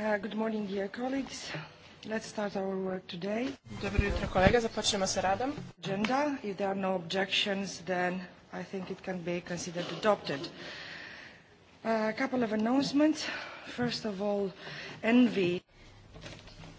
Uh, good morning, dear colleagues. Let's start our work today. Dobro jutro kolege, započnemo sa radom. Agenda, if there are no objections, then I think it can be considered adopted. A couple of announcements. First of all, Envy.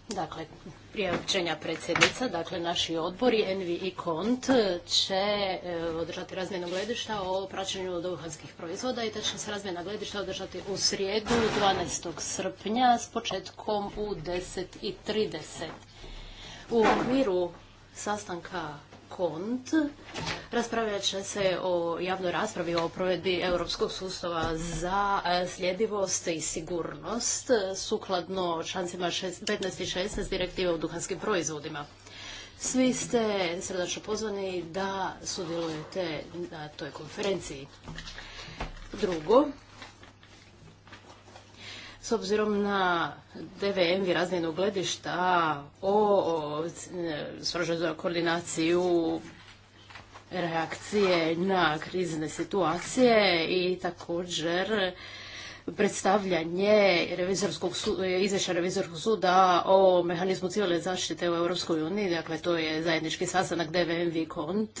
Dakle, priopćenja predsjednica, dakle naši odbori Envi i Kont će e, održati razmjenu gledišta o praćenju duhanskih proizvoda i da će se razmjena gledišta održati u srijedu 12. srpnja s početkom u 10.30. U okviru sastanka KONT raspravljat će se o javnoj raspravi o provedbi Europskog sustava za e, sljedivost i sigurnost sukladno člancima 15 i 16 direktive o duhanskim proizvodima. Svi ste srdačno pozvani da sudjelujete na toj konferenciji. Drugo, s obzirom na DVM i razmjenu gledišta o, o e, za koordinaciju reakcije na krizne situacije i također predstavljanje revizorskog e, izvješća revizorskog suda o mehanizmu civilne zaštite u EU, uniji, dakle to je zajednički sastanak DVM KONT.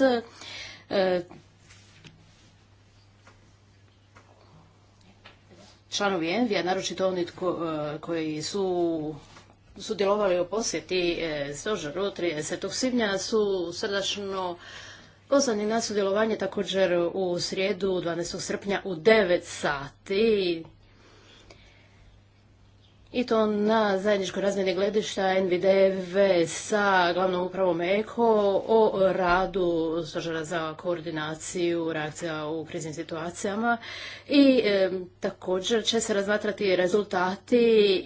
članovi Envija, naročito oni e, koji su sudjelovali u posjeti e, stožeru 30. svibnja su srdačno pozvani na sudjelovanje također u srijedu 12. srpnja u 9 sati i to na zajedničkoj razmjeni gledišta NVDV sa glavnom upravom EKO o radu stožera za koordinaciju reakcija u kriznim situacijama i e, također će se razmatrati rezultati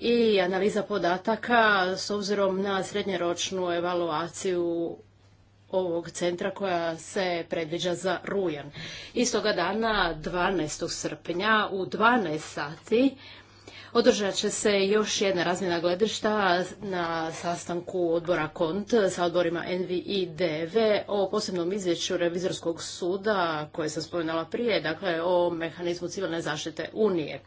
i analiza podataka s obzirom na srednjeročnu evaluaciju ovog centra koja se predviđa za rujan. Istoga dana 12. srpnja u 12 sati Održat će se još jedna razmjena gledišta na sastanku odbora KONT sa odborima nvi i DV o posebnom izvješću revizorskog suda koje sam spomenula prije, dakle o mehanizmu civilne zaštite Unije.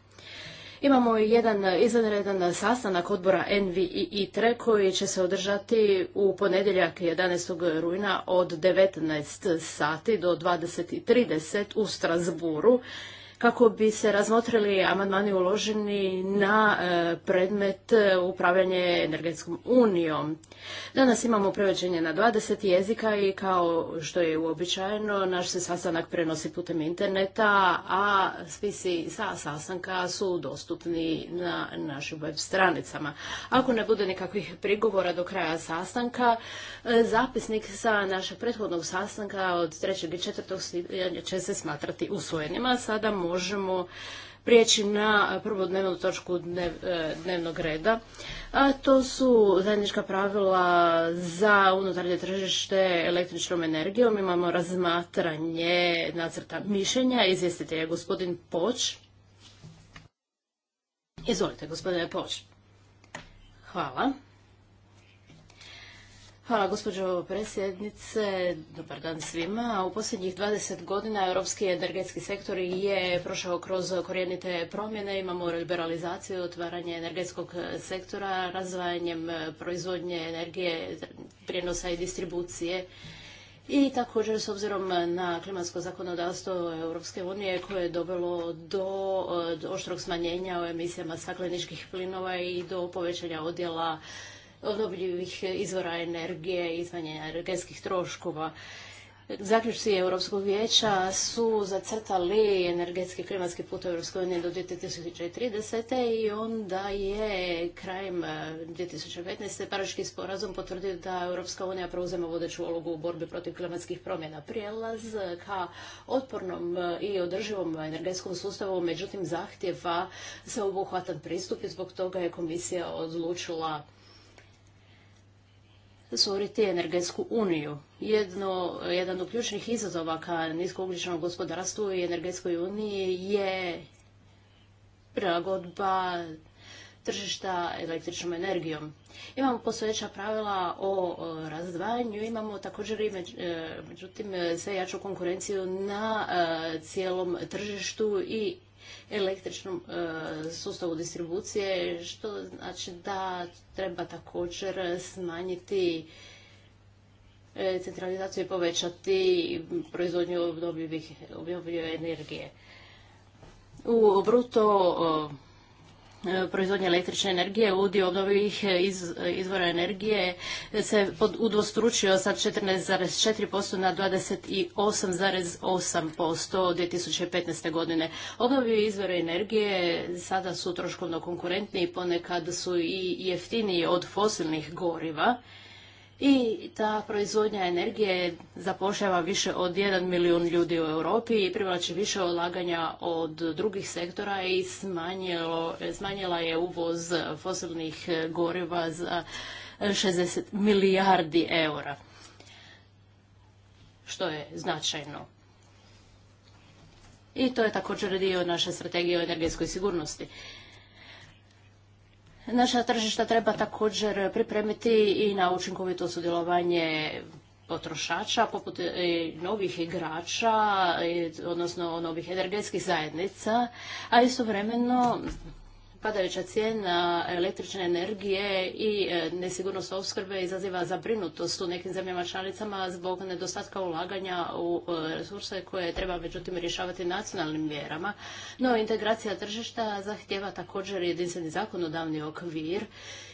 Imamo jedan izvanredan sastanak odbora NVI i koji će se održati u ponedjeljak 11. rujna od 19 sati do 20.30 u Strasburu kako bi se razmotrili amandmani uloženi na e, predmet e, upravljanje energetskom unijom. Danas imamo prevođenje na 20 jezika i kao što je uobičajeno, naš se sastanak prenosi putem interneta, a spisi sa sastanka su dostupni na našim web stranicama. Ako ne bude nikakvih prigovora do kraja sastanka, e, zapisnik sa našeg prethodnog sastanka od 3. i 4. će se smatrati usvojenima. Sada mu možemo prijeći na prvu dnevnu točku e, dnevnog reda. to su zajednička pravila za unutarnje tržište električnom energijom. Imamo razmatranje nacrta mišljenja. Izvjestitelj je gospodin Poč. Izvolite, gospodine Poč. Hvala. Hvala gospođo predsjednice, dobar dan svima. U posljednjih 20 godina europski energetski sektor je prošao kroz korijenite promjene. Imamo liberalizaciju, otvaranje energetskog sektora, razvajanjem proizvodnje energije, prijenosa i distribucije. I također s obzirom na klimatsko zakonodavstvo Europske unije koje je dovelo do oštrog smanjenja o emisijama stakleničkih plinova i do povećanja odjela obnovljivih izvora energije i energetskih troškova. Zaključci Europskog vijeća su zacrtali energetski klimatski put u Europskoj uniji do 2030. i onda je krajem 2015. Pariški sporazum potvrdio da Europska unija preuzema vodeću ulogu u borbi protiv klimatskih promjena. Prijelaz ka otpornom i održivom energetskom sustavu, međutim zahtjeva obuhvatan pristup i zbog toga je komisija odlučila stvoriti energetsku uniju. Jedno, jedan od ključnih izazova ka niskougljičnom gospodarstvu i energetskoj uniji je prilagodba tržišta električnom energijom. Imamo postojeća pravila o razdvajanju, imamo također i e, međutim sve jaču konkurenciju na e, cijelom tržištu i električnom e, sustavu distribucije, što znači da treba također smanjiti e, centralizaciju i povećati proizvodnju obnovljive energije. U bruto E, proizvodnje električne energije, udio obnovljivih e, izvora energije se udvostručio sa 14,4% na 28,8% od 2015. godine. Obnovljivi izvora energije sada su troškovno konkurentni i ponekad su i jeftiniji od fosilnih goriva i ta proizvodnja energije zapošljava više od jedan milijun ljudi u Europi i privlači više odlaganja od drugih sektora i smanjilo, smanjila je uvoz fosilnih goriva za 60 milijardi eura, što je značajno. I to je također dio naše strategije o energetskoj sigurnosti. Naša tržišta treba također pripremiti i na učinkovito sudjelovanje potrošača, poput e, novih igrača, odnosno novih energetskih zajednica, a istovremeno padajuća cijena električne energije i e, nesigurnost opskrbe izaziva zabrinutost u nekim zemljama članicama zbog nedostatka ulaganja u e, resurse koje treba međutim rješavati nacionalnim mjerama. No, integracija tržišta zahtjeva također jedinstveni zakonodavni okvir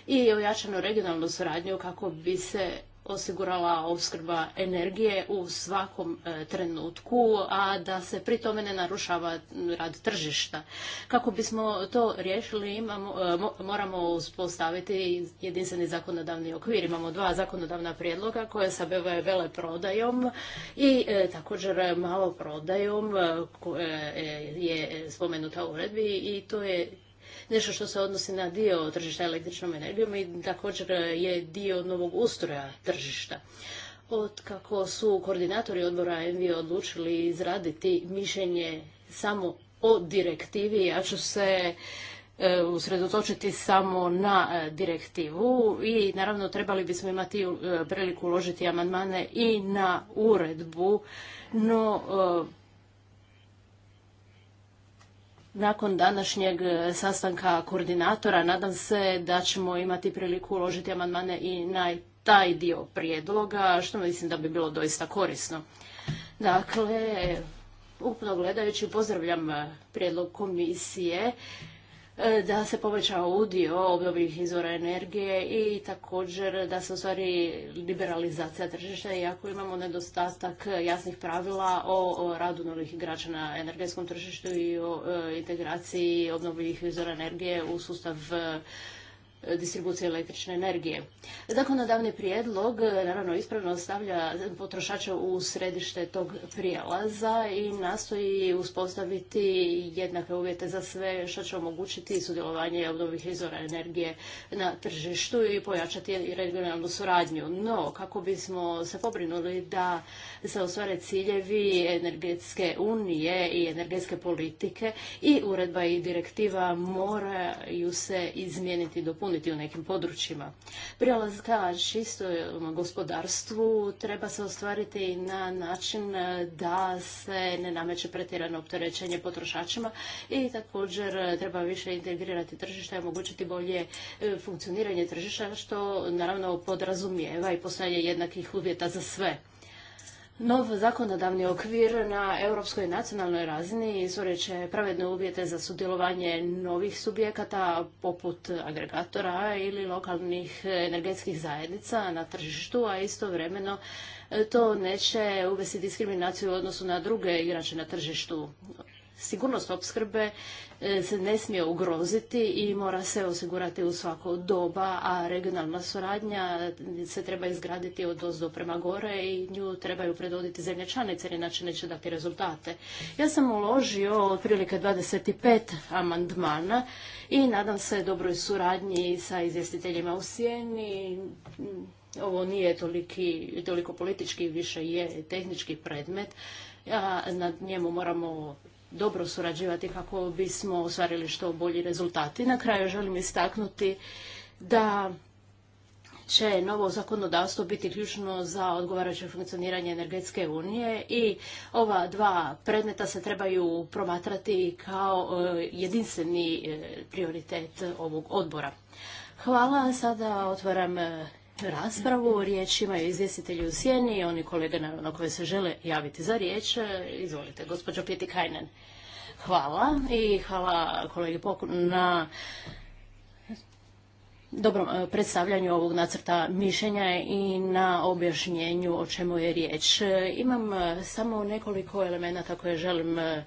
i ojačanu regionalnu suradnju kako bi se osigurala opskrba energije u svakom e, trenutku, a da se pri tome ne narušava rad tržišta. Kako bismo to riješili, imamo, e, moramo uspostaviti jedinstveni zakonodavni okvir. Imamo dva zakonodavna prijedloga koje se bave veleprodajom i e, također maloprodajom koje je spomenuta u uredbi i to je nešto što se odnosi na dio tržišta električnom energijom i također je dio novog ustroja tržišta. Od kako su koordinatori odbora ENVI odlučili izraditi mišljenje samo o direktivi, ja ću se e, usredotočiti samo na e, direktivu i naravno trebali bismo imati e, priliku uložiti amandmane i na uredbu, no nakon današnjeg e, sastanka koordinatora nadam se da ćemo imati priliku uložiti amandmane i na taj dio prijedloga, što mislim da bi bilo doista korisno. Dakle, ukupno gledajući pozdravljam e, prijedlog komisije E, da se poveća udio obnovljivih izvora energije i također da se ostvari liberalizacija tržišta iako imamo nedostatak jasnih pravila o, radu novih igrača na energetskom tržištu i o e, integraciji obnovljivih izvora energije u sustav distribucije električne energije. Zakonodavni prijedlog naravno ispravno stavlja potrošače u središte tog prijelaza i nastoji uspostaviti jednake uvjete za sve što će omogućiti sudjelovanje obnovljivih izvora energije na tržištu i pojačati regionalnu suradnju. No, kako bismo se pobrinuli da se ostvare ciljevi energetske unije i energetske politike i uredba i direktiva moraju se izmijeniti puno zadovoljiti u nekim područjima. Prilaz ka gospodarstvu treba se ostvariti na način e, da se ne nameće pretjerano opterećenje potrošačima i također e, treba više integrirati tržište i omogućiti bolje e, funkcioniranje tržišta što naravno podrazumijeva i postojanje jednakih uvjeta za sve. Nov zakonodavni okvir na europskoj nacionalnoj razini izvorit pravedne uvjete za sudjelovanje novih subjekata poput agregatora ili lokalnih energetskih zajednica na tržištu, a istovremeno e, to neće uvesti diskriminaciju u odnosu na druge igrače na tržištu sigurnost opskrbe e, se ne smije ugroziti i mora se osigurati u svako doba, a regionalna suradnja se treba izgraditi od ozdo prema gore i nju trebaju predvoditi zemlje članice, jer inače neće dati rezultate. Ja sam uložio otprilike 25 amandmana i nadam se dobroj suradnji sa izvjestiteljima u sjeni. Ovo nije toliki, toliko politički, više je tehnički predmet. A na njemu moramo dobro surađivati kako bismo ostvarili što bolji rezultati. Na kraju želim istaknuti da će novo zakonodavstvo biti ključno za odgovarajuće funkcioniranje energetske unije i ova dva predmeta se trebaju promatrati kao e, jedinstveni e, prioritet ovog odbora. Hvala, sada otvaram e, raspravu. Riječ imaju izvjestitelji u sjeni i oni kolege naravno koje se žele javiti za riječ. Izvolite, gospođo Pjeti Kajnen. Hvala i hvala kolegi na dobrom e, predstavljanju ovog nacrta mišljenja i na objašnjenju o čemu je riječ. Imam e, samo nekoliko elemenata koje želim e,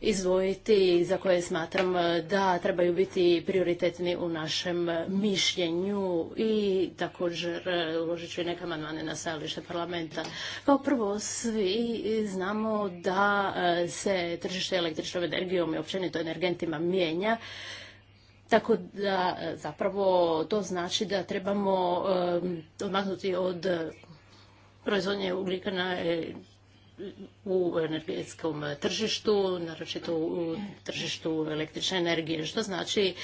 izdvojiti za koje smatram e, da trebaju biti prioritetni u našem mišljenju i također e, uložit ću i neke amandmane na stajalište parlamenta. Kao prvo, svi znamo da e, se tržište električnom energijom i općenito energentima mijenja. Tako da zapravo to znači da trebamo odmaknuti od proizvodnje ugljika na u energetskom tržištu, naročito u tržištu električne energije, što znači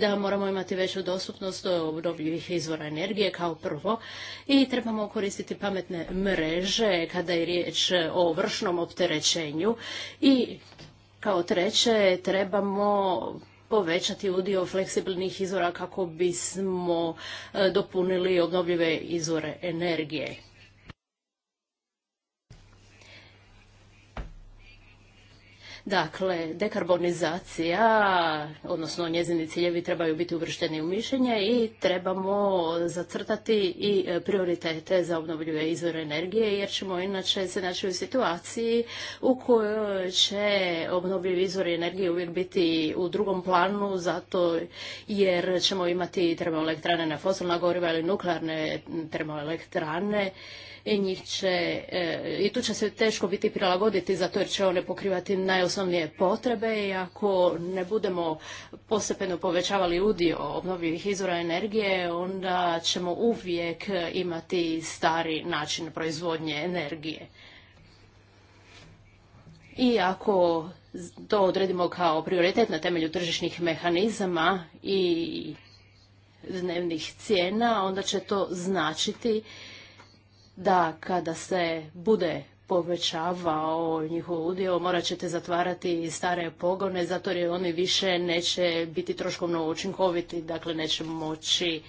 da moramo imati veću dostupnost obnovljivih izvora energije kao prvo i trebamo koristiti pametne mreže kada je riječ o vršnom opterećenju i kao treće trebamo povećati udio fleksibilnih izvora kako bismo dopunili obnovljive izvore energije. Dakle, dekarbonizacija, odnosno njezini ciljevi trebaju biti uvršteni u mišljenje i trebamo zacrtati i e, prioritete za obnovljive izvore energije, jer ćemo inače se naći u situaciji u kojoj će obnovljivi izvori energije uvijek biti u drugom planu, zato jer ćemo imati termoelektrane na fosilna goriva ili nuklearne termoelektrane i njih će, e, i tu će se teško biti prilagoditi zato jer će one pokrivati najosnovnije osnovne potrebe i ako ne budemo postepeno povećavali udio obnovljivih izvora energije, onda ćemo uvijek imati stari način proizvodnje energije. I ako to odredimo kao prioritet na temelju tržišnih mehanizama i dnevnih cijena, onda će to značiti da kada se bude povećavao njihov udio, morat ćete zatvarati stare pogone, zato jer oni više neće biti troškovno učinkoviti, dakle neće moći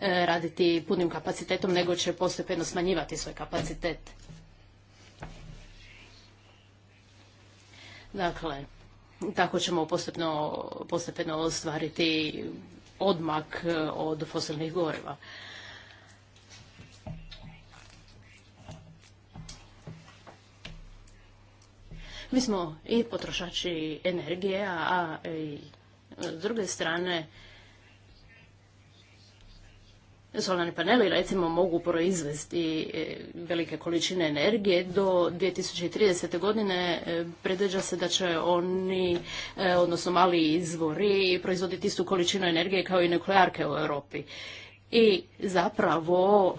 e, raditi punim kapacitetom, nego će postepeno smanjivati svoj kapacitet. Dakle, tako ćemo postepeno, postepeno ostvariti odmak e, od fosilnih goriva. Mi smo i potrošači energije, a i e, s druge strane solarni paneli recimo mogu proizvesti e, velike količine energije do 2030. godine e, predviđa se da će oni odnosno mali izvori proizvoditi istu količinu energije kao i nuklearke u Europi i zapravo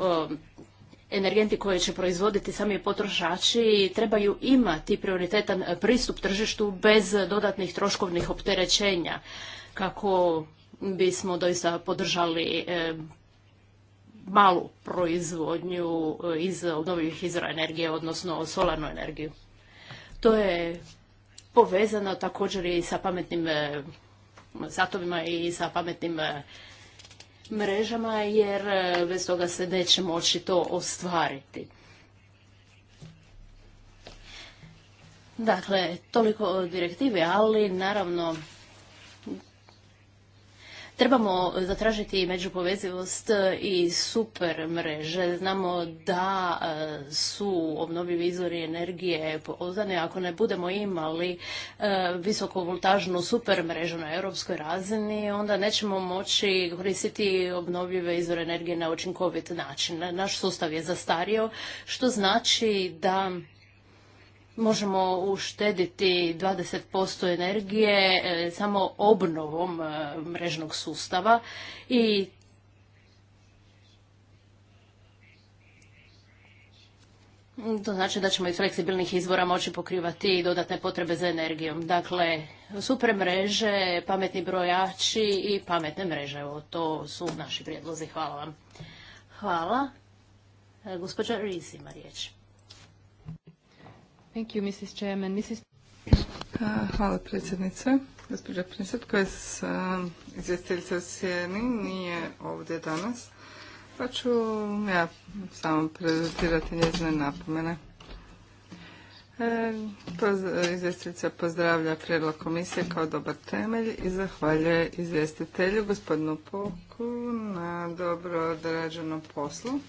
energenti koje će proizvoditi sami potrošači trebaju imati prioritetan pristup tržištu bez dodatnih troškovnih opterećenja kako bismo doista podržali e, malu proizvodnju e, iz obnovljivih izvora energije, odnosno solarnu energiju. To je povezano također i sa pametnim e, satovima i sa pametnim mrežama jer e, bez toga se neće moći to ostvariti. Dakle, toliko o direktivi, ali naravno Trebamo zatražiti međupovezivost e, i super mreže. Znamo da e, su obnovljivi izvori energije pouzani. Ako ne budemo imali e, visokovoltažnu super mrežu na europskoj razini, onda nećemo moći koristiti obnovljive izvore energije na učinkovit način. Naš sustav je zastario, što znači da možemo uštediti 20% energije e, samo obnovom e, mrežnog sustava i To znači da ćemo iz fleksibilnih izvora moći pokrivati dodatne potrebe za energijom. Dakle, super mreže, pametni brojači i pametne mreže. Evo, to su naši prijedlozi. Hvala vam. Hvala. E, gospođa Riz ima riječ. Hvala predsjednice. Gospođa Prinsat koja je izvjestiteljica u Sjeni nije ovdje danas, pa ću ja samo prezentirati njezine napomene. E, izvjestiteljica pozdravlja prijedlog komisije kao dobar temelj i zahvaljuje izvjestitelju gospodinu Poku na dobro odrađenom poslu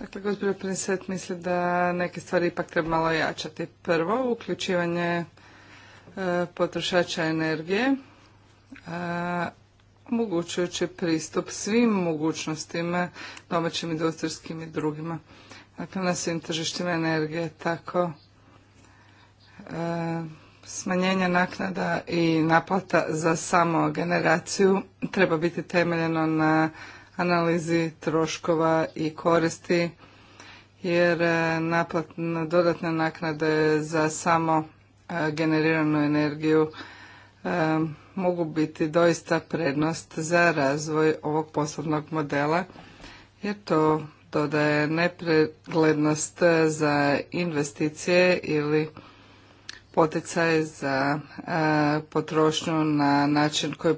Dakle, gospođo Prinset misli da neke stvari ipak treba malo jačati. Prvo, uključivanje e, potrošača energije, e, omogućujući pristup svim mogućnostima domaćim industrijskim i drugima. Dakle, na svim tržištima energije, tako e, smanjenje naknada i naplata za samo generaciju treba biti temeljeno na analizi troškova i koristi jer e, dodatne naknade za samo e, generiranu energiju e, mogu biti doista prednost za razvoj ovog poslovnog modela jer to dodaje nepreglednost za investicije ili poticaje za e, potrošnju na način koji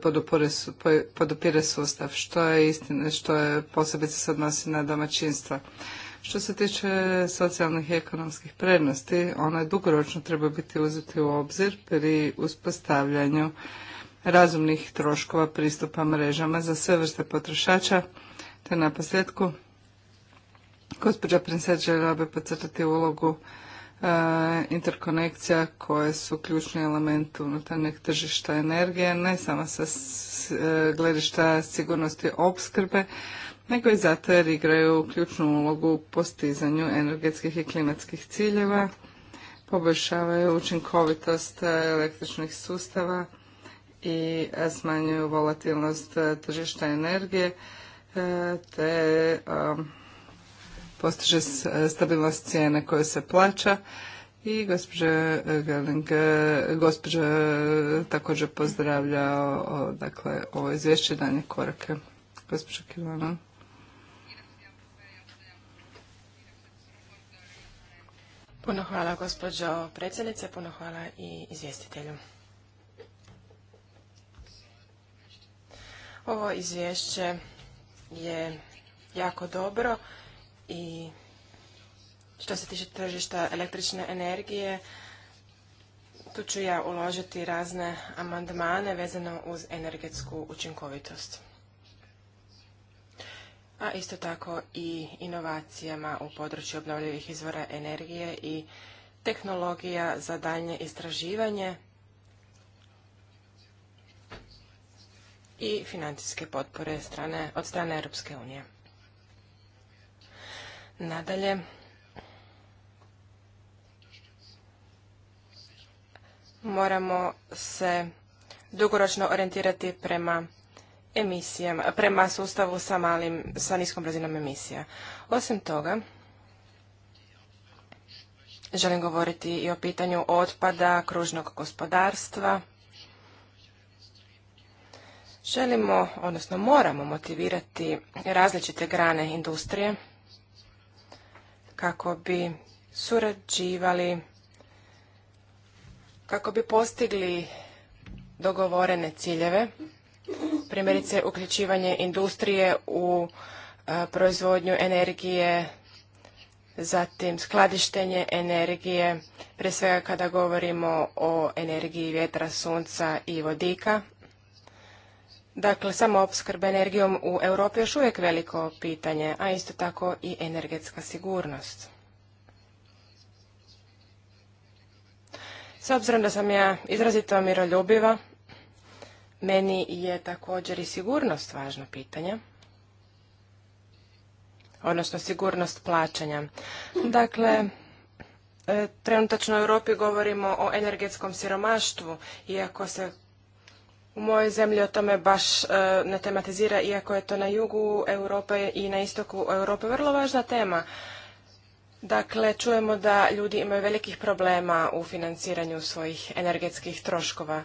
podupire sustav, što je istina, što je posebice se odnosi na domaćinstva. Što se tiče socijalnih i ekonomskih prednosti, je dugoročno treba biti uzeti u obzir pri uspostavljanju razumnih troškova pristupa mrežama za sve vrste potrošača, te na posljedku gospođa Prinseć željela bi podcrtati ulogu E, interkonekcija koje su ključni element unutarnjeg tržišta energije, ne samo sa e, gledišta sigurnosti opskrbe, nego i zato jer igraju ključnu ulogu u postizanju energetskih i klimatskih ciljeva, poboljšavaju učinkovitost električnih sustava i smanjuju volatilnost tržišta energije, e, te postiže e, stabilnost cijene koju se plaća. I gospođa e, Gerling, e, gospođa također pozdravlja dakle, ovo izvješće i danje korake. Gospođa Kilana. Puno hvala gospođo predsjednice, puno hvala i izvjestitelju. Ovo izvješće je jako dobro i što se tiče tržišta električne energije, tu ću ja uložiti razne amandmane vezano uz energetsku učinkovitost. A isto tako i inovacijama u području obnovljivih izvora energije i tehnologija za daljnje istraživanje i financijske potpore strane, od strane Europske unije. Nadalje, moramo se dugoročno orijentirati prema emisijama, prema sustavu sa malim, sa niskom razinom emisija. Osim toga, želim govoriti i o pitanju otpada, kružnog gospodarstva. Želimo, odnosno moramo motivirati različite grane industrije kako bi surađivali, kako bi postigli dogovorene ciljeve, primjerice uključivanje industrije u e, proizvodnju energije, zatim skladištenje energije, pre svega kada govorimo o energiji vjetra, sunca i vodika. Dakle, samo opskrba energijom u Europi još uvijek veliko pitanje, a isto tako i energetska sigurnost. S obzirom da sam ja izrazito miroljubiva, meni je također i sigurnost važno pitanje, odnosno sigurnost plaćanja. Dakle, e, trenutačno u Europi govorimo o energetskom siromaštvu, iako se u mojoj zemlji o tome baš e, ne tematizira, iako je to na jugu Europe i na istoku Europe vrlo važna tema. Dakle, čujemo da ljudi imaju velikih problema u financiranju svojih energetskih troškova.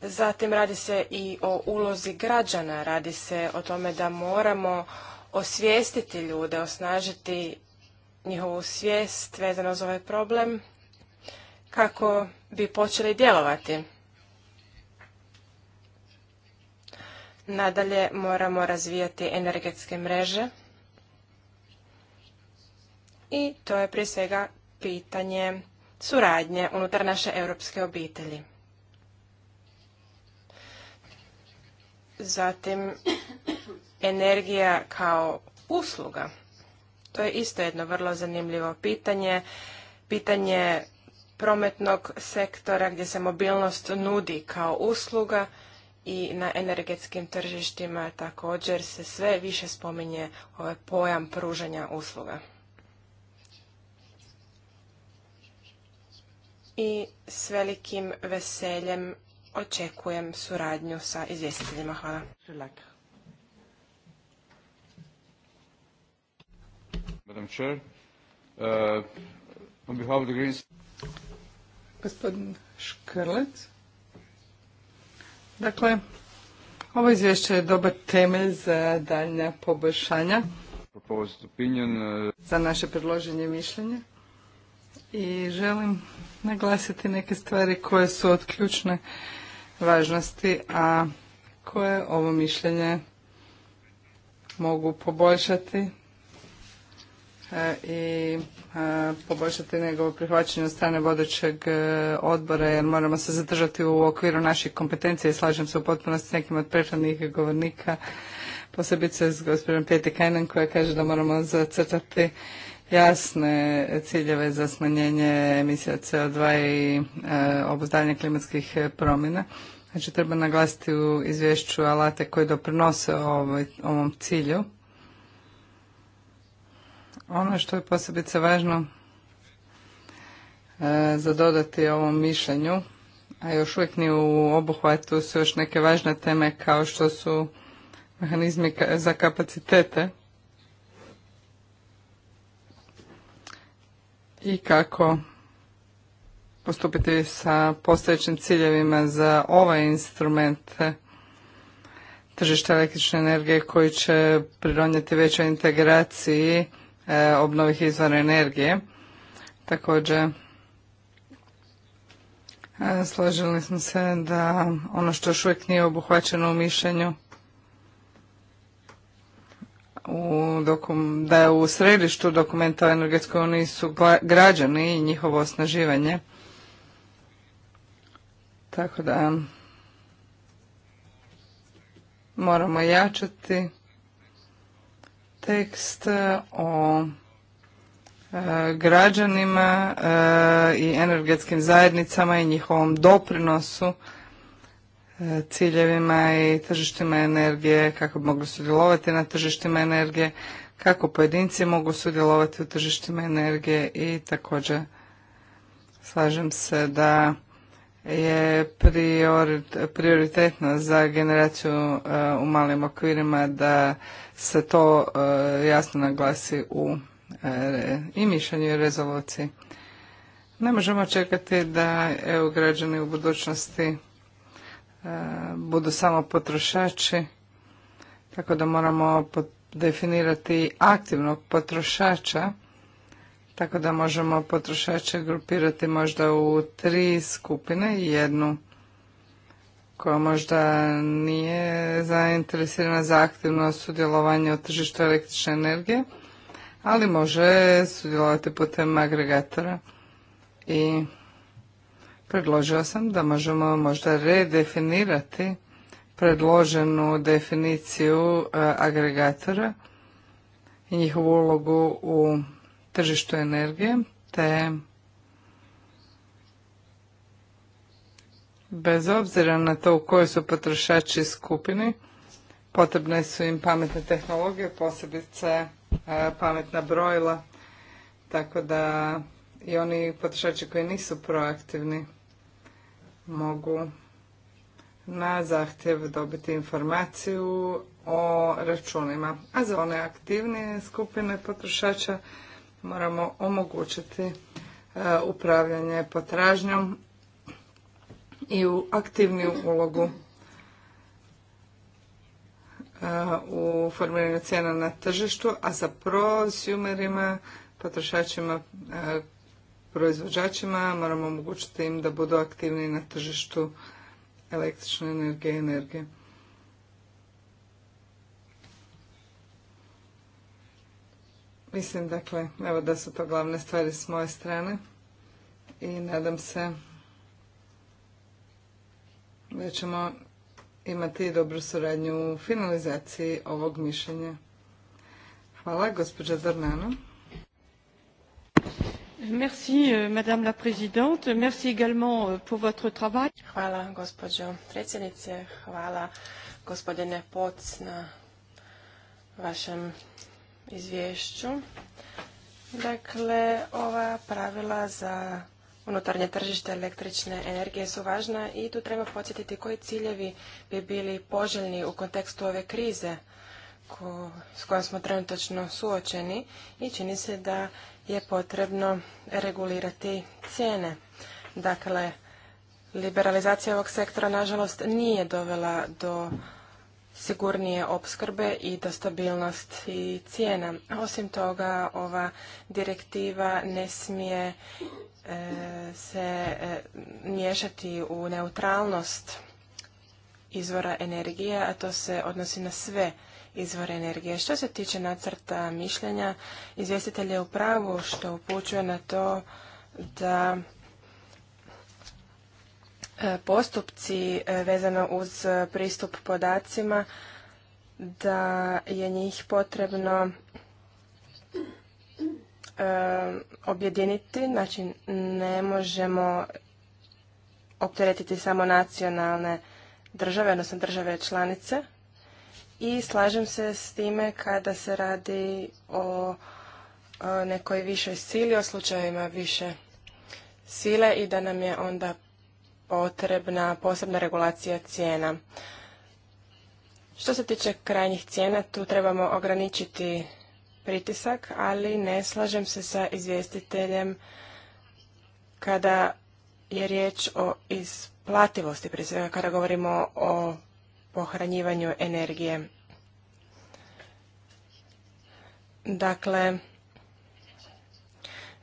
Zatim radi se i o ulozi građana, radi se o tome da moramo osvijestiti ljude, osnažiti njihovu svijest vezano za ovaj problem kako bi počeli djelovati. Nadalje moramo razvijati energetske mreže i to je prije svega pitanje suradnje unutar naše europske obitelji. Zatim, energija kao usluga. To je isto jedno vrlo zanimljivo pitanje. Pitanje prometnog sektora gdje se mobilnost nudi kao usluga – i na energetskim tržištima također se sve više spominje ovaj pojam pružanja usluga. I s velikim veseljem očekujem suradnju sa izvjestiteljima. Hvala. Uh, Gospodin Škrlec, Dakle, ovo izvješće je dobar temelj za daljnja poboljšanja uh, za naše predloženje mišljenja i želim naglasiti neke stvari koje su od ključne važnosti, a koje ovo mišljenje mogu poboljšati E, i e, poboljšati njegovo prihvaćanje od strane vodećeg e, odbora jer moramo se zadržati u okviru naših kompetencija i slažem se u potpunosti s nekim od prethodnih govornika, posebice s gospodinom Peti Kajnen koja kaže da moramo zacrtati jasne ciljeve za smanjenje emisija CO2 i e, klimatskih promjena. Znači treba naglasiti u izvješću alate koji doprinose ovom cilju ono što je posebice važno e, za dodati ovom mišljenju, a još uvijek ni u obuhvatu su još neke važne teme kao što su mehanizmi za kapacitete i kako postupiti sa postojećim ciljevima za ovaj instrument tržišta električne energije koji će pridonijeti većoj integraciji E, obnovih izvora energije. Također, e, složili smo se da ono što još uvijek nije obuhvaćeno u mišljenju u da je u središtu dokumenta o energetskoj uniji su građani i njihovo osnaživanje. Tako da moramo jačati tekst e, o e, građanima e, i energetskim zajednicama i njihovom doprinosu ciljevima i tržištima energije, kako mogu sudjelovati na tržištima energije, kako pojedinci mogu sudjelovati u tržištima energije i također slažem se da je prioritetno za generaciju u malim okvirima da se to e, jasno naglasi u e, i mišljenju i rezoluciji. Ne možemo čekati da EU građani u budućnosti e, budu samo potrošači, tako da moramo definirati aktivnog potrošača, tako da možemo potrošače grupirati možda u tri skupine, jednu koja možda nije zainteresirana za aktivno sudjelovanje u tržištu električne energije, ali može sudjelovati putem agregatora. I predložio sam da možemo možda redefinirati predloženu definiciju e, agregatora i njihovu ulogu u tržištu energije, te Bez obzira na to u kojoj su potrošači skupini, potrebne su im pametne tehnologije, posebice e, pametna brojila, tako da i oni potrošači koji nisu proaktivni mogu na zahtjev dobiti informaciju o računima. A za one aktivnije skupine potrošača moramo omogućiti e, upravljanje potražnjom i u aktivniju ulogu e, u formiranju cijena na tržištu, a sa prosumerima, potrošačima, e, proizvođačima moramo omogućiti im da budu aktivni na tržištu električne energije i energije. Mislim, dakle, evo da su to glavne stvari s moje strane i nadam se da ćemo imati dobru suradnju u finalizaciji ovog mišljenja. Hvala, gospođa Dornano. Merci, euh, madame la présidente. Merci également euh, pour votre travail. Hvala, gospođo predsjednice. Hvala, gospodine Poc, na vašem izvješću. Dakle, ova pravila za unutarnje tržište električne energije su važna i tu treba podsjetiti koji ciljevi bi bili poželjni u kontekstu ove krize s kojom smo trenutačno suočeni i čini se da je potrebno regulirati cijene. Dakle, liberalizacija ovog sektora nažalost nije dovela do sigurnije opskrbe i do stabilnosti cijena. Osim toga, ova direktiva ne smije E, se e, miješati u neutralnost izvora energije, a to se odnosi na sve izvore energije. Što se tiče nacrta mišljenja, izvjestitelj je u pravu što upućuje na to da e, postupci vezano uz pristup podacima, da je njih potrebno Eh, objediniti, znači ne možemo opteretiti samo nacionalne države, odnosno države članice. I slažem se s time kada se radi o nekoj višoj sili, o slučajevima više sile i da nam je onda potrebna posebna regulacija cijena. Što se tiče krajnjih cijena, tu trebamo ograničiti pritisak, ali ne slažem se sa izvjestiteljem kada je riječ o isplativosti, prije svega kada govorimo o pohranjivanju energije. Dakle,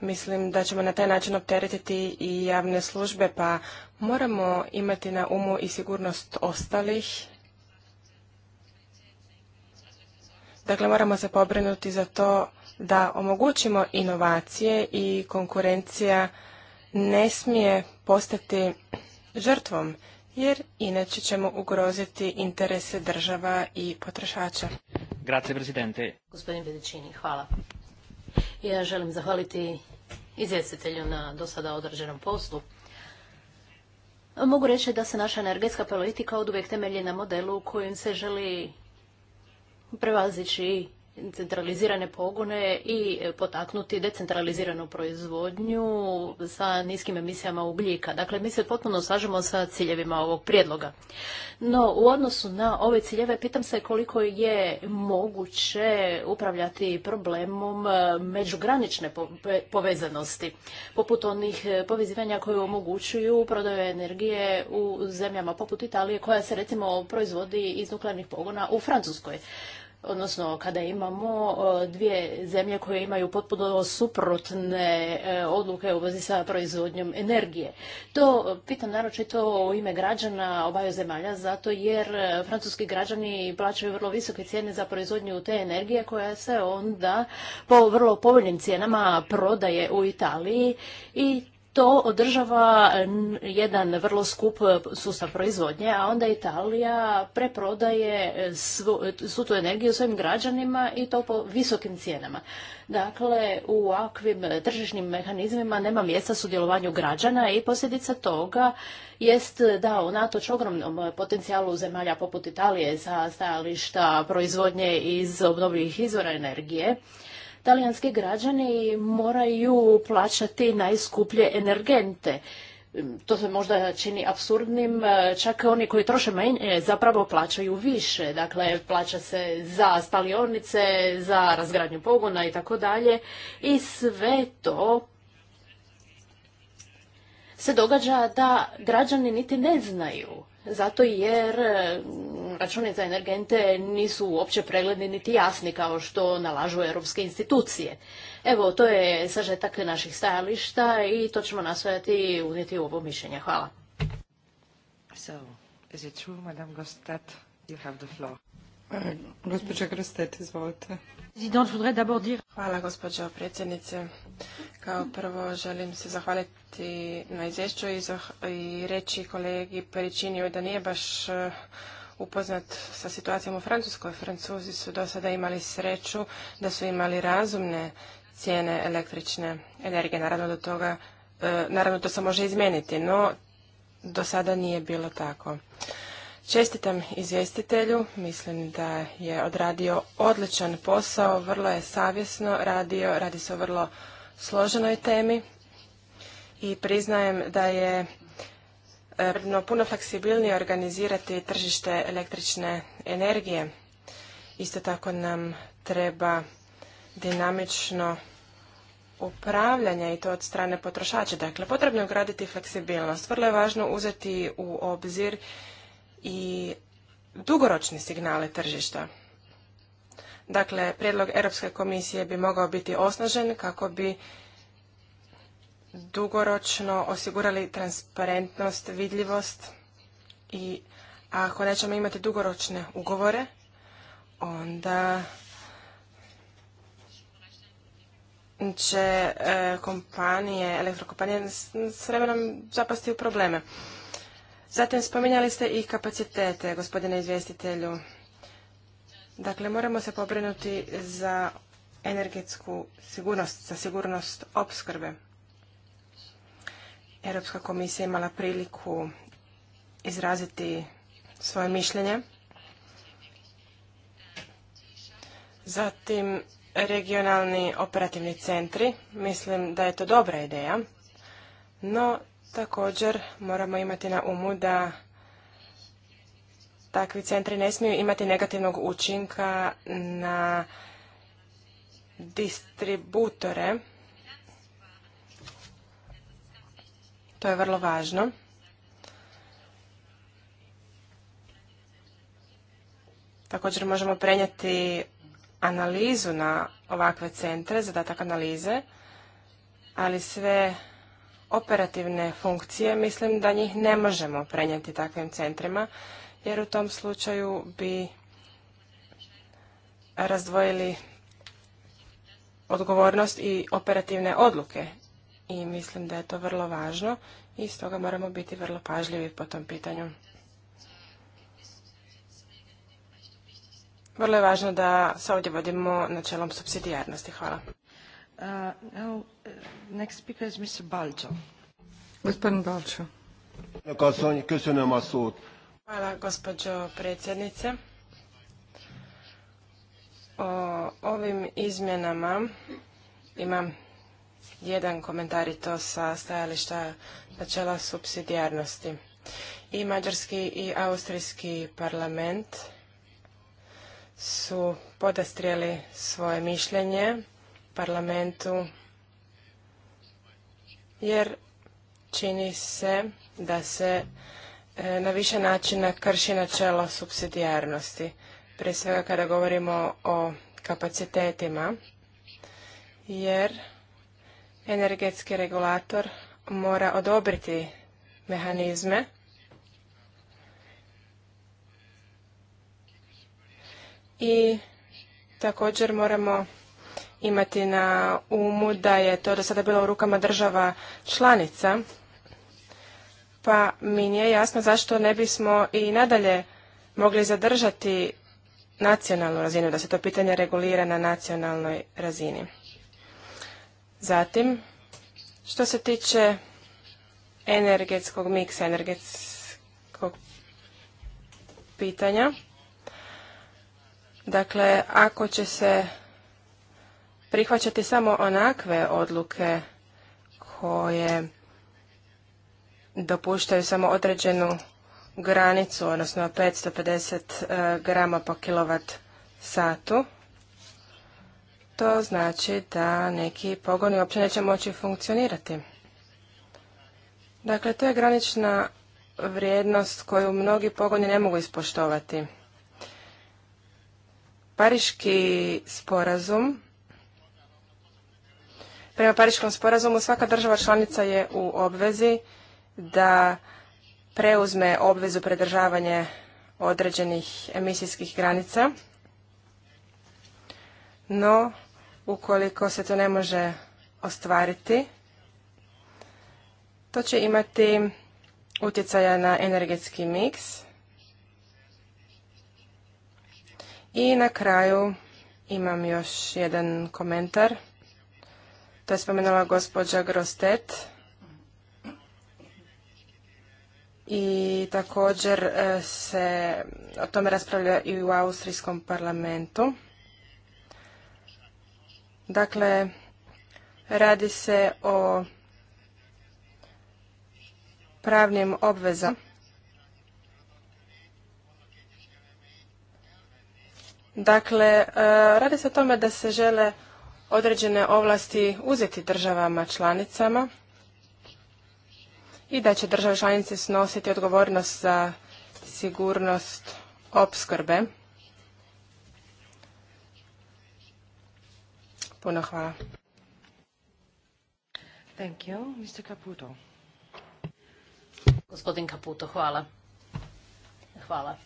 mislim da ćemo na taj način opteretiti i javne službe, pa moramo imati na umu i sigurnost ostalih Dakle, moramo se pobrinuti za to da omogućimo inovacije i konkurencija ne smije postati žrtvom, jer inače ćemo ugroziti interese država i potrošača. Grazie, Presidente. Gospodin Pedicini, hvala. Ja želim zahvaliti izvjestitelju na do sada odrađenom poslu. Mogu reći da se naša energetska politika od uvijek temelji na modelu u kojem se želi prevazići centralizirane pogone i potaknuti decentraliziranu proizvodnju sa niskim emisijama ugljika. Dakle, mi se potpuno slažemo sa ciljevima ovog prijedloga. No, u odnosu na ove ciljeve, pitam se koliko je moguće upravljati problemom međugranične povezanosti, poput onih povezivanja koje omogućuju prodaju energije u zemljama poput Italije, koja se recimo proizvodi iz nuklearnih pogona u Francuskoj odnosno kada imamo e, dvije zemlje koje imaju potpuno suprotne e, odluke u vezi sa proizvodnjom energije. To pitam naročito u ime građana obaju zemalja, zato jer e, francuski građani plaćaju vrlo visoke cijene za proizvodnju te energije koja se onda po vrlo povoljnim cijenama prodaje u Italiji i to održava jedan vrlo skup e, sustav proizvodnje, a onda Italija preprodaje e, e, svu, tu energiju svojim građanima i to po visokim cijenama. Dakle, u ovakvim tržišnim mehanizmima nema mjesta sudjelovanju građana i posljedica toga jest da unatoč ogromnom potencijalu zemalja poput Italije za stajališta proizvodnje iz obnovljivih izvora energije, talijanski građani moraju plaćati najskuplje energente. Mm, to se možda čini absurdnim, e, čak oni koji troše manje zapravo plaćaju više. Dakle, plaća se za spalionice za razgradnju pogona i tako dalje. I sve to se događa da građani niti ne znaju zato jer e, računi za energente nisu uopće pregledni niti jasni kao što nalažu europske institucije. Evo, to je sažetak naših stajališta i to ćemo nastojati unijeti u ovo mišljenje. Hvala. Hvala gospođo predsjednice. Kao prvo želim se zahvaliti na izvješću i, reći kolegi Peričiniju da nije baš eh, upoznat sa situacijom u Francuskoj. Francuzi su do sada imali sreću da su imali razumne cijene električne energije. Naravno, do toga, e, naravno to se može izmijeniti, no do sada nije bilo tako. Čestitam izvjestitelju, mislim da je odradio odličan posao, vrlo je savjesno radio, radi se o vrlo složenoj temi i priznajem da je puno fleksibilnije organizirati tržište električne energije. Isto tako nam treba dinamično upravljanje i to od strane potrošača. Dakle, potrebno je ugraditi fleksibilnost. Vrlo je važno uzeti u obzir i dugoročni signale tržišta. Dakle, prijedlog Europske komisije bi mogao biti osnažen kako bi dugoročno osigurali transparentnost, vidljivost i ako nećemo imati dugoročne ugovore, onda će e, kompanije, elektrokompanije s vremenom zapasti u probleme. Zatim spominjali ste i kapacitete, gospodine izvjestitelju. Dakle, moramo se pobrinuti za energetsku sigurnost, za sigurnost opskrbe. Europska komisija imala priliku izraziti svoje mišljenje. Zatim regionalni operativni centri. Mislim da je to dobra ideja, no također moramo imati na umu da takvi centri ne smiju imati negativnog učinka na distributore To je vrlo važno. Također možemo prenijeti analizu na ovakve centre, zadatak analize, ali sve operativne funkcije mislim da njih ne možemo prenijeti takvim centrima, jer u tom slučaju bi razdvojili odgovornost i operativne odluke i mislim da je to vrlo važno i stoga moramo biti vrlo pažljivi po tom pitanju. Vrlo je važno da se ovdje vodimo načelom subsidijarnosti. Hvala. Uh, uh, Gospodin Hvala, gospođo predsjednice. O ovim izmjenama imam jedan komentar i to sa stajališta načela subsidijarnosti. I mađarski i austrijski parlament su podastrijeli svoje mišljenje parlamentu jer čini se da se e, na više načina krši načelo subsidijarnosti. Prije svega kada govorimo o kapacitetima, jer energetski regulator mora odobriti mehanizme i također moramo imati na umu da je to do sada bilo u rukama država članica, pa mi nije jasno zašto ne bismo i nadalje mogli zadržati nacionalnu razinu, da se to pitanje regulira na nacionalnoj razini. Zatim, što se tiče energetskog miksa, energetskog pitanja, dakle, ako će se prihvaćati samo onakve odluke koje dopuštaju samo određenu granicu, odnosno 550 eh, grama po kilovat satu, to znači da neki pogoni uopće neće moći funkcionirati. Dakle, to je granična vrijednost koju mnogi pogoni ne mogu ispoštovati. Pariški sporazum Prema Pariškom sporazumu svaka država članica je u obvezi da preuzme obvezu predržavanje određenih emisijskih granica, no Ukoliko se to ne može ostvariti, to će imati utjecaja na energetski miks. I na kraju imam još jedan komentar. To je spomenula gospođa Grostet. I također e, se o tome raspravlja i u Austrijskom parlamentu. Dakle, radi se o pravnim obvezama. Dakle, e, radi se o tome da se žele određene ovlasti uzeti državama članicama i da će države članice snositi odgovornost za sigurnost opskrbe. Puno hvala. Thank you. Mr. Caputo. Gospodin Caputo, hvala. Hvala.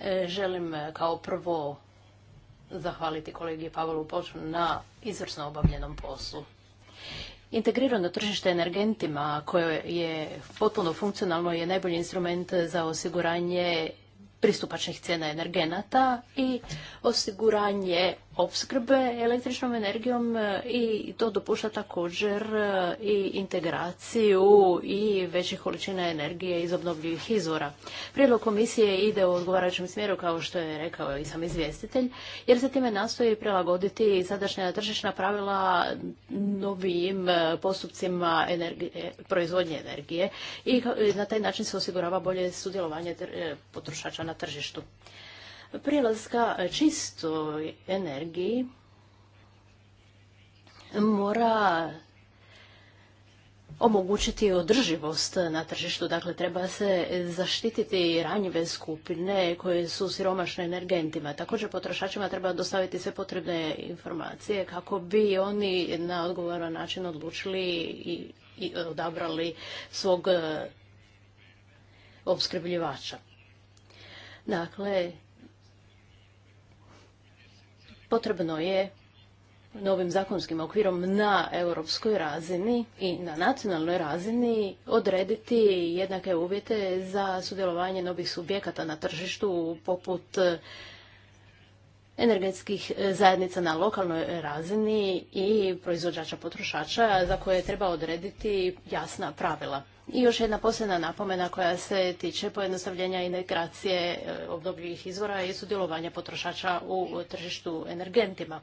E, želim e, kao prvo zahvaliti kolegi Pavelu Poču na izvrsno obavljenom poslu. Integrirano tržište energentima koje je potpuno funkcionalno je najbolji instrument za osiguranje pristupačnih cijena energenata i osiguranje opskrbe električnom energijom e, i to dopušta također e, i integraciju i većih količina energije iz obnovljivih izvora. Prijedlog komisije ide u odgovarajućem smjeru kao što je rekao i sam izvjestitelj jer se time nastoji prilagoditi sadašnja tržišna pravila novijim e, postupcima proizvodnje energije i na taj način se osigurava bolje sudjelovanje potrošača na tržištu. Prilazka čistoj energiji mora omogućiti održivost na tržištu. Dakle, treba se zaštititi ranjive skupine koje su siromašne energentima. Također, potrošačima treba dostaviti sve potrebne informacije kako bi oni na odgovoran način odlučili i, i odabrali svog e, opskrbljivača. Dakle, potrebno je novim zakonskim okvirom na europskoj razini i na nacionalnoj razini odrediti jednake uvjete za sudjelovanje novih subjekata na tržištu poput eh, energetskih eh, zajednica na lokalnoj razini i proizvođača potrošača za koje treba odrediti jasna pravila. I još jedna posljedna napomena koja se tiče pojednostavljenja integracije eh, obnovljivih izvora i sudjelovanje potrošača u tržištu energentima.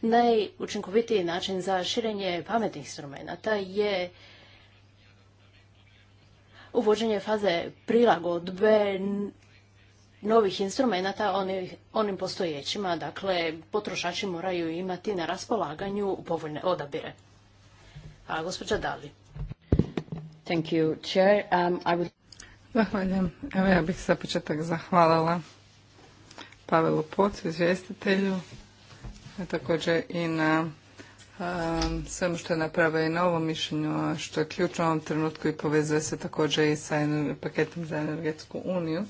Najučinkovitiji način za širenje pametnih instrumenta je uvođenje faze prilagodbe novih instrumenata onim postojećima, dakle potrošači moraju imati na raspolaganju povoljne odabire. A gospođa Dali. Thank you, Chair. Um, I would... Zahvaljujem. Evo ja bih za početak zahvalila Pavelu Pocu, izvjestitelju, a također i na um, svemu što je napravio i na ovom mišljenju, što je ključno u ovom trenutku i povezuje se također i sa paketom za energetsku uniju,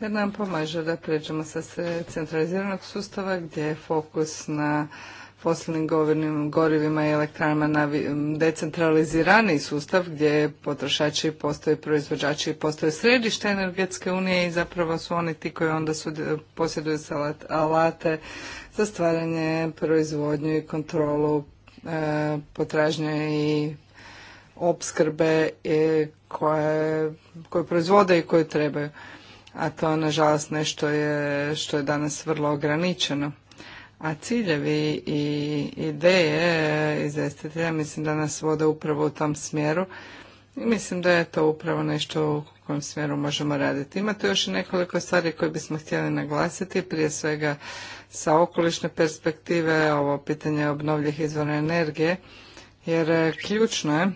jer nam pomaže da pređemo sa centraliziranog sustava gdje je fokus na fosilnim gorivima i elektranama na decentralizirani sustav gdje potrošači postoje proizvođači i postoje središte energetske unije i zapravo su oni ti koji onda su, posjeduju alate za stvaranje, proizvodnju i kontrolu e, potražnje i opskrbe e, koje, proizvode i koje trebaju. A to nažalost nešto je što je danas vrlo ograničeno. A ciljevi i ideje izvjestitelja mislim da nas vode upravo u tom smjeru i mislim da je to upravo nešto u kojem smjeru možemo raditi. Ima tu još i nekoliko stvari koje bismo htjeli naglasiti, prije svega sa okolišne perspektive, ovo pitanje obnovljivih izvora energije, jer e, ključno je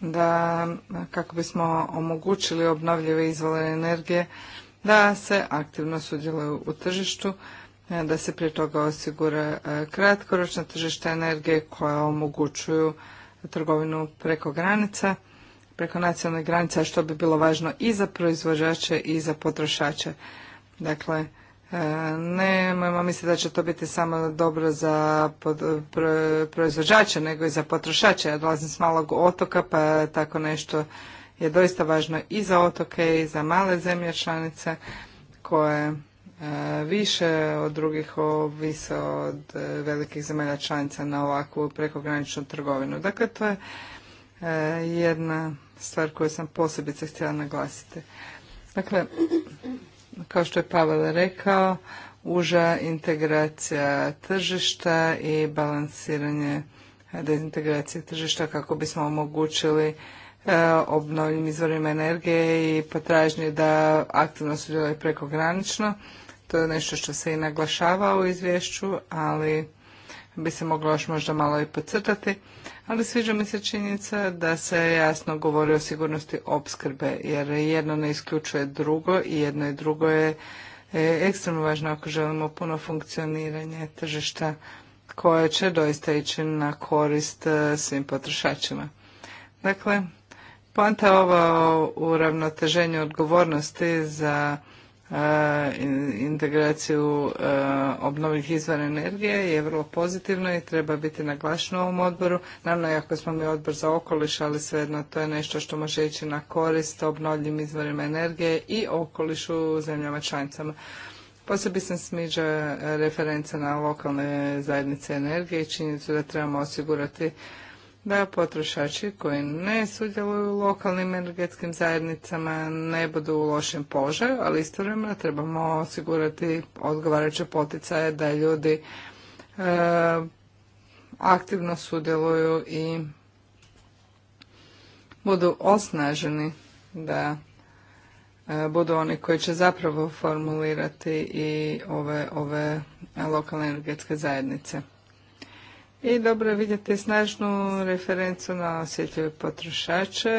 da kako bismo omogućili obnovljive izvore energije da se aktivno sudjeluju u tržištu, e, da se prije toga osigura e, kratkoročna tržišta energije koja omogućuju trgovinu preko granica, preko nacionalnih granica, što bi bilo važno i za proizvođače i za potrošače. Dakle, e, ne, mojmo misliti da će to biti samo dobro za proizvođače, nego i za potrošače. Ja dolazim s malog otoka, pa tako nešto je doista važno i za otoke i za male zemlje članice koje e, više od drugih ovise od e, velikih zemalja članica na ovakvu prekograničnu trgovinu. Dakle, to je e, jedna stvar koju sam posebice htjela naglasiti. Dakle, kao što je Pavel rekao, uža integracija tržišta i balansiranje dezintegracije tržišta kako bismo omogućili E, obnovljivim izvorima energije i potražnje da aktivno sudjeluje prekogranično. To je nešto što se i naglašava u izvješću, ali bi se moglo još možda malo i podcrtati. Ali sviđa mi se činjenica da se jasno govori o sigurnosti opskrbe, jer jedno ne isključuje drugo i jedno i drugo je e, ekstremno važno ako želimo puno funkcioniranje tržišta koje će doista ići na korist e, svim potrošačima. Dakle, Poanta ova o uravnoteženju odgovornosti za e, integraciju e, obnovljivih obnovih izvora energije je vrlo pozitivna i treba biti naglašeno u ovom odboru. Naravno, iako smo mi odbor za okoliš, ali svejedno to je nešto što može ići na korist obnovljivim izvorima energije i okolišu zemljama članicama. Posebno sam smiđa referenca na lokalne zajednice energije i činjenicu da trebamo osigurati da potrošači koji ne sudjeluju u lokalnim energetskim zajednicama ne budu u lošem položaju, ali istovremeno trebamo osigurati odgovarajuće poticaje da ljudi e, aktivno sudjeluju i budu osnaženi da e, budu oni koji će zapravo formulirati i ove, ove lokalne energetske zajednice. I dobro je vidjeti snažnu referencu na osjetljive potrošače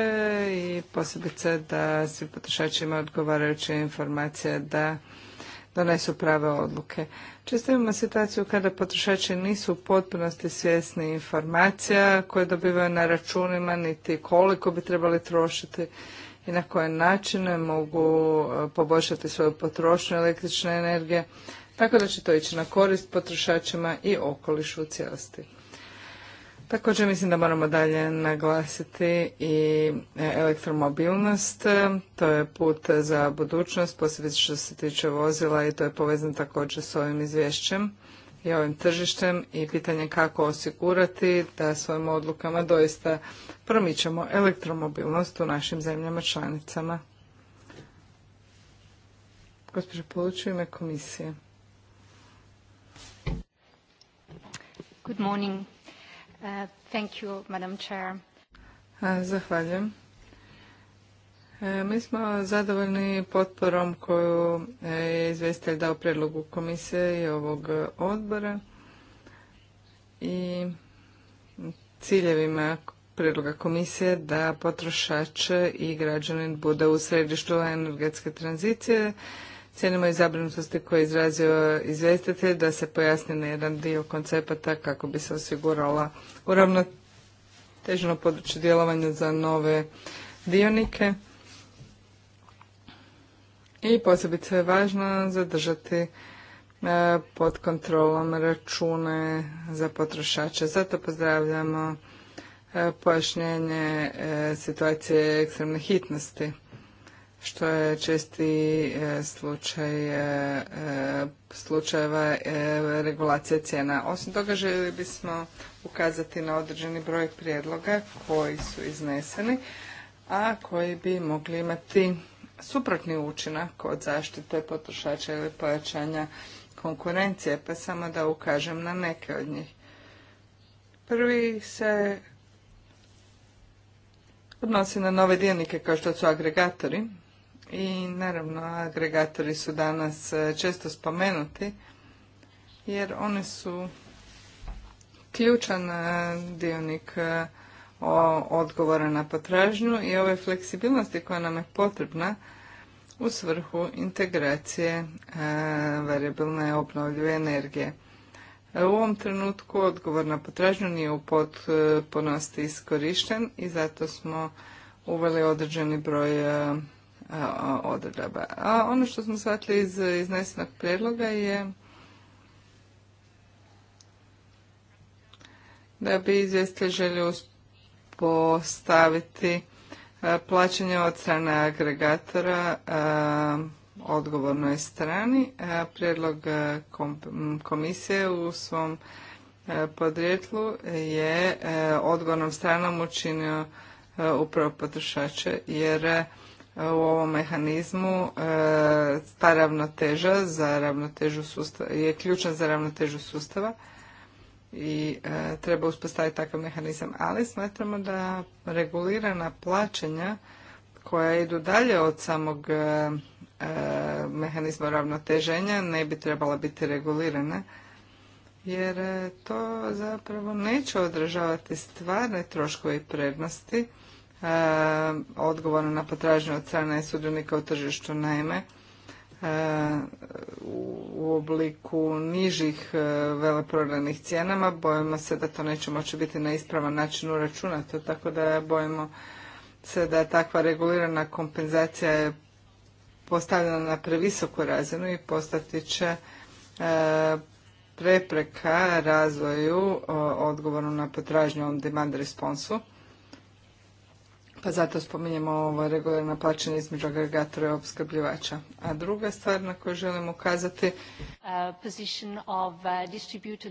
i posebice da svi potrošači imaju odgovarajuće informacije da donesu prave odluke. Često imamo situaciju kada potrošači nisu u potpunosti svjesni informacija koje dobivaju na računima, niti koliko bi trebali trošiti i na koje načine mogu e, poboljšati svoju potrošnju električne energije tako da će to ići na korist potrošačima i okolišu u cijelosti. Također mislim da moramo dalje naglasiti i e, elektromobilnost. To je put za budućnost, posebno što se tiče vozila i to je povezano također s ovim izvješćem i ovim tržištem i pitanje kako osigurati da svojim odlukama doista promičemo elektromobilnost u našim zemljama članicama. Gospođo Poluć, u ime komisije. Good morning. Uh, zahvaljujem. E, mi smo zadovoljni potporom koju e, je izvjestitelj dao predlogu komisije i ovog odbora i ciljevima predloga komisije da potrošač i građanin bude u središtu energetske tranzicije Cijenimo i zabrinutosti koje je izrazio izvjestitelj da se pojasni na jedan dio koncepata kako bi se osigurala uravnoteženo područje djelovanja za nove dionike. I posebice je važno zadržati e, pod kontrolom račune za potrošače. Zato pozdravljamo e, pojašnjenje e, situacije ekstremne hitnosti što je česti e, slučaj e, e, slučajeva regulacije cijena. Osim toga željeli bismo ukazati na određeni broj prijedloga koji su izneseni, a koji bi mogli imati suprotni učinak od zaštite potrošača ili pojačanja konkurencije, pa samo da ukažem na neke od njih. Prvi se odnosi na nove dionike kao što su agregatori, i naravno agregatori su danas e, često spomenuti jer oni su ključan e, dionik e, odgovora na potražnju i ove fleksibilnosti koja nam je potrebna u svrhu integracije variabilne obnovljive energije. U ovom trenutku odgovor na potražnju nije u potpunosti iskorišten i zato smo uveli određeni broj odredaba. A ono što smo shvatili iz iznesenog predloga je da bi izvjestitelj želio postaviti plaćanje od strane agregatora odgovornoj strani. Prijedlog komisije u svom podrijetlu je odgovornom stranom učinio upravo potrošače jer u ovom mehanizmu e, ta ravnoteža za ravnotežu sustava je ključna za ravnotežu sustava i e, treba uspostaviti takav mehanizam, ali smatramo da regulirana plaćanja koja idu dalje od samog e, mehanizma ravnoteženja ne bi trebala biti regulirana jer to zapravo neće odražavati stvarne troškove i prednosti E, odgovorno na potražnju od strane sudionika u tržištu. najme e, u obliku nižih e, veleprodajnih cijenama bojimo se da to neće moći biti na ispravan način uračunato, tako da bojimo se da je takva regulirana kompenzacija postavljena na previsoku razinu i postati će prepreka razvoju odgovoru na potražnju ovom demand responsu pa zato spominjemo ovo regularno plaćanje između agregatora i opskrbljivača. A druga stvar na koju želim ukazati uh, uh,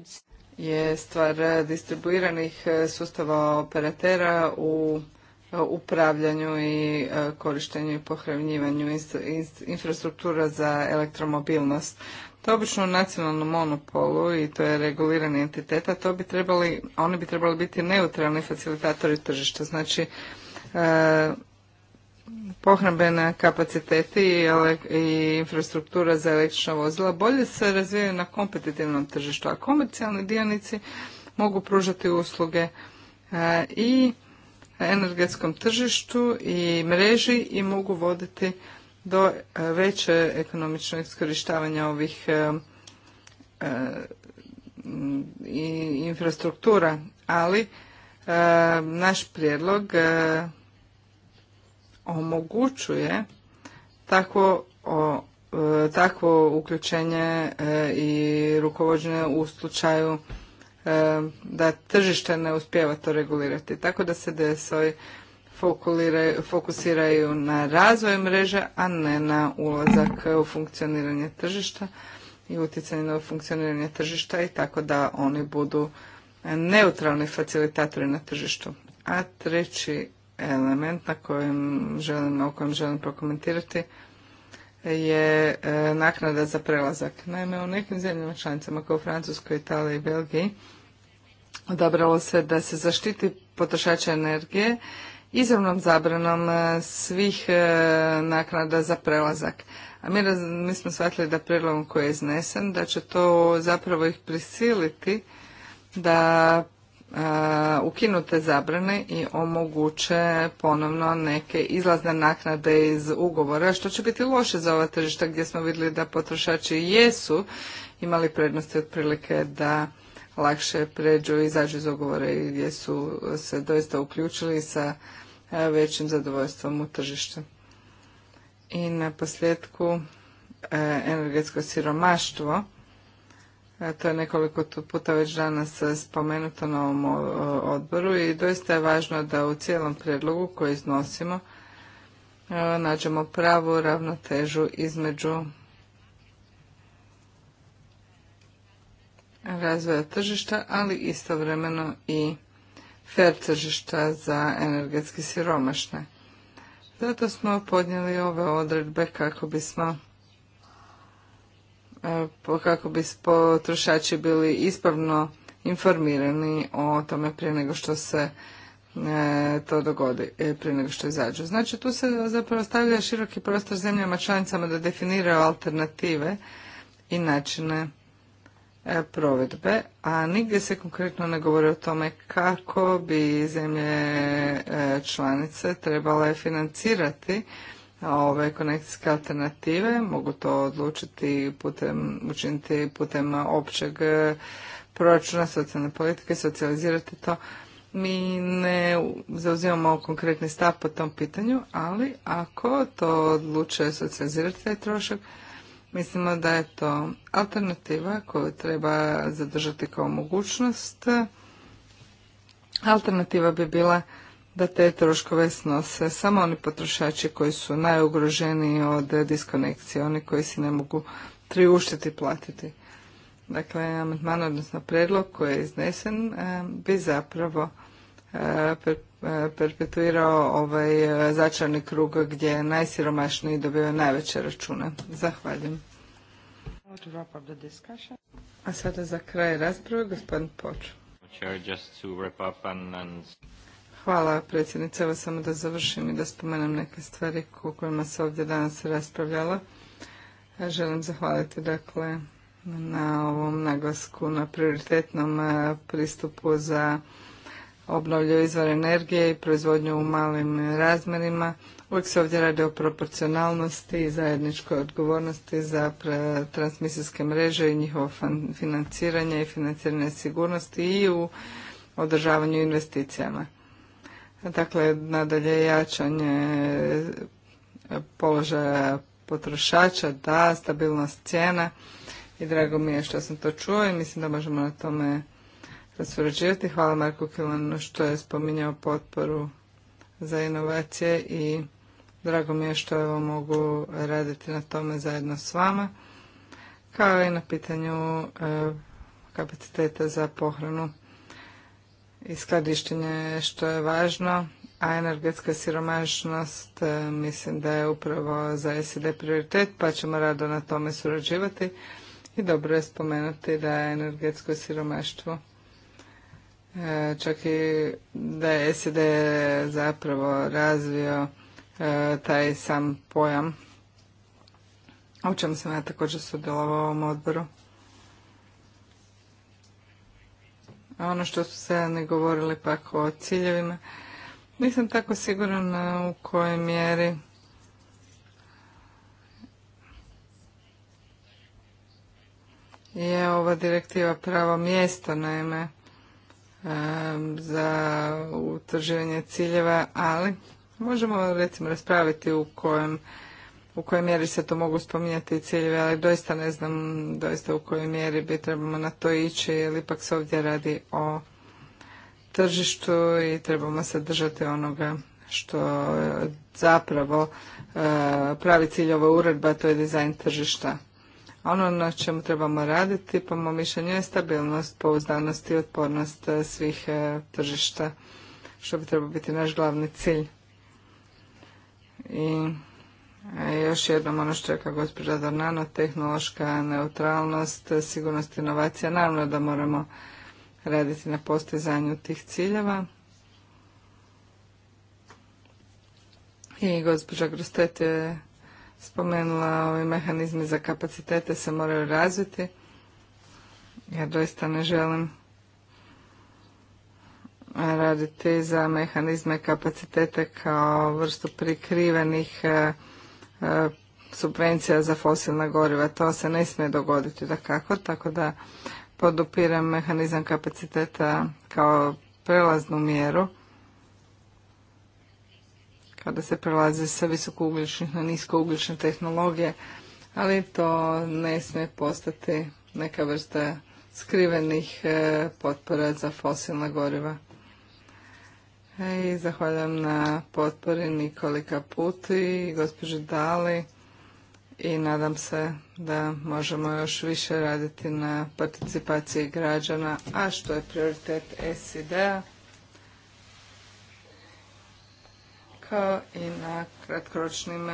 je stvar uh, distribuiranih sustava operatera u upravljanju i korištenju i pohranjivanju infrastruktura za elektromobilnost. To je obično u nacionalnom monopolu i to je regulirani entitet, a to bi trebali, oni bi trebali biti neutralni facilitatori tržišta. Znači, E, pohrambene kapaciteti i, infrastruktura za električna vozila bolje se razvijaju na kompetitivnom tržištu, a komercijalni dionici mogu pružati usluge e, i energetskom tržištu i mreži i mogu voditi do e, veće ekonomičnog iskorištavanja ovih infrastruktura, ali naš prijedlog omogućuje takvo, o, e, takvo uključenje e, i rukovođenje u slučaju e, da tržište ne uspjeva to regulirati. Tako da se DSO-i fokusiraju na razvoj mreže, a ne na ulazak u funkcioniranje tržišta i utjecanje na funkcioniranje tržišta i tako da oni budu neutralni facilitatori na tržištu. A treći element na kojem želim, o kojem želim prokomentirati je e, naknada za prelazak. Naime, u nekim zemljama članicama kao u Francuskoj, Italiji i Belgiji odabralo se da se zaštiti potrošača energije izravnom zabranom e, svih e, naknada za prelazak. A mi, mi smo shvatili da prijedlogom koji je iznesen, da će to zapravo ih prisiliti da ukinute zabrane i omoguće ponovno neke izlazne naknade iz ugovora, što će biti loše za ova tržišta gdje smo vidjeli da potrošači jesu imali prednosti otprilike da lakše pređu i izađu iz ugovora i gdje su se doista uključili sa e, većim zadovoljstvom u tržištu. I na posljedku e, energetsko siromaštvo to je nekoliko puta već danas e, spomenuto na ovom odboru i doista je važno da u cijelom prijedlogu koji iznosimo e, nađemo pravu ravnotežu između razvoja tržišta, ali istovremeno i fer tržišta za energetski siromašne. Zato smo podnijeli ove odredbe kako bismo E, kako bi potrošači bili ispravno informirani o tome prije nego što se e, to dogodi e, prije nego što izađu. Znači tu se zapravo stavlja široki prostor zemljama članicama da definiraju alternative i načine provedbe, a nigdje se konkretno ne govori o tome kako bi zemlje članice trebale financirati ove konekcijske alternative, mogu to odlučiti putem, učiniti putem općeg e, proračuna socijalne politike, socijalizirati to. Mi ne zauzimamo konkretni stav po tom pitanju, ali ako to odluče socijalizirati taj trošak, mislimo da je to alternativa koju treba zadržati kao mogućnost. Alternativa bi bila da te troškove snose samo oni potrošači koji su najugroženiji od diskonekcije, oni koji si ne mogu priuštiti platiti. Dakle, amandman, odnosno predlog koji je iznesen, eh, bi zapravo eh, eh, perpetuirao ovaj začarni krug gdje najsiromašniji dobio najveće račune. Zahvaljujem. A sada za kraj rasprave gospodin Poč. Hvala predsjednice. Evo samo da završim i da spomenem neke stvari o kojima se ovdje danas raspravljala. E, želim zahvaliti dakle na ovom naglasku na prioritetnom e, pristupu za obnovlju izvore energije i proizvodnju u malim razmerima. Uvijek se ovdje radi o proporcionalnosti i zajedničkoj odgovornosti za transmisijske mreže i njihovo financiranje i financiranje sigurnosti i u održavanju investicijama. Dakle, nadalje jačanje položaja potrošača, da, stabilnost cijena i drago mi je što sam to čuo i mislim da možemo na tome rasvrađivati. Hvala Marku Kilanu što je spominjao potporu za inovacije i drago mi je što evo mogu raditi na tome zajedno s vama, kao i na pitanju e, kapaciteta za pohranu i skladištenje što je važno, a energetska siromašnost e, mislim da je upravo za SED prioritet, pa ćemo rado na tome surađivati. I dobro je spomenuti da je energetsko siromaštvo e, čak i da je SED zapravo razvio e, taj sam pojam o čemu sam ja također sudjelovao u ovom odboru. A ono što su se ne govorili pak o ciljevima, nisam tako sigurna u kojoj mjeri je ova direktiva pravo mjesto, naime, za utrživanje ciljeva, ali možemo recimo raspraviti u kojem u kojoj mjeri se to mogu spominjati ciljeve, ali doista ne znam doista u kojoj mjeri bi trebamo na to ići, jer ipak se ovdje radi o tržištu i trebamo se držati onoga što e, zapravo e, pravi cilj ove uredba, a to je dizajn tržišta. Ono na čemu trebamo raditi, po mom mišljenju, je stabilnost, pouzdanost i otpornost e, svih tržišta, što bi trebao biti naš glavni cilj. I E, još jednom ono što je kao gospođa Dornano, tehnološka neutralnost, sigurnost inovacija. Naravno da moramo raditi na postizanju tih ciljeva. I gospođa Grostet je spomenula ovi mehanizmi za kapacitete se moraju razviti. Ja doista ne želim raditi za mehanizme kapacitete kao vrstu prikrivenih e, E, subvencija za fosilna goriva. To se ne smije dogoditi da kako, tako da podupiram mehanizam kapaciteta kao prelaznu mjeru kada se prelazi sa visokougljičnih na niskougljične tehnologije, ali to ne smije postati neka vrsta skrivenih e, potpora za fosilna goriva. I zahvaljam na potpori Nikolika Puti i gospođi Dali i nadam se da možemo još više raditi na participaciji građana, a što je prioritet SID-a, kao i na kratkoročnim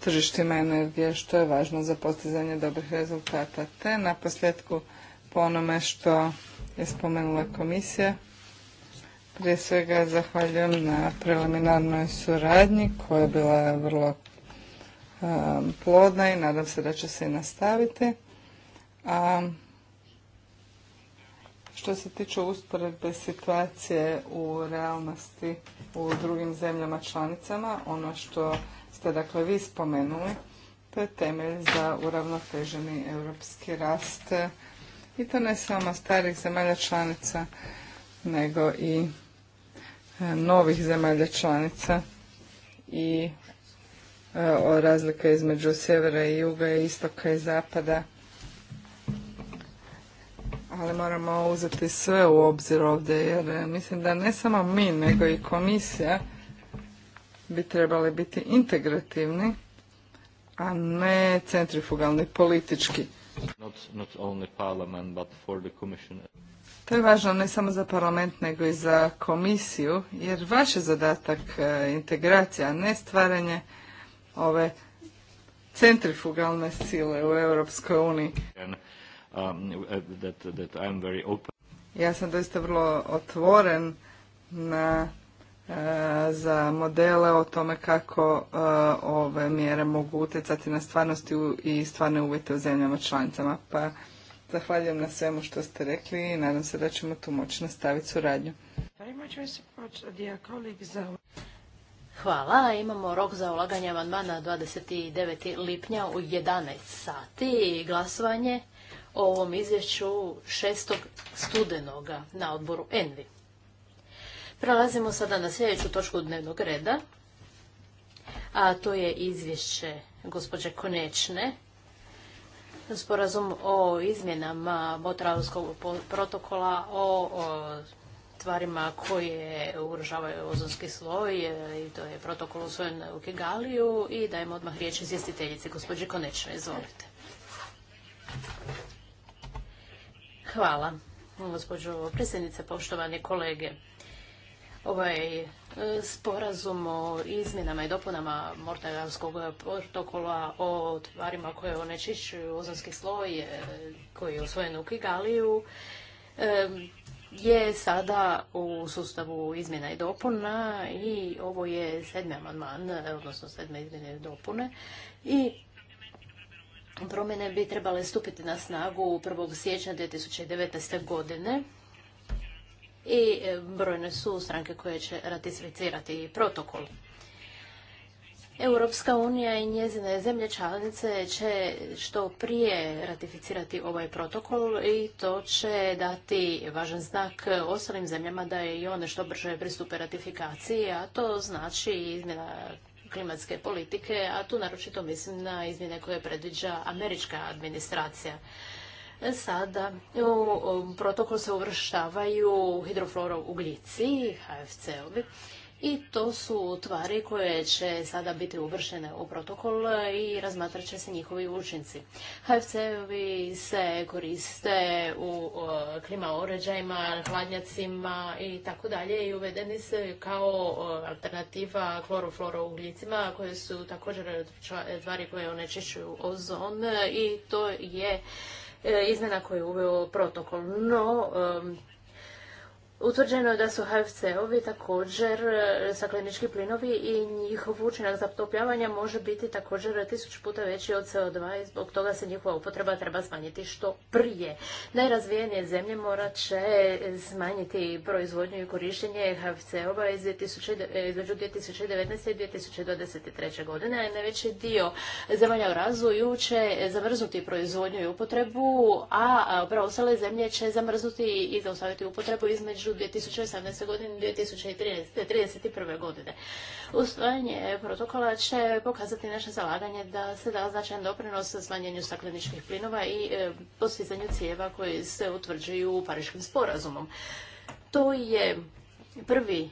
tržištima energije, što je važno za postizanje dobrih rezultata. Te na posljedku po onome što je spomenula komisija, prije svega zahvaljujem na preliminarnoj suradnji koja je bila vrlo um, plodna i nadam se da će se i nastaviti. A što se tiče usporedbe situacije u realnosti u drugim zemljama članicama, ono što ste dakle vi spomenuli, to je temelj za uravnoteženi europski rast i to ne samo starih zemalja članica, nego i novih zemalja članica i e, o razlika između sjevera i juga, istoka i zapada. Ali moramo uzeti sve u obzir ovdje jer e, mislim da ne samo mi nego i komisija bi trebali biti integrativni, a ne centrifugalni politički. Not, not only parliament, but for the commission. To je važno ne samo za parlament nego i za komisiju jer vaš je zadatak e, integracija, a ne stvaranje ove centrifugalne sile u Europskoj uniji. Um, ja sam doista vrlo otvoren na, e, za modele o tome kako e, ove mjere mogu utjecati na stvarnosti i stvarne uvjete u zemljama članicama. Pa Zahvaljujem na svemu što ste rekli i nadam se da ćemo tu moći nastaviti suradnju. Hvala. Imamo rok za ulaganje amandmana 29. lipnja u 11 sati i glasovanje o ovom izvješću 6. studenoga na odboru ENVI. Prelazimo sada na sljedeću točku dnevnog reda, a to je izvješće gospođe Konečne sporazum o izmjenama Botravskog protokola o, tvarima koje ugrožavaju ozonski sloj e, i to je protokol usvojen u Kigaliju i dajemo odmah riječ izvjestiteljici gospođi Konečno. Izvolite. Hvala, gospođo predsjednice, poštovani kolege. Ovaj e, sporazum o izmjenama i dopunama mortalskog protokola o tvarima koje onečišćuju ozonski sloj e, koji je osvojen u Kigaliju e, je sada u sustavu izmjena i dopuna i ovo je sedmi amandman, odnosno sedme izmjene i dopune i promjene bi trebale stupiti na snagu 1. siječnja 2019. godine i e, brojne su stranke koje će ratificirati protokol. Europska unija i njezine zemlje članice će što prije ratificirati ovaj protokol i to će dati važan znak ostalim zemljama da je i one što brže pristupe ratifikaciji, a to znači izmjena klimatske politike, a tu naročito mislim na izmjene koje predviđa američka administracija. Sada u um, protokol se uvrštavaju glici, HFC-ovi, i to su tvari koje će sada biti uvršene u protokol i razmatrat će se njihovi učinci. HFC-ovi se koriste u klima uređajima, hladnjacima i tako dalje i uvedeni se kao alternativa ugljicima koje su također tvari koje onečišćuju ozon i to je E, izmjena koju je uveo protokol. No, Utvrđeno je da su HFC-ovi također e, saklenički plinovi i njihov učinak za može biti također tisuć puta veći od CO2 i zbog toga se njihova upotreba treba smanjiti što prije. Najrazvijenije zemlje morat će smanjiti proizvodnju i korištenje HFC-ova e, između 2019. i 2023. godine. Najveći dio zemlja u razvoju će zamrznuti proizvodnju i upotrebu, a preostale zemlje će zamrznuti i zaustaviti upotrebu između između 2018. godine i 2013. 31. godine. Usvajanje protokola će pokazati naše zalaganje da se da značajan doprinos smanjenju stakleničkih plinova i e, postizanju cijeva koji se utvrđuju Pariškim sporazumom. To je prvi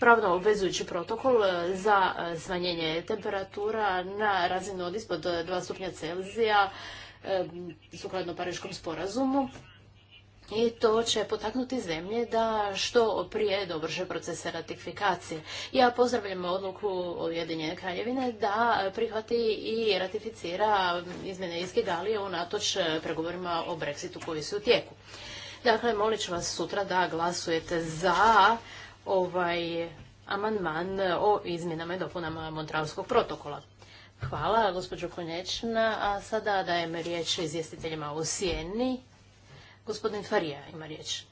pravno obvezujući protokol e, za e, smanjenje temperatura na razinu od ispod 2 stupnja Celzija sukladno Pariškom sporazumu i to će potaknuti zemlje da što prije dovrše procese ratifikacije. Ja pozdravljam odluku Ujedinjene kraljevine da prihvati i ratificira izmjene iz u unatoč pregovorima o Brexitu koji su u tijeku. Dakle, molit ću vas sutra da glasujete za ovaj amandman o izmjenama i dopunama montralskog protokola. Hvala, gospođo Konječna. A sada dajem riječ izvjestiteljima u Sjeni. Gospodin Farija ima riječ.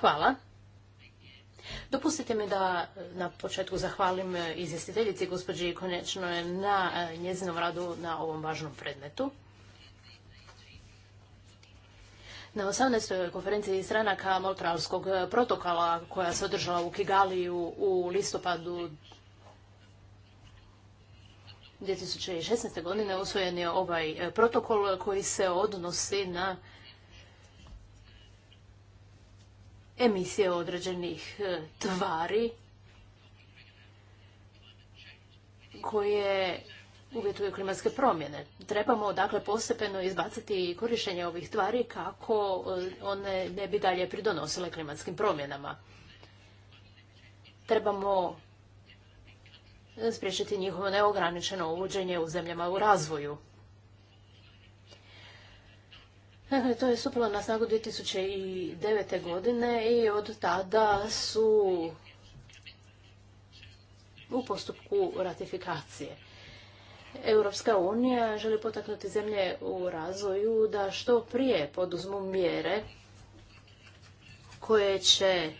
Hvala. Dopustite mi da eh, na početku zahvalim eh, izvjestiteljici gospođi Konečno na eh, njezinom radu na ovom važnom predmetu. Na 18. konferenciji stranaka Moltralskog protokola koja se održala u Kigaliju u listopadu 2016. godine usvojen je ovaj e, protokol koji se odnosi na emisije određenih e, tvari koje uvjetuju klimatske promjene. Trebamo dakle postepeno izbaciti korištenje ovih tvari kako e, one ne bi dalje pridonosile klimatskim promjenama. Trebamo spriječiti njihovo neograničeno uvođenje u zemljama u razvoju. Dakle, to je stupilo na snagu 2009. godine i od tada su u postupku ratifikacije. Europska unija želi potaknuti zemlje u razvoju da što prije poduzmu mjere koje će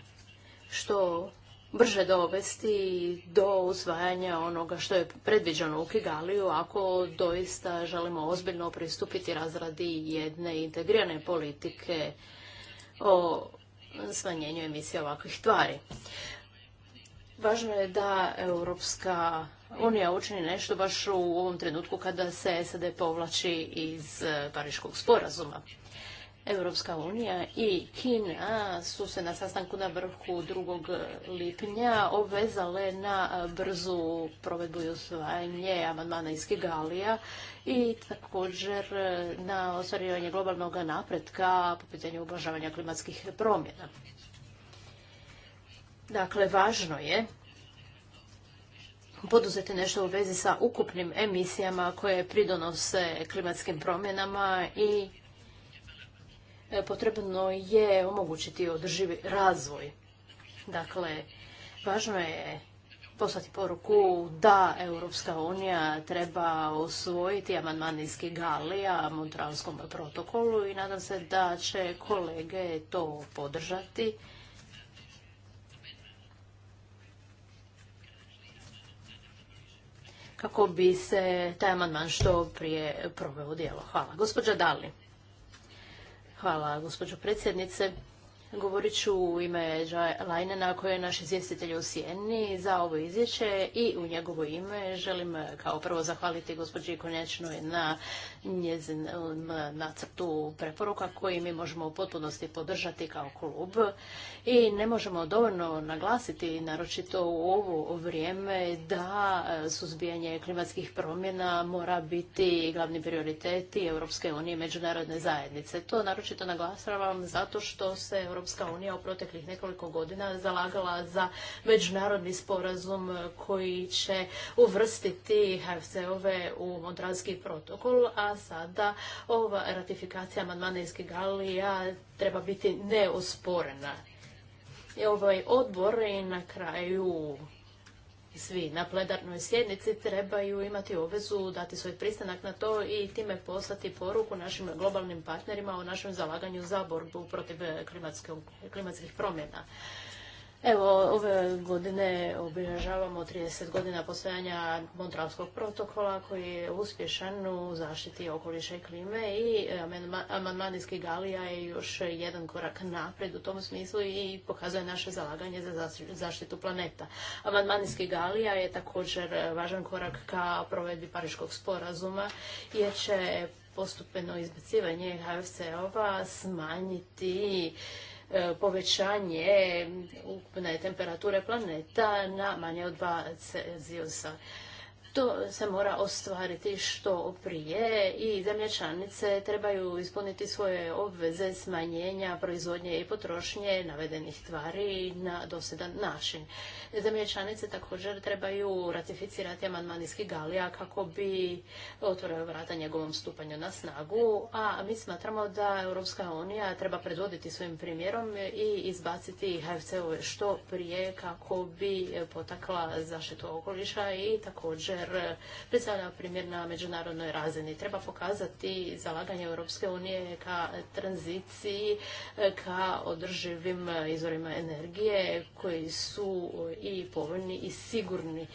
što brže dovesti do usvajanja onoga što je predviđeno u Kigaliju ako doista želimo ozbiljno pristupiti razradi jedne integrirane politike o smanjenju emisije ovakvih tvari. Važno je da Europska unija učini nešto baš u ovom trenutku kada se SAD povlači iz Pariškog sporazuma. Europska unija i Kina su se na sastanku na vrhu 2. lipnja obvezale na brzu provedbu i usvajanje amandmana iz Kigalija i također na ostvarivanje globalnog napretka po pitanju ublažavanja klimatskih promjena. Dakle, važno je poduzeti nešto u vezi sa ukupnim emisijama koje pridonose klimatskim promjenama i E, potrebno je omogućiti održivi razvoj. Dakle, važno je poslati poruku da Europska unija treba osvojiti amandman iz protokolu i nadam se da će kolege to podržati. kako bi se taj amandman što prije proveo dijelo. djelo. Hvala. Gospođa Dali. Hvala, gospođo predsjednice. Govorit ću u ime Lajnena koji je naš izvjestitelj u Sijeni za ovo izvješće i u njegovo ime želim e, kao prvo zahvaliti gospođi Konečnoj na njezinom e, nacrtu preporuka koji mi možemo u potpunosti podržati kao klub i ne možemo dovoljno naglasiti naročito u ovo vrijeme da e, suzbijanje klimatskih promjena mora biti glavni prioriteti Europske unije i međunarodne zajednice. To naročito naglasavam zato što se Europska Europska unija u proteklih nekoliko godina zalagala za međunarodni sporazum koji će uvrstiti HFC-ove u Montralski protokol, a sada ova ratifikacija iz galija treba biti neosporena. I ovaj odbor i na kraju svi na plenarnoj sjednici trebaju imati obvezu dati svoj pristanak na to i time poslati poruku našim globalnim partnerima o našem zalaganju za borbu protiv klimatskih promjena. Evo, ove godine obilježavamo 30 godina postojanja Montralskog protokola koji je uspješan u zaštiti okoliša i klime i e, amandmanijski Galija je još jedan korak naprijed u tom smislu i pokazuje naše zalaganje za zaštitu planeta. Amandmanijski Galija je također važan korak ka provedbi Pariškog sporazuma jer će postupeno izbacivanje HFC-ova smanjiti E, povećanje ukupne temperature planeta na manje od 2 Celzijusa. To se mora ostvariti što prije i zemlje članice trebaju ispuniti svoje obveze smanjenja proizvodnje i potrošnje navedenih tvari na dosedan način. Zemlje članice također trebaju ratificirati amandman iz kako bi otvorio vrata njegovom stupanju na snagu, a mi smatramo da Europska unija treba predvoditi svojim primjerom i izbaciti HFC-ove što prije kako bi potakla zaštitu okoliša i također primjer, eh, primjer na međunarodnoj razini. Treba pokazati zalaganje Europske unije ka tranziciji, eh, ka održivim eh, izvorima energije koji su i povoljni i sigurni.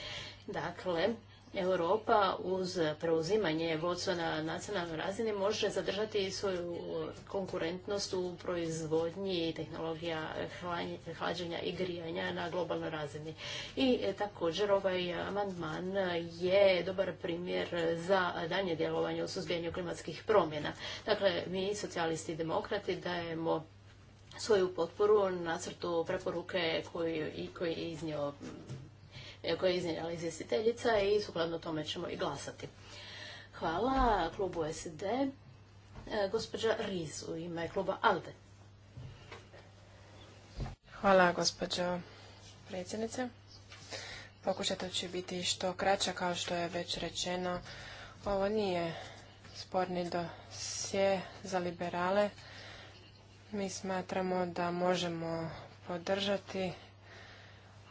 Dakle, Europa uz preuzimanje vodstva na nacionalnoj razini može zadržati svoju konkurentnost u proizvodnji tehnologija hlađenja i grijanja na globalnoj razini. I e, također ovaj amandman je dobar primjer za danje djelovanje u suzbijanju klimatskih promjena. Dakle, mi socijalisti i demokrati dajemo svoju potporu nacrtu preporuke koju, koji je iznio E, koje je iznijela izvjestiteljica i sukladno tome ćemo i glasati. Hvala klubu SD. E, gospođa Riz u ime kluba ALDE. Hvala gospođo predsjednice. Pokušat ću biti što kraća, kao što je već rečeno. Ovo nije sporni dosje za liberale. Mi smatramo da možemo podržati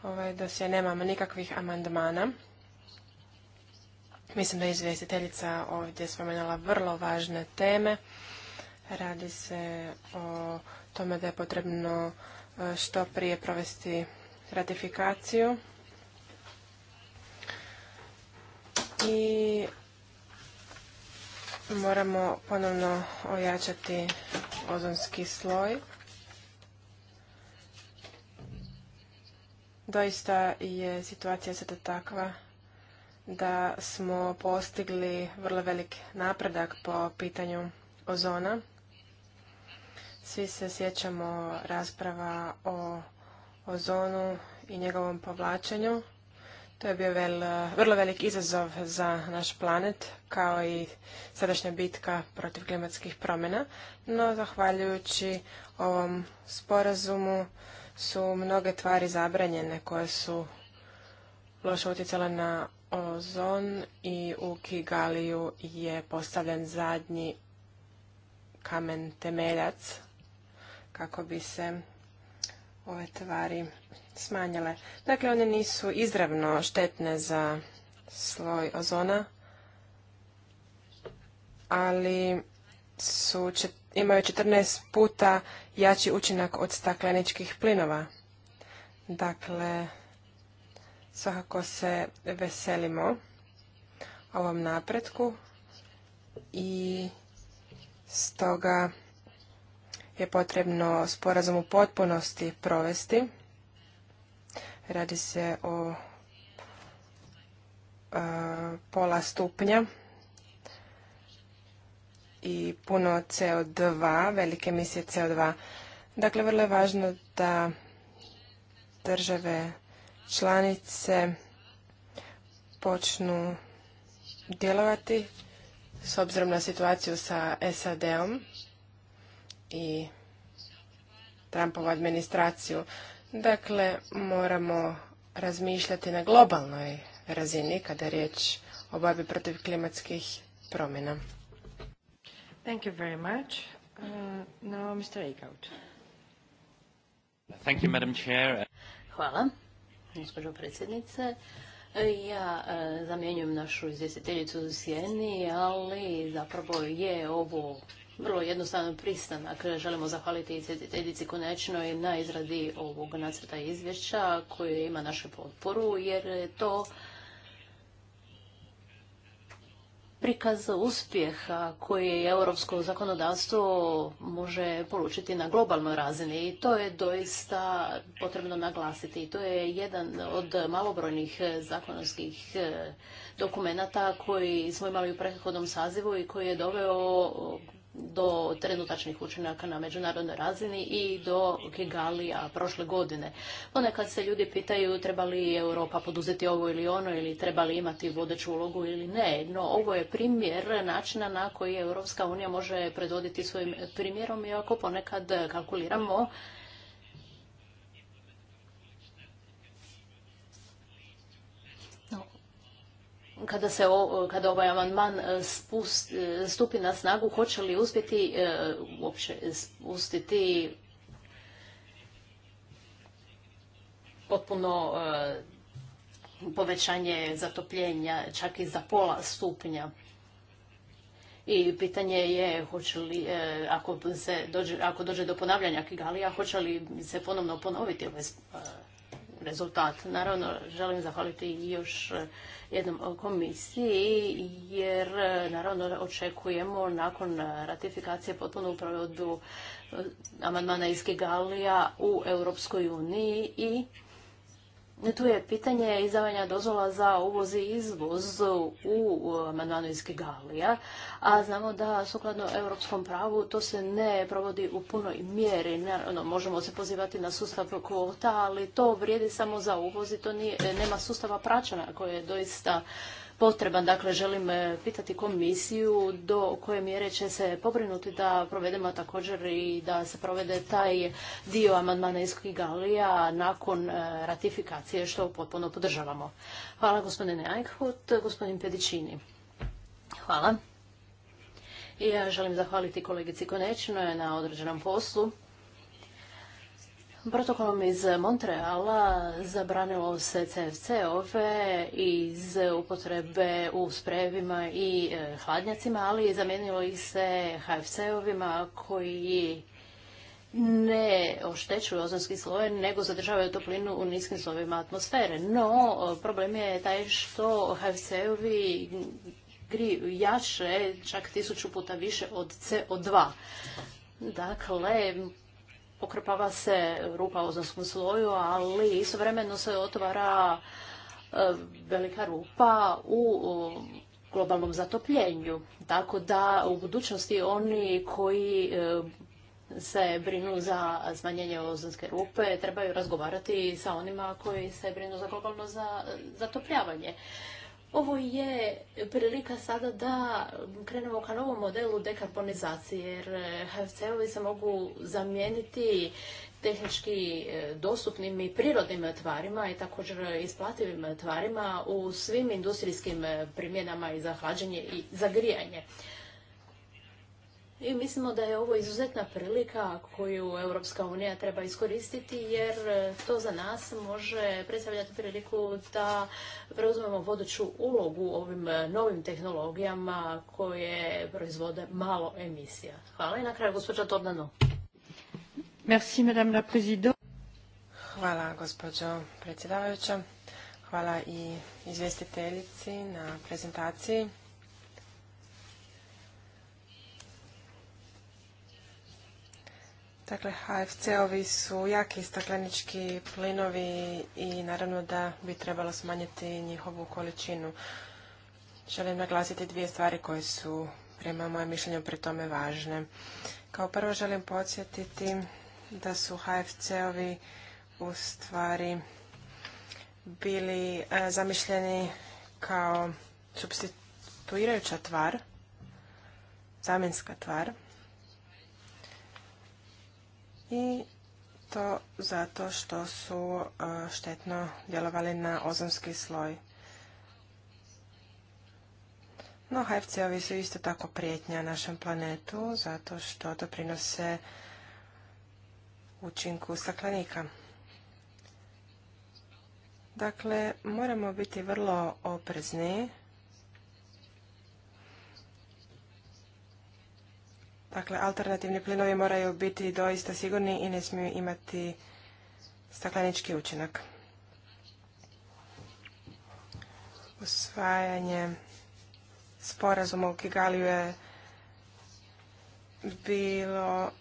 ovaj se nemamo nikakvih amandmana. Mislim da je izvjestiteljica ovdje spomenula vrlo važne teme. Radi se o tome da je potrebno e, što prije provesti ratifikaciju. I moramo ponovno ojačati ozonski sloj. Doista je situacija sada takva da smo postigli vrlo velik napredak po pitanju ozona. Svi se sjećamo rasprava o ozonu i njegovom povlačenju. To je bio vel, vrlo velik izazov za naš planet, kao i sadašnja bitka protiv klimatskih promjena, no zahvaljujući ovom sporazumu su mnoge tvari zabranjene koje su loše utjecale na ozon i u Kigaliju je postavljen zadnji kamen temeljac kako bi se ove tvari smanjile. Dakle, one nisu izravno štetne za sloj ozona, ali su imaju 14 puta jači učinak od stakleničkih plinova. Dakle, svakako se veselimo ovom napretku i stoga je potrebno sporazum u potpunosti provesti. Radi se o pola stupnja i puno CO2, velike emisije CO2. Dakle, vrlo je važno da države članice počnu djelovati s obzirom na situaciju sa SAD-om i Trumpovu administraciju. Dakle, moramo razmišljati na globalnoj razini kada je riječ o borbi protiv klimatskih promjena. Thank you very much. Uh, now Mr. Eickhout. Thank you, Madam Chair. Hvala, gospođo predsjednice. Ja e, zamjenjujem našu izvjestiteljicu u Sjeni, ali zapravo je ovo vrlo jednostavno pristanak. Želimo zahvaliti izvjestiteljici konečnoj na izradi ovog nacrta izvješća koje ima našu potporu, jer je to prikaz uspjeha koji europsko zakonodavstvo može polučiti na globalnoj razini i to je doista potrebno naglasiti. I to je jedan od malobrojnih zakonskih e, dokumenata koji smo imali u prethodnom sazivu i koji je doveo do trenutačnih učinaka na međunarodnoj razini i do Kigalija prošle godine. Ponekad se ljudi pitaju treba li Europa poduzeti ovo ili ono ili treba li imati vodeću ulogu ili ne. No ovo je primjer načina na koji Europska unija može predvoditi svojim primjerom i ako ponekad kalkuliramo kada se kada ovaj amandman e, e, stupi na snagu, hoće li uspjeti e, uopće spustiti potpuno povećanje zatopljenja čak i za pola stupnja. I pitanje je li, ako, dođe, ako dođe do ponavljanja Kigalija, hoće li se ponovno ponoviti ovaj rezultat. Naravno, želim zahvaliti još eh, jednom eh, komisiji, jer eh, naravno očekujemo nakon ratifikacije potpunu provedbu amandmana iz Kigalija u Europskoj uniji i tu je pitanje izdavanja dozvola za uvoz i izvoz u amandmanu iz a znamo da sukladno europskom pravu to se ne provodi u punoj mjeri. Naravno, možemo se pozivati na sustav kvota, ali to vrijedi samo za uvoz i to nema sustava praćana koje je doista potreban. Dakle, želim e, pitati komisiju do koje mjere će se pobrinuti da provedemo također i da se provede taj dio amandmana iz Kigalija nakon e, ratifikacije, što potpuno podržavamo. Hvala gospodine Eichhut, gospodin Pedičini. Hvala. I ja želim zahvaliti kolegici Konečnoj na određenom poslu. Protokolom iz Montreala zabranilo se CFC-ove iz upotrebe u sprejevima i e, hladnjacima, ali zamijenilo ih se HFC-ovima koji ne oštećuju ozonski sloj, nego zadržavaju toplinu u niskim slovima atmosfere. No, e, problem je taj što HFC-ovi griju jače, čak tisuću puta više od CO2. Dakle, Pokrpava se rupa u ozonskom sloju, ali istovremeno se otvara e, velika rupa u globalnom zatopljenju. Tako da u budućnosti oni koji e, se brinu za smanjenje ozonske rupe trebaju razgovarati sa onima koji se brinu za globalno zatopljavanje. Ovo je prilika sada da krenemo ka novom modelu dekarbonizacije, jer e, HFC-ovi se mogu zamijeniti tehnički e, dostupnim i prirodnim tvarima i također isplativim tvarima u svim industrijskim primjenama i za hlađenje i za grijanje. I mislimo da je ovo izuzetna prilika koju Europska unija treba iskoristiti jer e, to za nas može predstavljati priliku da preuzmemo voduću ulogu ovim e, novim tehnologijama koje proizvode malo emisija. Hvala i na kraju gospođa Tordano. Merci madame la Hvala gospođo predsjedavajuća. Hvala i izvjestiteljici na prezentaciji. Dakle, HFC-ovi su jaki staklenički plinovi i naravno da bi trebalo smanjiti njihovu količinu. Želim naglasiti dvije stvari koje su prema mojem mišljenju pri tome važne. Kao prvo želim podsjetiti da su HFC-ovi u stvari bili e, zamišljeni kao substituirajuća tvar, zamjenska tvar, i to zato što su e, štetno djelovali na ozonski sloj. No, HFC-ovi su isto tako prijetnja našem planetu, zato što doprinose učinku staklenika. Dakle, moramo biti vrlo oprezni Dakle, alternativni plinovi moraju biti doista sigurni i ne smiju imati staklenički učinak. Usvajanje sporazuma u Kigaliju je bilo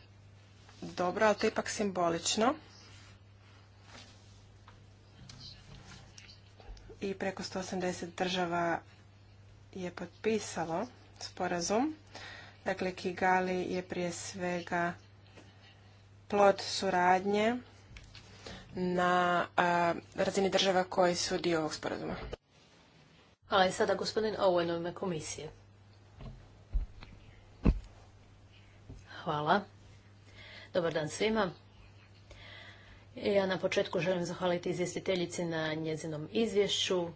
dobro, ali to je ipak simbolično. I preko 180 država je potpisalo sporazum. Dakle, Kigali je prije svega plod suradnje na razini država koji su dio ovog sporazuma. Hvala i sada gospodin Owen komisije. Hvala. Dobar dan svima. Ja na početku želim zahvaliti izvjestiteljici na njezinom izvješću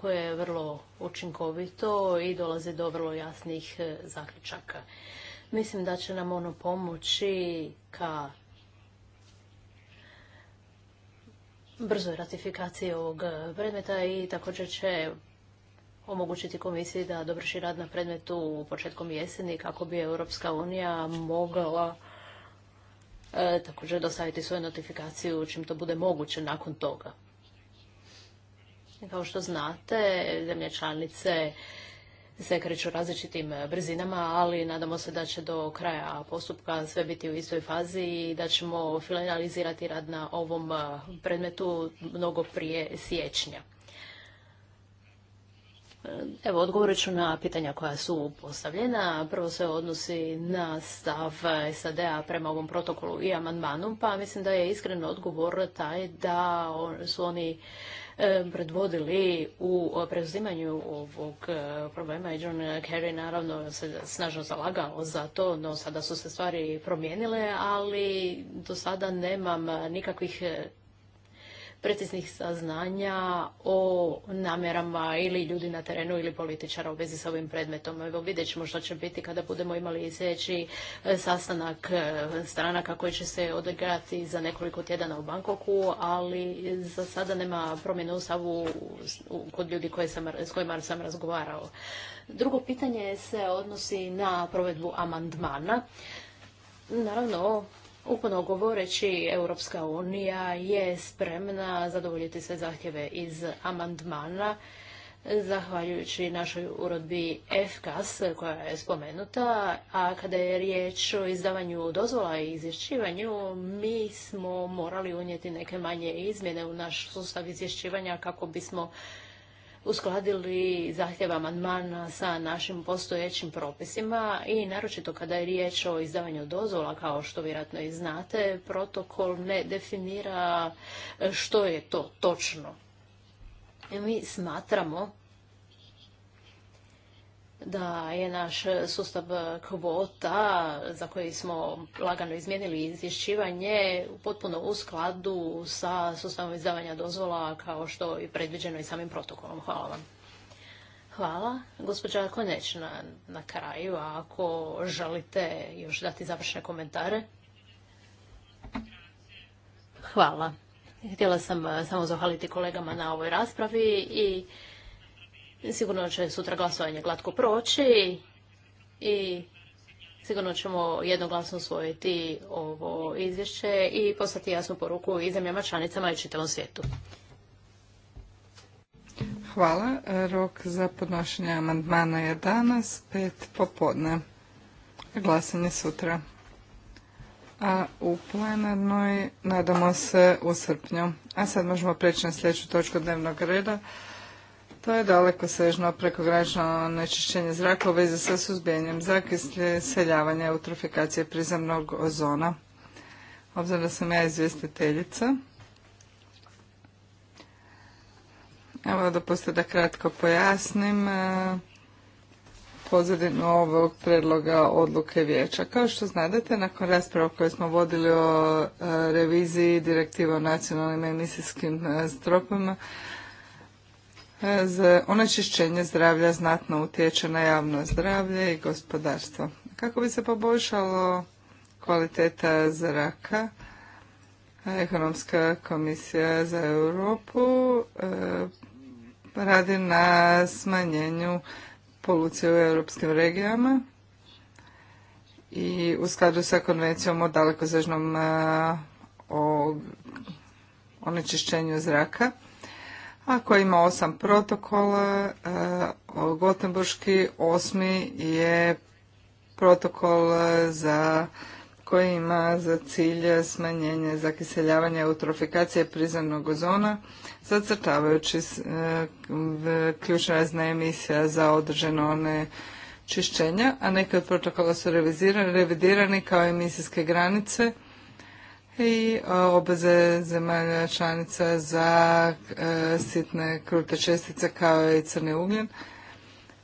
koje je vrlo učinkovito i dolazi do vrlo jasnih e, zaključaka. Mislim da će nam ono pomoći ka brzoj ratifikaciji ovog predmeta i također će omogućiti komisiji da dovrši rad na predmetu početkom jeseni kako bi Europska unija mogla e, također dostaviti svoju notifikaciju čim to bude moguće nakon toga. Kao što znate, zemlje članice se kreću različitim brzinama, ali nadamo se da će do kraja postupka sve biti u istoj fazi i da ćemo finalizirati rad na ovom eh, predmetu mnogo prije siječnja. Eh, evo, odgovorit ću na pitanja koja su postavljena. Prvo se odnosi na stav SAD-a prema ovom protokolu i amandmanu, pa mislim da je iskren odgovor taj da su oni predvodili u preuzimanju ovog e, problema i John Kerry naravno se snažno zalagao za to, no sada su se stvari promijenile, ali do sada nemam nikakvih preciznih saznanja o namjerama ili ljudi na terenu ili političara u vezi s ovim predmetom. Evo vidjet ćemo što će biti kada budemo imali sljedeći e, sastanak e, stranaka koji će se odigrati za nekoliko tjedana u Bankoku, ali za sada nema promjene u kod ljudi sam, s kojima sam razgovarao. Drugo pitanje se odnosi na provedbu amandmana. Naravno, Ukupno govoreći, Europska unija je spremna zadovoljiti sve zahtjeve iz amandmana, zahvaljujući našoj urodbi FKAS koja je spomenuta, a kada je riječ o izdavanju dozvola i izvješćivanju, mi smo morali unijeti neke manje izmjene u naš sustav izvješćivanja kako bismo uskladili zahtjeva amandmana sa našim postojećim propisima i naročito kada je riječ o izdavanju dozvola, kao što vjerojatno i znate, protokol ne definira što je to točno. Mi smatramo da je naš sustav kvota za koji smo lagano izmijenili izvješćivanje potpuno u skladu sa sustavom izdavanja dozvola kao što je predviđeno i samim protokolom. Hvala vam. Hvala. Gospođa Konečna na kraju, ako želite još dati završne komentare. Hvala. Htjela sam eh, samo zahvaliti kolegama na ovoj raspravi i Sigurno će sutra glasovanje glatko proći i sigurno ćemo jednoglasno usvojiti ovo izvješće i poslati jasnu poruku i zemljama članicama i čitavom svijetu. Hvala. Rok za podnošenje amandmana je danas, pet popodne. Glasanje sutra. A u plenarnoj nadamo se u srpnju. A sad možemo preći na sljedeću točku dnevnog reda. To je daleko sežno prekogranično onečišćenje zraka u vezi sa suzbijanjem zakislje, seljavanje eutrofikacije prizemnog ozona. Obzirom da sam ja izvjestiteljica, evo dopustite da kratko pojasnim e, pozadinu ovog predloga odluke vijeća. Kao što znate, nakon rasprava koje smo vodili o e, reviziji direktiva o nacionalnim emisijskim e, stropama, za onečišćenje zdravlja znatno utječe na javno zdravlje i gospodarstvo. Kako bi se poboljšalo kvaliteta zraka, Ekonomska komisija za Europu e, radi na smanjenju polucije u europskim regijama i u skladu sa konvencijom o dalekosežnom e, onečišćenju zraka. Ako ima osam protokola, e, Gotenburški osmi je protokol e, za koji ima za cilj smanjenje zakiseljavanja i eutrofikacije prizemnog ozona, zacrtavajući e, ključna razna emisija za održeno one čišćenja, a neke od protokola su revidirani kao emisijske granice, i e, obveze zemalja članica za e, sitne krute čestice kao i crni ugljen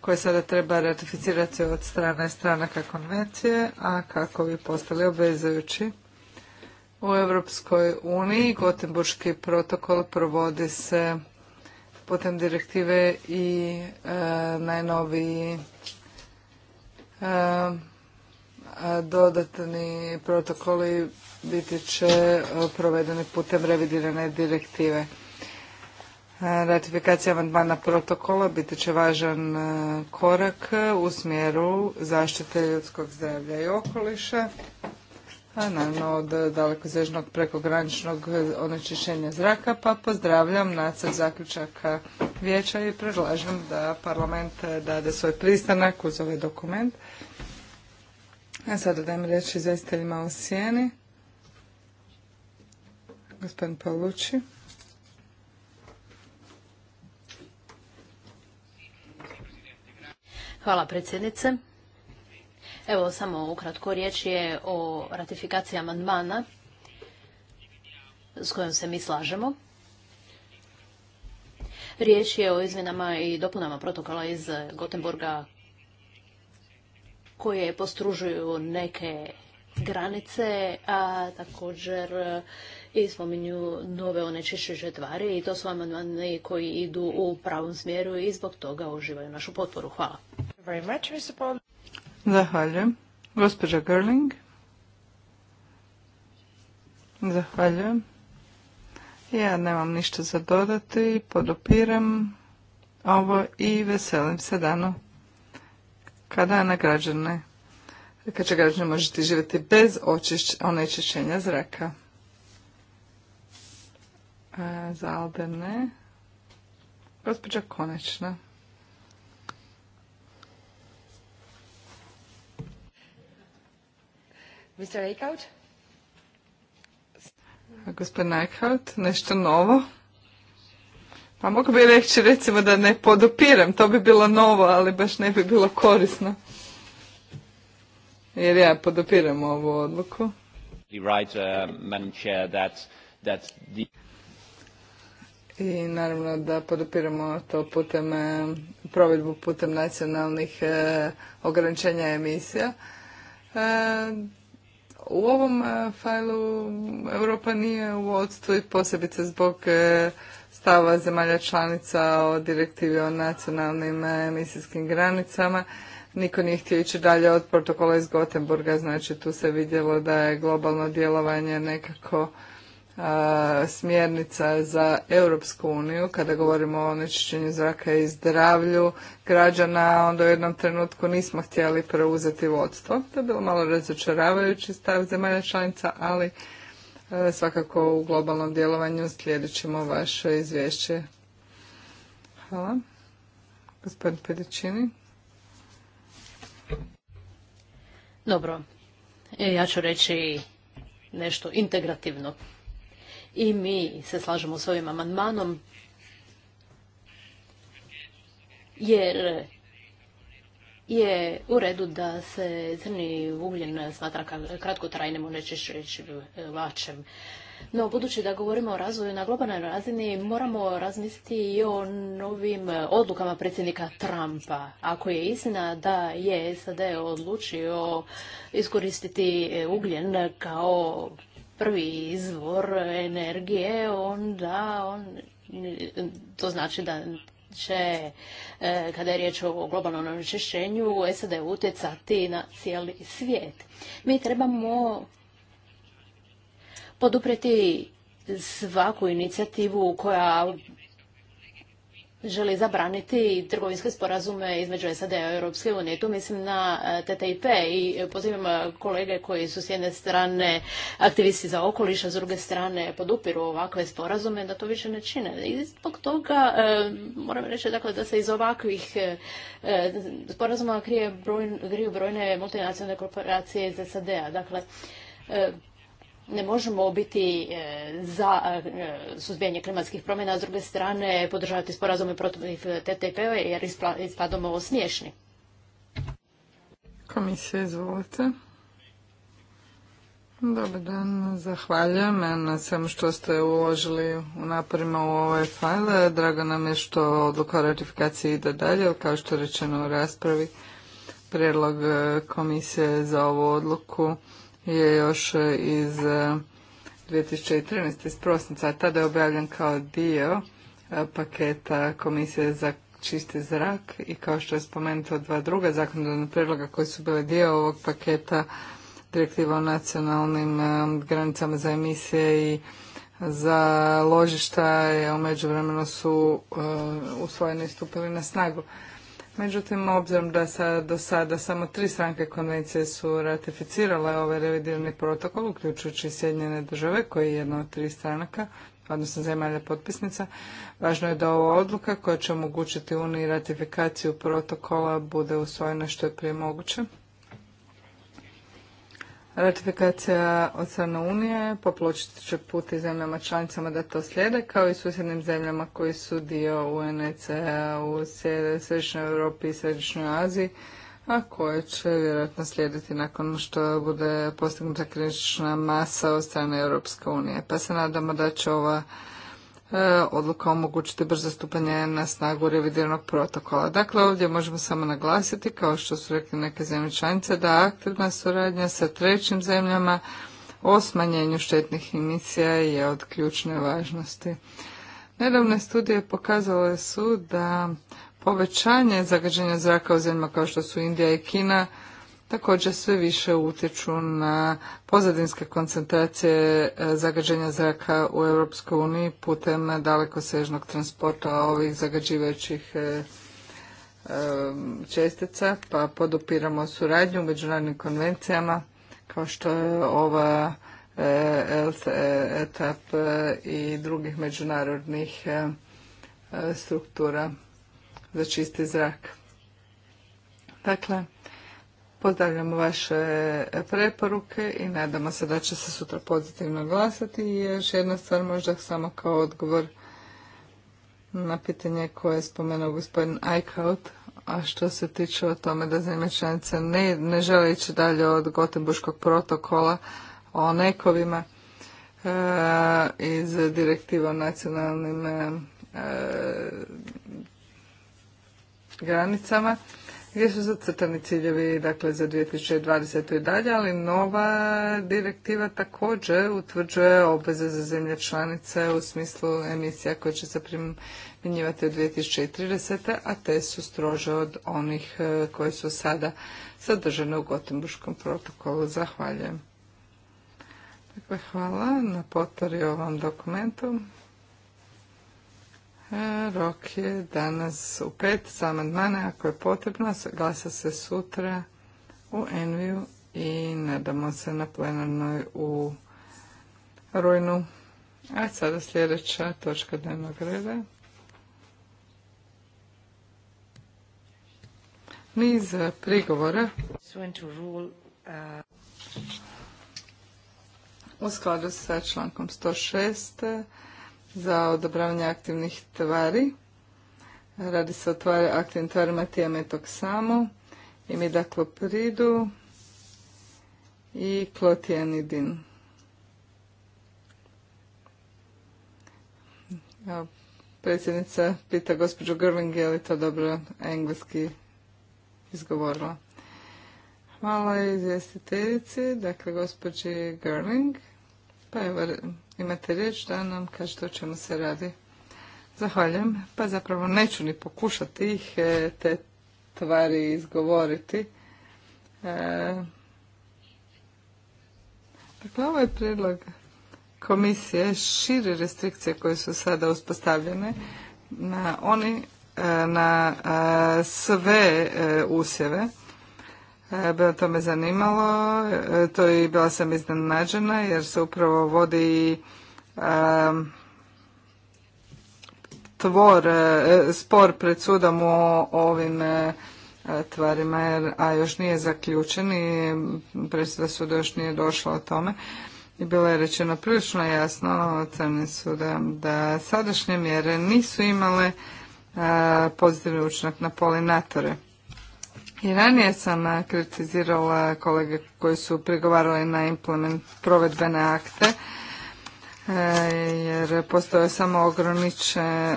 koje sada treba ratificirati od strane stranaka konvencije, a kako bi postali obvezujući. U Europskoj uniji Gotemburški protokol provodi se putem direktive i e, najnoviji e, dodatni protokoli biti će e, provedeni putem revidirane direktive. E, ratifikacija amandmana protokola biti će važan e, korak u smjeru zaštite ljudskog zdravlja i okoliša, a naravno od dalekosežnog prekograničnog onečišćenja zraka, pa pozdravljam nacrt zaključaka vijeća i predlažem da parlament dade svoj pristanak uz ovaj dokument. A sada dajem riječ izvjestiteljima u sjeni. Gospodin Hvala predsjednice. Evo samo ukratko riječ je o ratifikaciji amandmana s kojom se mi slažemo. Riječ je o izmjenama i dopunama protokola iz gotenburga koje postružuju neke granice, a također i spominju nove onečišćuće tvari i to su amandmani koji idu u pravom smjeru i zbog toga uživaju našu potporu. Hvala. Zahvaljujem. Gospođa Gerling. Zahvaljujem. Ja nemam ništa za dodati, podupiram ovo i veselim se danu kada na građane, kad će građane možete živjeti bez onečišćenja zraka. E, za ne. Gospođa Konečna. Mr. Eichhout? Gospodin Eichhout, nešto novo? Pa mogu bi reći recimo da ne podupirem to bi bilo novo, ali baš ne bi bilo korisno. Jer ja podupirem ovu odluku. Uh, i naravno da podupiramo to putem e, provedbu putem nacionalnih e, ograničenja emisija. E, u ovom fajlu Europa nije u odstu i posebice zbog stava zemalja članica o direktivi o nacionalnim emisijskim granicama. Niko nije htio ići dalje od protokola iz gotenburga znači tu se vidjelo da je globalno djelovanje nekako smjernica za Europsku uniju kada govorimo o onečišćenju zraka i zdravlju građana, onda u jednom trenutku nismo htjeli preuzeti vodstvo. To je bilo malo razočaravajući stav zemalja članica, ali svakako u globalnom djelovanju slijedit vaše izvješće. Hvala. Gospodin Pedičini. Dobro. E, ja ću reći nešto integrativno i mi se slažemo s ovim amandmanom jer je u redu da se crni ugljen smatra kratkotrajnim vlačem. E, no, budući da govorimo o razvoju na globalnoj razini, moramo razmisliti i o novim odlukama predsjednika Trumpa. Ako je istina da je SAD odlučio iskoristiti e, ugljen kao prvi izvor energije, onda on, to znači da će, e, kada je riječ o globalnom onečišćenju, SAD utjecati na cijeli svijet. Mi trebamo poduprijeti svaku inicijativu koja želi zabraniti trgovinske sporazume između SAD-a i Europske unije. Tu mislim na e, TTIP i pozivam e, kolege koji su s jedne strane aktivisti za okoliš, a s druge strane podupiru ovakve sporazume, da to više ne čine. I zbog toga e, moram reći dakle, da se iz ovakvih sporazuma krije brojne multinacionalne korporacije iz SAD-a. Dakle, ne možemo biti e, za e, suzbijanje klimatskih promjena, a s druge strane podržavati sporazume protiv TTP-a jer ispadom ovo smiješni. Komisija, izvolite. Dobar dan, zahvaljujem e, na svemu što ste uložili u naporima u ovaj fajl. Drago nam je što odluka o ratifikaciji ide dalje, kao što je rečeno u raspravi, prijedlog komisije za ovu odluku je još e, iz 2013. E, iz prosinca, tada je objavljen kao dio e, paketa Komisije za čisti zrak i kao što je spomenuto dva druga zakonodavna predloga koji su bili dio ovog paketa direktiva o nacionalnim granicama za emisije i za ložišta je u međuvremenu su usvojeni i stupili na snagu. Međutim, obzirom da sa, do sada samo tri stranke konvencije su ratificirale ovaj revidirani protokol, uključujući Sjedinjene države, koji je jedna od tri stranaka, odnosno zemalja potpisnica, važno je da ova odluka koja će omogućiti Uniji ratifikaciju protokola bude usvojena što je prije moguće. Ratifikacija od strane Unije popločit će put i zemljama članicama da to slijede, kao i susjednim zemljama koji su dio UNECA u e e, Središnjoj Europi i Središnjoj Aziji, a koje će vjerojatno slijediti nakon što bude postignuta kritična masa od strane Europske unije. Pa se nadamo da će ova E, odluka omogućiti brzo stupanje na snagu revidiranog protokola. Dakle, ovdje možemo samo naglasiti, kao što su rekli neke zemlje članice, da aktivna suradnja sa trećim zemljama o smanjenju štetnih emisija je od ključne važnosti. Nedavne studije pokazale su da povećanje zagađenja zraka u zemljama kao što su Indija i Kina također sve više utječu na pozadinske koncentracije e, zagađenja zraka u EU putem dalekosežnog transporta ovih zagađivajućih e, čestica, pa podupiramo suradnju u međunarodnim konvencijama kao što je ova e, etap i drugih međunarodnih struktura za čisti zrak. Dakle, Pozdravljamo vaše preporuke i nadamo se da će se sutra pozitivno glasati. I još jedna stvar možda samo kao odgovor na pitanje koje je spomenuo gospodin Eichhout, a što se tiče o tome da zemlje članice ne, ne žele ići dalje od gotenburškog protokola o nekovima e, iz direktiva o nacionalnim e, granicama gdje su zacrtani ciljevi dakle, za 2020. i dalje, ali nova direktiva također utvrđuje obveze za zemlje članice u smislu emisija koje će se primjenjivati od 2030. a te su strože od onih e, koje su sada sadržane u Gotembuškom protokolu. Zahvaljujem. Dakle, hvala na potpori ovom dokumentu. E, rok je danas u pet za amandmane, ako je potrebno, glasa se sutra u Enviju i nadamo se na plenarnoj u rujnu. A sada sljedeća točka dnevnog reda. Niz prigovora u skladu sa člankom 106 za odobravanje aktivnih tvari. Radi se o tvari, aktivnim tvarima tijametoksamu, pridu i klotijanidin. Predsjednica pita gospođu Grling je li to dobro engleski izgovorila. Hvala izvjestiteljici, dakle gospođi Gerling. Pa evo, imate riječ da nam kažete o čemu se radi. Zahvaljujem. Pa zapravo neću ni pokušati ih e, te tvari izgovoriti. E, dakle, ovo je predlog komisije šire restrikcije koje su sada uspostavljene na oni e, na sve usjeve E, to me zanimalo, e, to i bila sam iznenađena jer se upravo vodi e, spor pred sudom o ovim tvarima, a još nije zaključen i presuda suda još nije došla o tome. I bilo je rečeno prilično jasno od crne suda da sadašnje mjere nisu imale pozitivni učinak na polinatore. I ranije sam eh, kritizirala kolege koji su prigovarali na implement provedbene akte, eh, jer postoje samo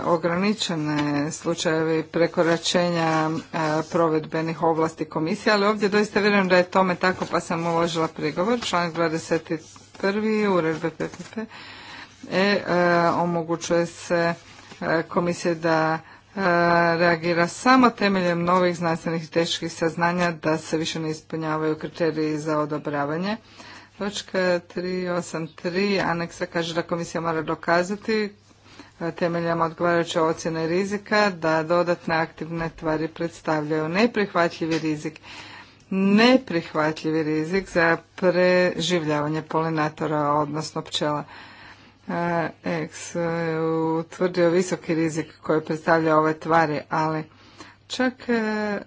ograničene slučajevi prekoračenja eh, provedbenih ovlasti komisije, ali ovdje doista vjerujem da je tome tako pa sam uložila prigovor. Članak 21. uredbe PPP e, omogućuje se komisije da E, reagira samo temeljem novih znanstvenih i teških saznanja da se više ne ispunjavaju kriteriji za odobravanje. Točka 383 aneksa kaže da komisija mora dokazati e, temeljem odgovarajuće ocjene rizika da dodatne aktivne tvari predstavljaju neprihvatljivi rizik neprihvatljivi rizik za preživljavanje polinatora, odnosno pčela eks utvrdio visoki rizik koji predstavlja ove tvari, ali čak e,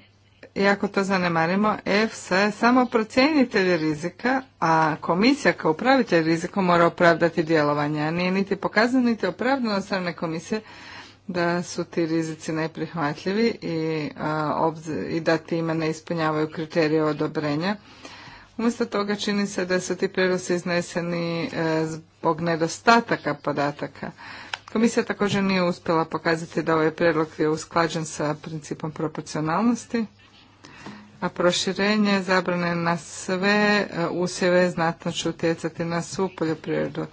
i ako to zanemarimo, EFSA je samo procjenitelj rizika, a komisija kao upravitelj rizika mora opravdati djelovanje, a nije niti pokazano niti opravdano strane komisije da su ti rizici neprihvatljivi i, i da time ne ispunjavaju kriterije odobrenja Umjesto toga čini se da su ti prijedlozi izneseni e, zbog nedostataka podataka. Komisija također nije uspjela pokazati da ovaj prijedlog je usklađen sa principom proporcionalnosti, a proširenje zabrane na sve e, usjeve znatno će utjecati na svu poljoprivredu.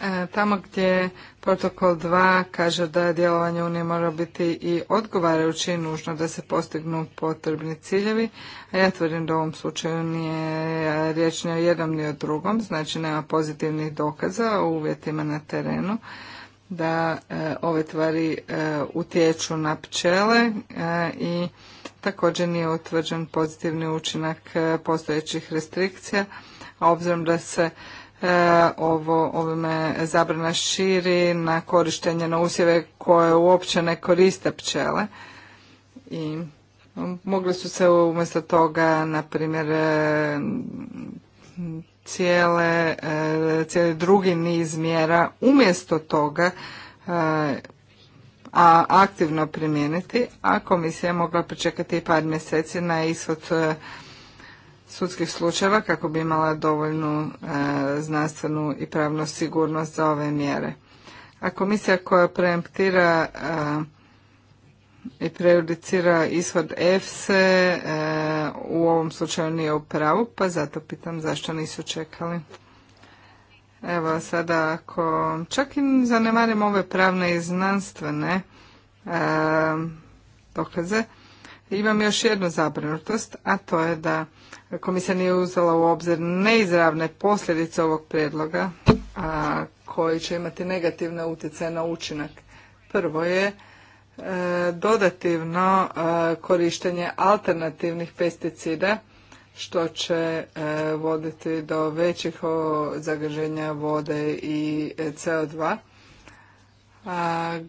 E, tamo gdje protokol 2 kaže da djelovanje Unije mora biti i odgovarajući i nužno da se postignu potrebni ciljevi, a ja tvrdim da u ovom slučaju nije riječ ni o jednom ni o drugom, znači nema pozitivnih dokaza u uvjetima na terenu da e, ove tvari e, utječu na pčele i također nije utvrđen pozitivni učinak postojećih restrikcija, a obzirom da se E, ovo ovime zabrana širi na korištenje na usjeve koje uopće ne koriste pčele i mogli su se umjesto toga na primjer e, cijele, e, cijeli drugi niz mjera umjesto toga a aktivno primijeniti, a komisija je mogla pričekati par mjeseci na ishod sudskih slučajeva kako bi imala dovoljnu e, znanstvenu i pravnu sigurnost za ove mjere. A komisija koja preemptira e, i prejudicira ishod EFSE e, u ovom slučaju nije u pravu, pa zato pitam zašto nisu čekali. Evo sada ako čak i zanemarimo ove pravne i znanstvene dokaze, imam još jednu zabrinutost, a to je da komisija nije uzela u obzir neizravne posljedice ovog predloga, koji će imati negativne utjecaje na učinak. Prvo je e, dodativno e, korištenje alternativnih pesticida što će e, voditi do većih zagađenja vode i CO2.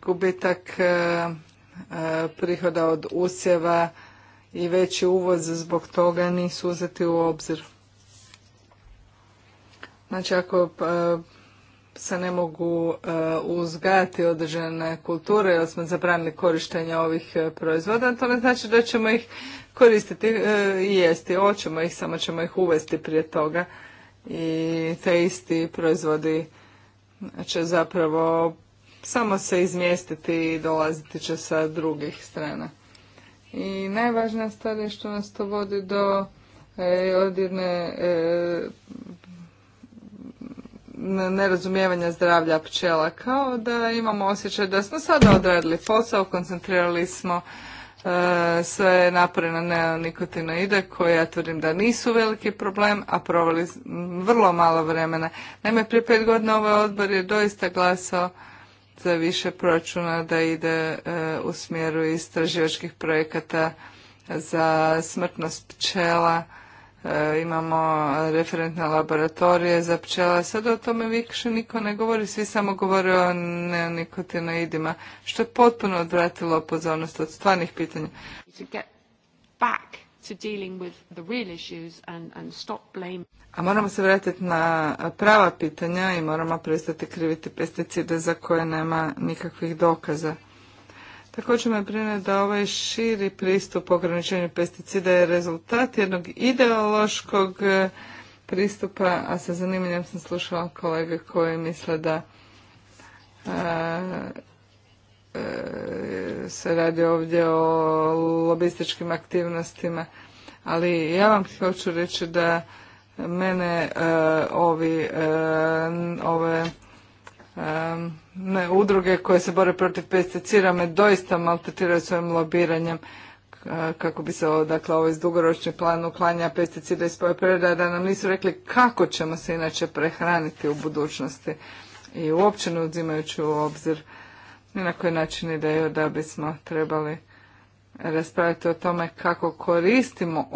gubitak E, prihoda od usjeva i veći uvoz zbog toga nisu uzeti u obzir. Znači ako e, se ne mogu e, uzgajati određene kulture jer smo zabranili korištenje ovih proizvoda, to ne znači da ćemo ih koristiti i jesti. Oćemo ih, samo ćemo ih uvesti prije toga i te isti proizvodi će zapravo samo se izmjestiti i dolaziti će sa drugih strana. I najvažnija stvar je što nas to vodi do e, e nerazumijevanja zdravlja pčela. Kao da imamo osjećaj da smo sada odradili posao, koncentrirali smo e, sve napore na neonikotinoide koje ja tvrdim da nisu veliki problem, a provali vrlo malo vremena. Naime, prije pet godina ovaj odbor je doista glasao više proračuna da ide e, u smjeru istraživačkih projekata za smrtnost pčela, e, imamo referentne laboratorije za pčela. Sad o tome više niko ne govori, svi samo govore o neonikotinoidima, što je potpuno odvratilo pozornost od stvarnih pitanja. Back a moramo se vratiti na prava pitanja i moramo prestati kriviti pesticide za koje nema nikakvih dokaza. Također me brine da ovaj širi pristup ograničenju pesticida je rezultat jednog ideološkog eh, pristupa, a sa zanimanjem sam slušala kolege koji misle da eh, E, se radi ovdje o lobističkim aktivnostima, ali ja vam hoću reći da mene e, ovi e, ove ne, udruge koje se bore protiv pesticida me doista maltretiraju svojim lobiranjem kako bi se dakle, ovo, dakle, ovaj dugoročni plan uklanja pesticida iz poljoprivreda, da nam nisu rekli kako ćemo se inače prehraniti u budućnosti i uopće ne uzimajući u obzir ni na koji način ideju da bismo trebali raspraviti o tome kako koristimo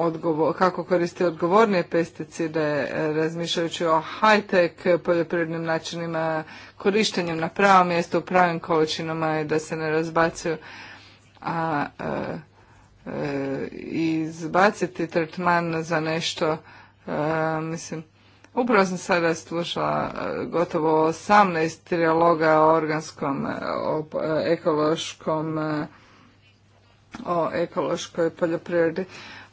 kako koristi odgovornije pesticide, razmišljajući o high-tech poljoprivrednim načinima, korištenjem na pravom mjesto u pravim količinama i da se ne razbacuju. A e, e, izbaciti tretman za nešto, e, mislim, Upravo sam sada slušala e, gotovo 18 triloga o organskom, e, o e, ekološkom, o ekološkoj poljoprivredi.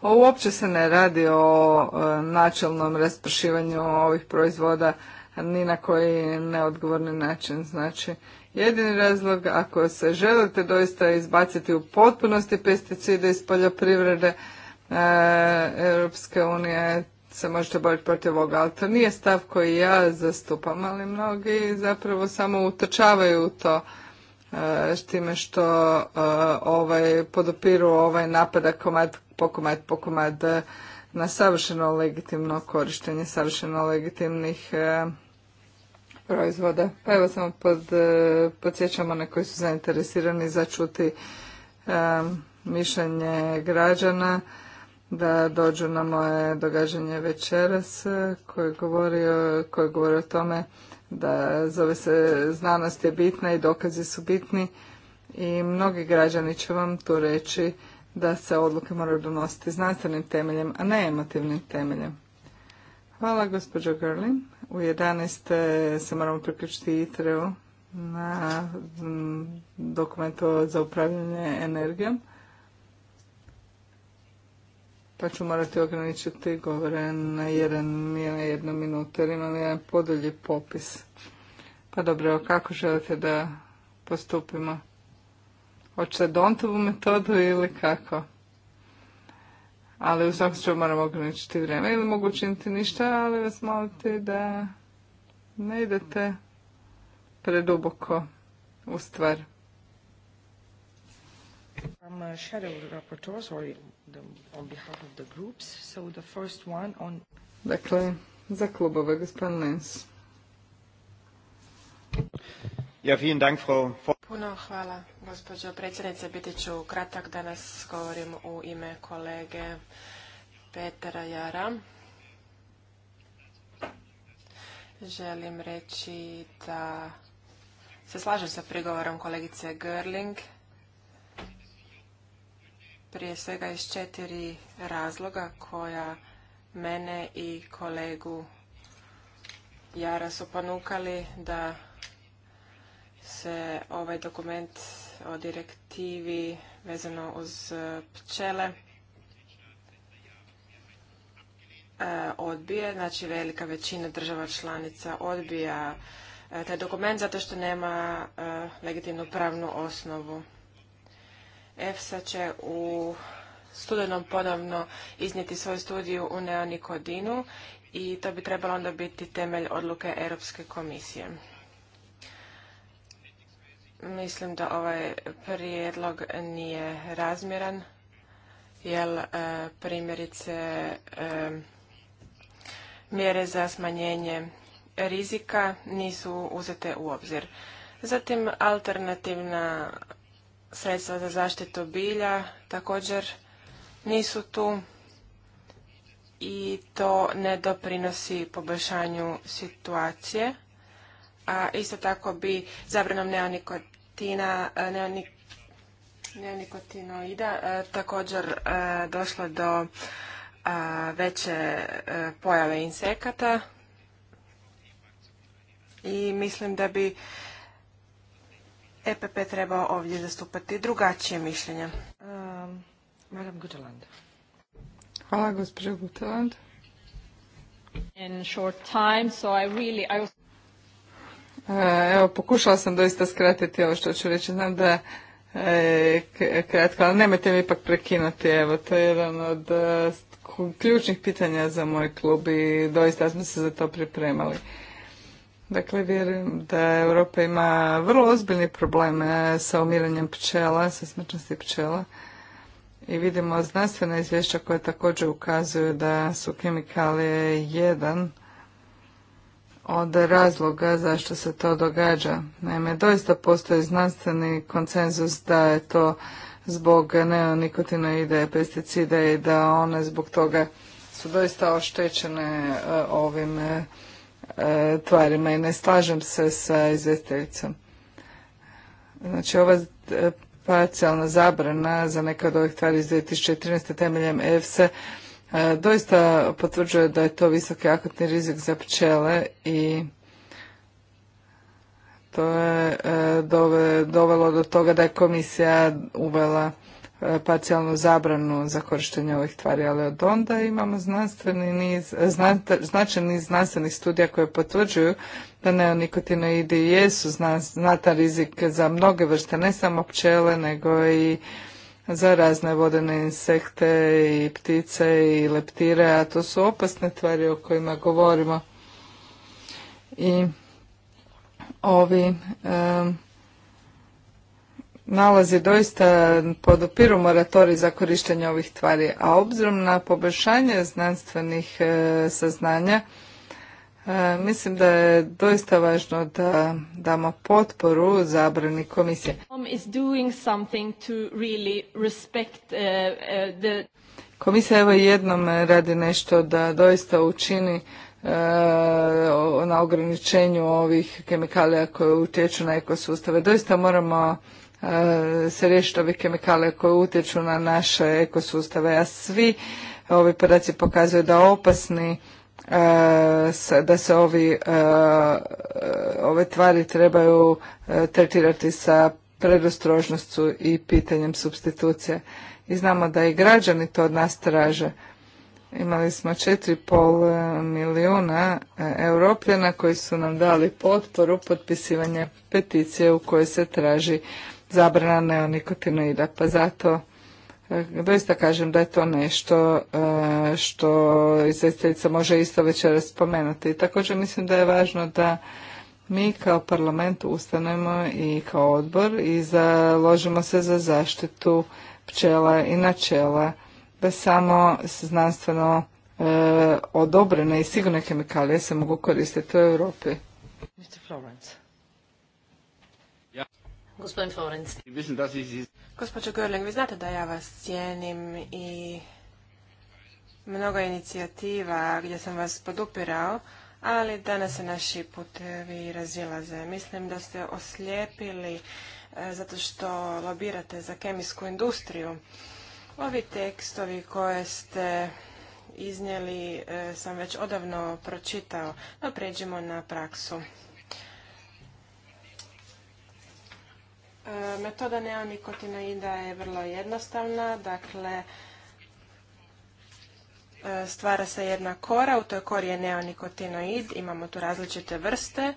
o uopće se ne radi o načelnom raspršivanju ovih proizvoda ni na koji neodgovorni način. Znači, jedini razlog ako se želite doista izbaciti u potpunosti pesticide iz poljoprivrede, europske unije se možete boriti protiv ovoga, ali to nije stav koji ja zastupam, ali mnogi zapravo samo utrčavaju u to e, s time što e, ovaj, podopiru ovaj napada komad po komad e, na savršeno legitimno korištenje savršeno legitimnih proizvoda. Pa evo samo pod, podsjećam one koji su zainteresirani za čuti mišljenje građana da dođu na moje događanje večeras eh, koje govori o, koje o tome da zove se znanost je bitna i dokazi su bitni i mnogi građani će vam tu reći da se odluke moraju donositi znanstvenim temeljem, a ne emotivnim temeljem. Hvala gospođo Grlin. U 11. se moramo priključiti ITRE-u na mm, dokumentu za upravljanje energijom pa ću morati ograničiti govore na jedan, nije na jednu minutu, jer imam jedan podulji popis. Pa dobro, kako želite da postupimo? Hoćete Dontovu metodu ili kako? Ali u svakom slučaju moramo ograničiti vrijeme ili mogu učiniti ništa, ali vas molite da ne idete preduboko u stvar. Uh, Dakle, za klubove, gospodin Lenz. Ja, vielen Dank, Frau... Puno hvala, gospođo predsjednice. Biti ću kratak danas, govorim u ime kolege Petra Jara. Želim reći da se slažem sa prigovorom kolegice Görling prije svega iz četiri razloga koja mene i kolegu Jara su ponukali da se ovaj dokument o direktivi vezano uz e, pčele e, odbije, znači velika većina država članica odbija e, taj dokument zato što nema legitimnu pravnu osnovu. EFSA će u studenom ponovno iznijeti svoju studiju u neonikodinu i to bi trebalo onda biti temelj odluke Europske komisije. Mislim da ovaj prijedlog nije razmjeran, jer e, primjerice e, mjere za smanjenje rizika nisu uzete u obzir. Zatim alternativna sredstva za zaštitu bilja također nisu tu i to ne doprinosi poboljšanju situacije. A isto tako bi zabranom neonikotina, e, neonikotinoida e, također e, došlo do veće pojave insekata i mislim da bi EPP treba ovdje zastupati drugačije mišljenje. Um, Madam Guteland. Hvala, gospođo Guteland. In short time, so I really... I e, Evo, pokušala sam doista skratiti ovo što ću reći. Znam da je kratko, ali nemojte mi ipak prekinuti. Evo, to je jedan od e, ključnih pitanja za moj klub i doista smo se za to pripremali. Dakle, vjerujem da Europa ima vrlo ozbiljni probleme sa umiranjem pčela, sa smrčnosti pčela. I vidimo znanstvena izvješća koja također ukazuju da su kemikalije jedan od razloga zašto se to događa. Naime, doista postoji znanstveni konsenzus da je to zbog neonikotinoide, pesticida i da one zbog toga su doista oštećene e, ovim e, tvarima i ne slažem se sa izvjestiteljicom. Znači ova e, parcijalna zabrana za neke od ovih tvari iz 2013. temeljem EFSA e, e, doista potvrđuje da je to visoki akutni rizik za pčele i to je dovelo do toga da je komisija uvela parcijalnu zabranu za korištenje ovih tvari, ali od onda imamo znanstveni niz, zna, značajni niz znanstvenih studija koje potvrđuju da neonikotinoidi jesu znatan rizik za mnoge vrste, ne samo pčele, nego i za razne vodene insekte i ptice i leptire, a to su opasne tvari o kojima govorimo. I ovi nalazi doista podupiru moratorij za korištenje ovih tvari, a obzirom na poboljšanje znanstvenih e, saznanja, e, mislim da je doista važno da damo potporu zabrani komisije. E, Komisija evo jednom radi nešto da doista učini na ograničenju ovih kemikalija koje utječu na ekosustave. Doista moramo E, se riješiti ovih kemikalija koje utječu na naše ekosustave, a svi ovi podaci pokazuju da opasni e, da se ovi, e, ove tvari trebaju tretirati sa predostrožnošću i pitanjem substitucije. I znamo da i građani to od nas traže. Imali smo 4,5 milijuna europljena koji su nam dali potporu potpisivanja peticije u kojoj se traži zabrana neonikotinoida. Pa zato e, doista kažem da je to nešto e, što izvjestiteljica može isto večeras spomenuti. I također mislim da je važno da mi kao parlament ustanemo i kao odbor i založimo se za zaštitu pčela i načela da samo znanstveno e, odobrene i sigurne kemikalije se mogu koristiti u Europi. Mr. Florence. Gospodin Florenc. Gospođo Görling, vi znate da ja vas cijenim i mnogo inicijativa gdje sam vas podupirao, ali danas se naši putevi razilaze. Mislim da ste oslijepili e, zato što lobirate za kemijsku industriju. Ovi tekstovi koje ste iznijeli e, sam već odavno pročitao, no pređimo na praksu. E, metoda neonikotinoida je vrlo jednostavna, dakle e, stvara se jedna kora, u toj kori je neonikotinoid, imamo tu različite vrste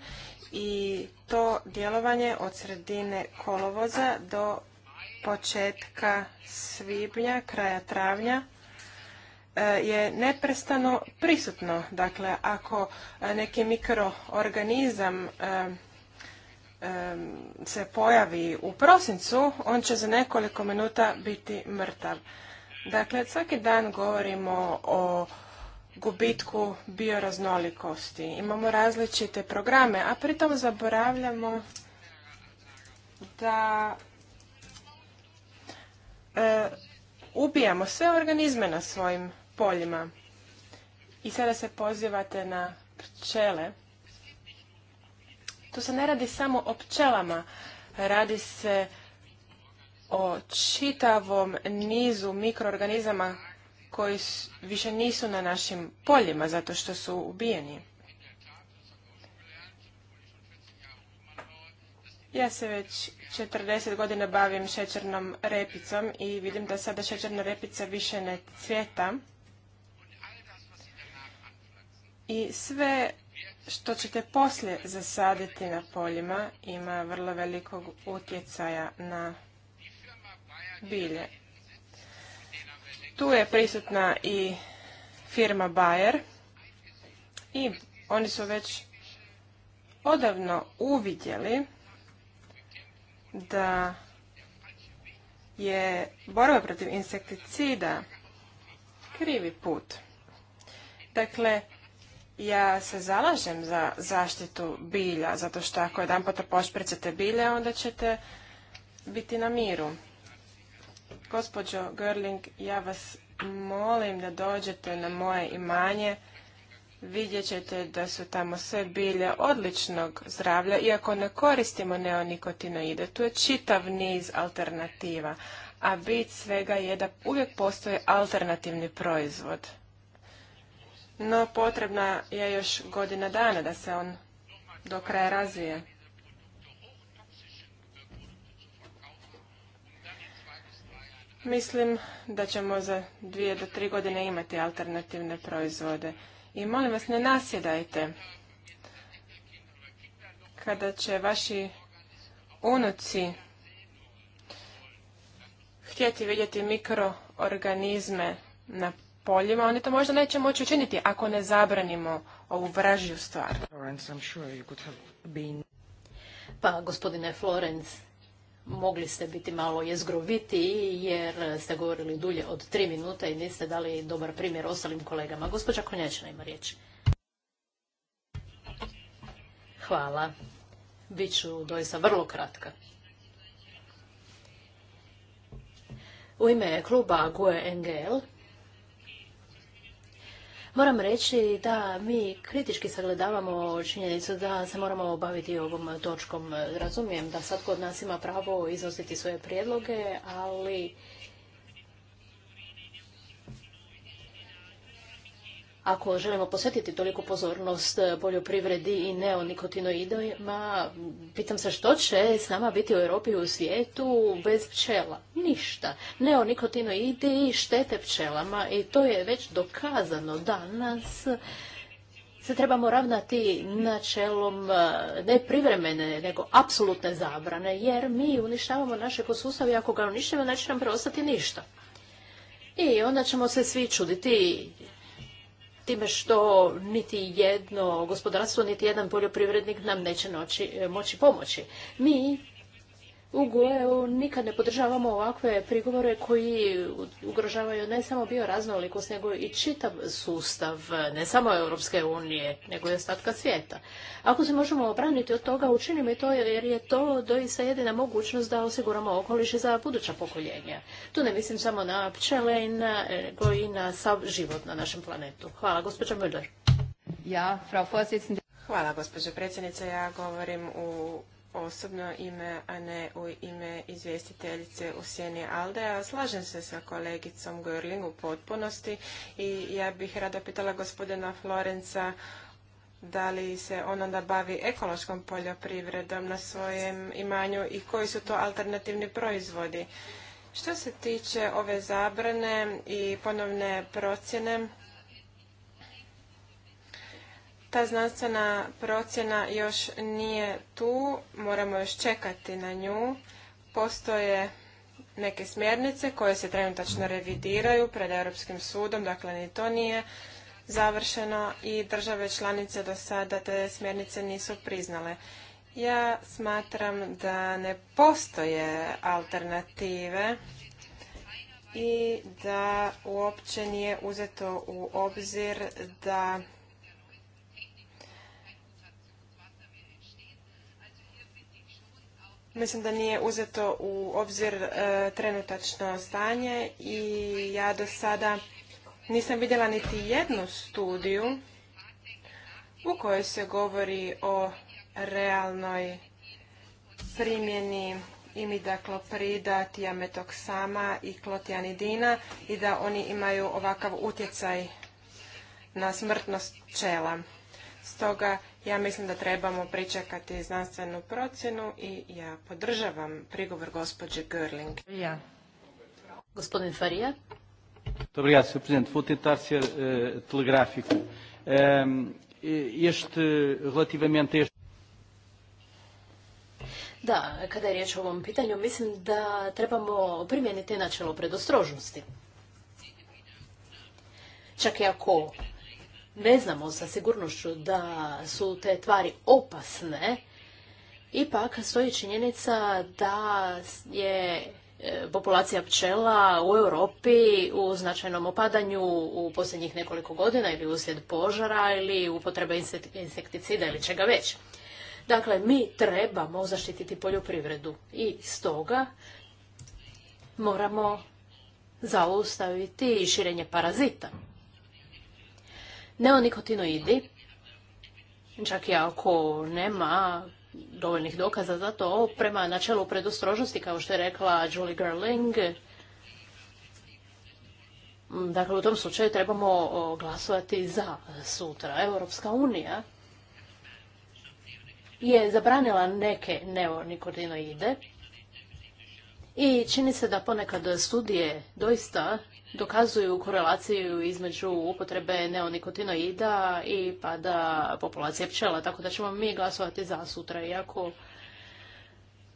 i to djelovanje od sredine kolovoza do početka svibnja, kraja travnja e, je neprestano prisutno. Dakle, ako neki mikroorganizam se pojavi u prosincu, on će za nekoliko minuta biti mrtav. Dakle, svaki dan govorimo o gubitku bioraznolikosti. Imamo različite programe, a pritom zaboravljamo da e, ubijamo sve organizme na svojim poljima. I sada se pozivate na pčele. Tu se ne radi samo o pčelama, radi se o čitavom nizu mikroorganizama koji više nisu na našim poljima zato što su ubijeni. Ja se već 40 godina bavim šećernom repicom i vidim da sada šećerna repica više ne cvjeta. I sve što ćete poslije zasaditi na poljima ima vrlo velikog utjecaja na bilje. Tu je prisutna i firma Bayer i oni su već odavno uvidjeli da je borba protiv insekticida krivi put. Dakle, ja se zalažem za zaštitu bilja, zato što ako jedan puta pošpricate bilje, onda ćete biti na miru. Gospođo Görling, ja vas molim da dođete na moje imanje. Vidjet ćete da su tamo sve bilje odličnog zdravlja, iako ne koristimo neonikotinoide. Tu je čitav niz alternativa, a bit svega je da uvijek postoji alternativni proizvod no potrebna je još godina dana da se on do kraja razvije. Mislim da ćemo za dvije do tri godine imati alternativne proizvode. I molim vas, ne nasjedajte kada će vaši unuci htjeti vidjeti mikroorganizme na poljima, oni to možda neće moći učiniti ako ne zabranimo ovu vražiju stvar. Pa, gospodine Florence, mogli ste biti malo jezgroviti jer ste govorili dulje od tri minuta i niste dali dobar primjer ostalim kolegama. Gospođa Konjačina ima riječ. Hvala. Biću doista vrlo kratka. U ime kluba GUE NGL Moram reći da mi kritički sagledavamo činjenicu da se moramo obaviti ovom točkom. Razumijem da svatko od nas ima pravo iznositi svoje prijedloge, ali Ako želimo posvetiti toliko pozornost e, poljoprivredi i neonikotinoidima, pitam se što će s nama biti u Europi i u svijetu bez pčela? Ništa. Neonikotinoidi štete pčelama i to je već dokazano danas se trebamo ravnati načelom e, ne privremene, nego apsolutne zabrane, jer mi uništavamo naše kosustav i ako ga uništimo, neće nam preostati ništa. I onda ćemo se svi čuditi time što niti jedno gospodarstvo, niti jedan poljoprivrednik nam neće e, moći pomoći. Mi u Guleu nikad ne podržavamo ovakve prigovore koji ugrožavaju ne samo bioraznolikost, nego i čitav sustav, ne samo Europske unije, nego i ostatka svijeta. Ako se možemo obraniti od toga, učinimo i to jer je to doista jedina mogućnost da osiguramo okoliš za buduća pokoljenja. Tu ne mislim samo na pčele, nego i na sav život na našem planetu. Hvala, gospođa Müller. Ja, Hvala, gospođo predsjednice. Ja govorim u osobno ime, a ne u ime izvjestiteljice u Sjeni Aldeja. Slažem se sa kolegicom Görling u potpunosti i ja bih rada pitala gospodina Florenca da li se on onda bavi ekološkom poljoprivredom na svojem imanju i koji su to alternativni proizvodi. Što se tiče ove zabrane i ponovne procjene, ta znanstvena procjena još nije tu, moramo još čekati na nju. Postoje neke smjernice koje se trenutačno revidiraju pred Europskim sudom, dakle ni to nije završeno i države članice do sada te smjernice nisu priznale. Ja smatram da ne postoje alternative i da uopće nije uzeto u obzir da Mislim da nije uzeto u obzir e, trenutačno stanje i ja do sada nisam vidjela niti jednu studiju u kojoj se govori o realnoj primjeni imidakloprida, tiametoksama i klotianidina i da oni imaju ovakav utjecaj na smrtnost pčela. Stoga ja mislim da trebamo pričekati znanstvenu procjenu i ja podržavam prigovor gospođe Görling. Ja. Gospodin Farija. Obrigado, Sr. Presidente. Vou tentar ser uh, e, telegráfico. Um, este, relativamente este... Da, kada je riječ o ovom pitanju, mislim da trebamo primijeniti načelo predostrožnosti. Čak i ako ne znamo sa sigurnošću da su te tvari opasne, ipak stoji činjenica da je e, populacija pčela u Europi u značajnom opadanju u posljednjih nekoliko godina ili uslijed požara ili upotrebe insekticida ili čega već. Dakle, mi trebamo zaštititi poljoprivredu i stoga moramo zaustaviti širenje parazita neonikotinoidi, čak i ako nema dovoljnih dokaza za to, prema načelu predostrožnosti, kao što je rekla Julie Gerling, dakle u tom slučaju trebamo glasovati za sutra. Europska unija je zabranila neke neonikotinoide i čini se da ponekad studije doista dokazuju korelaciju između upotrebe neonikotinoida i pada populacije pčela, tako da ćemo mi glasovati za sutra. Iako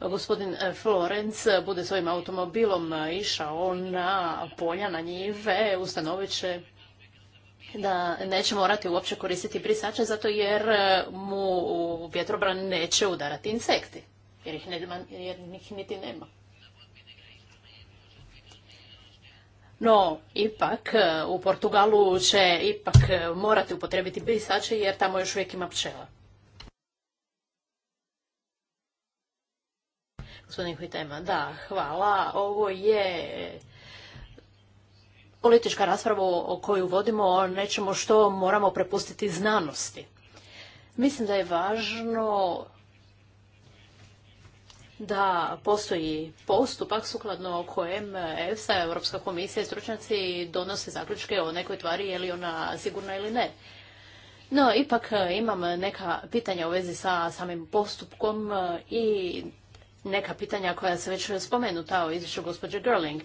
gospodin Florence bude svojim automobilom išao na polja, na njive, ustanovit će da neće morati uopće koristiti brisače zato jer mu vjetrobran neće udarati insekti, jer ih, jer ih niti nema. No, ipak, u Portugalu će ipak morati upotrebiti brisače jer tamo još uvijek ima pčela. Gospodin da, hvala. Ovo je politička rasprava o koju vodimo o nečemu što moramo prepustiti znanosti. Mislim da je važno da postoji postupak sukladno kojem EFSA, Europska komisija i stručnjaci donose zaključke o nekoj tvari je li ona sigurna ili ne. No, ipak e, imam neka pitanja u vezi sa samim postupkom e, i neka pitanja koja se već spomenuta o izvješću gospođe Girling.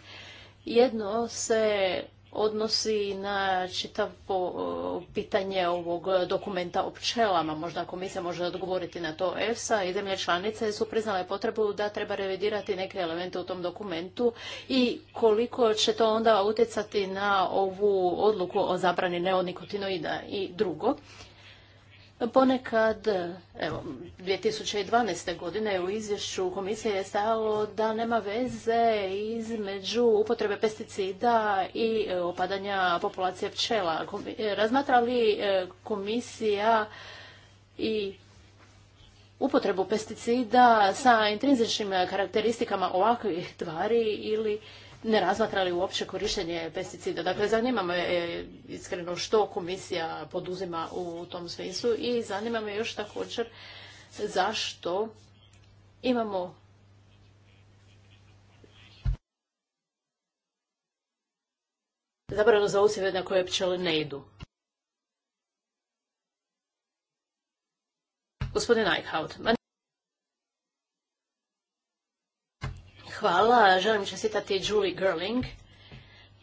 Jedno se odnosi na čitavo pitanje ovog dokumenta o pčelama. Možda komisija može odgovoriti na to EFSA i zemlje članice su priznale potrebu da treba revidirati neke elemente u tom dokumentu i koliko će to onda utjecati na ovu odluku o zabrani neonikotinoida i drugo. Ponekad, evo, 2012. godine u izvješću komisije je stajalo da nema veze između upotrebe pesticida i e, opadanja populacije pčela. E, razmatra li e, komisija i upotrebu pesticida sa intrinzičnim karakteristikama ovakvih tvari ili ne razmatrali uopće korištenje pesticida. Dakle, zanima me e, iskreno što komisija poduzima u tom smislu i zanima me još također zašto imamo zabranu za usjeve na koje pčele ne idu. Gospodin Eichhout, Hvala. Želim čestitati Julie Gerling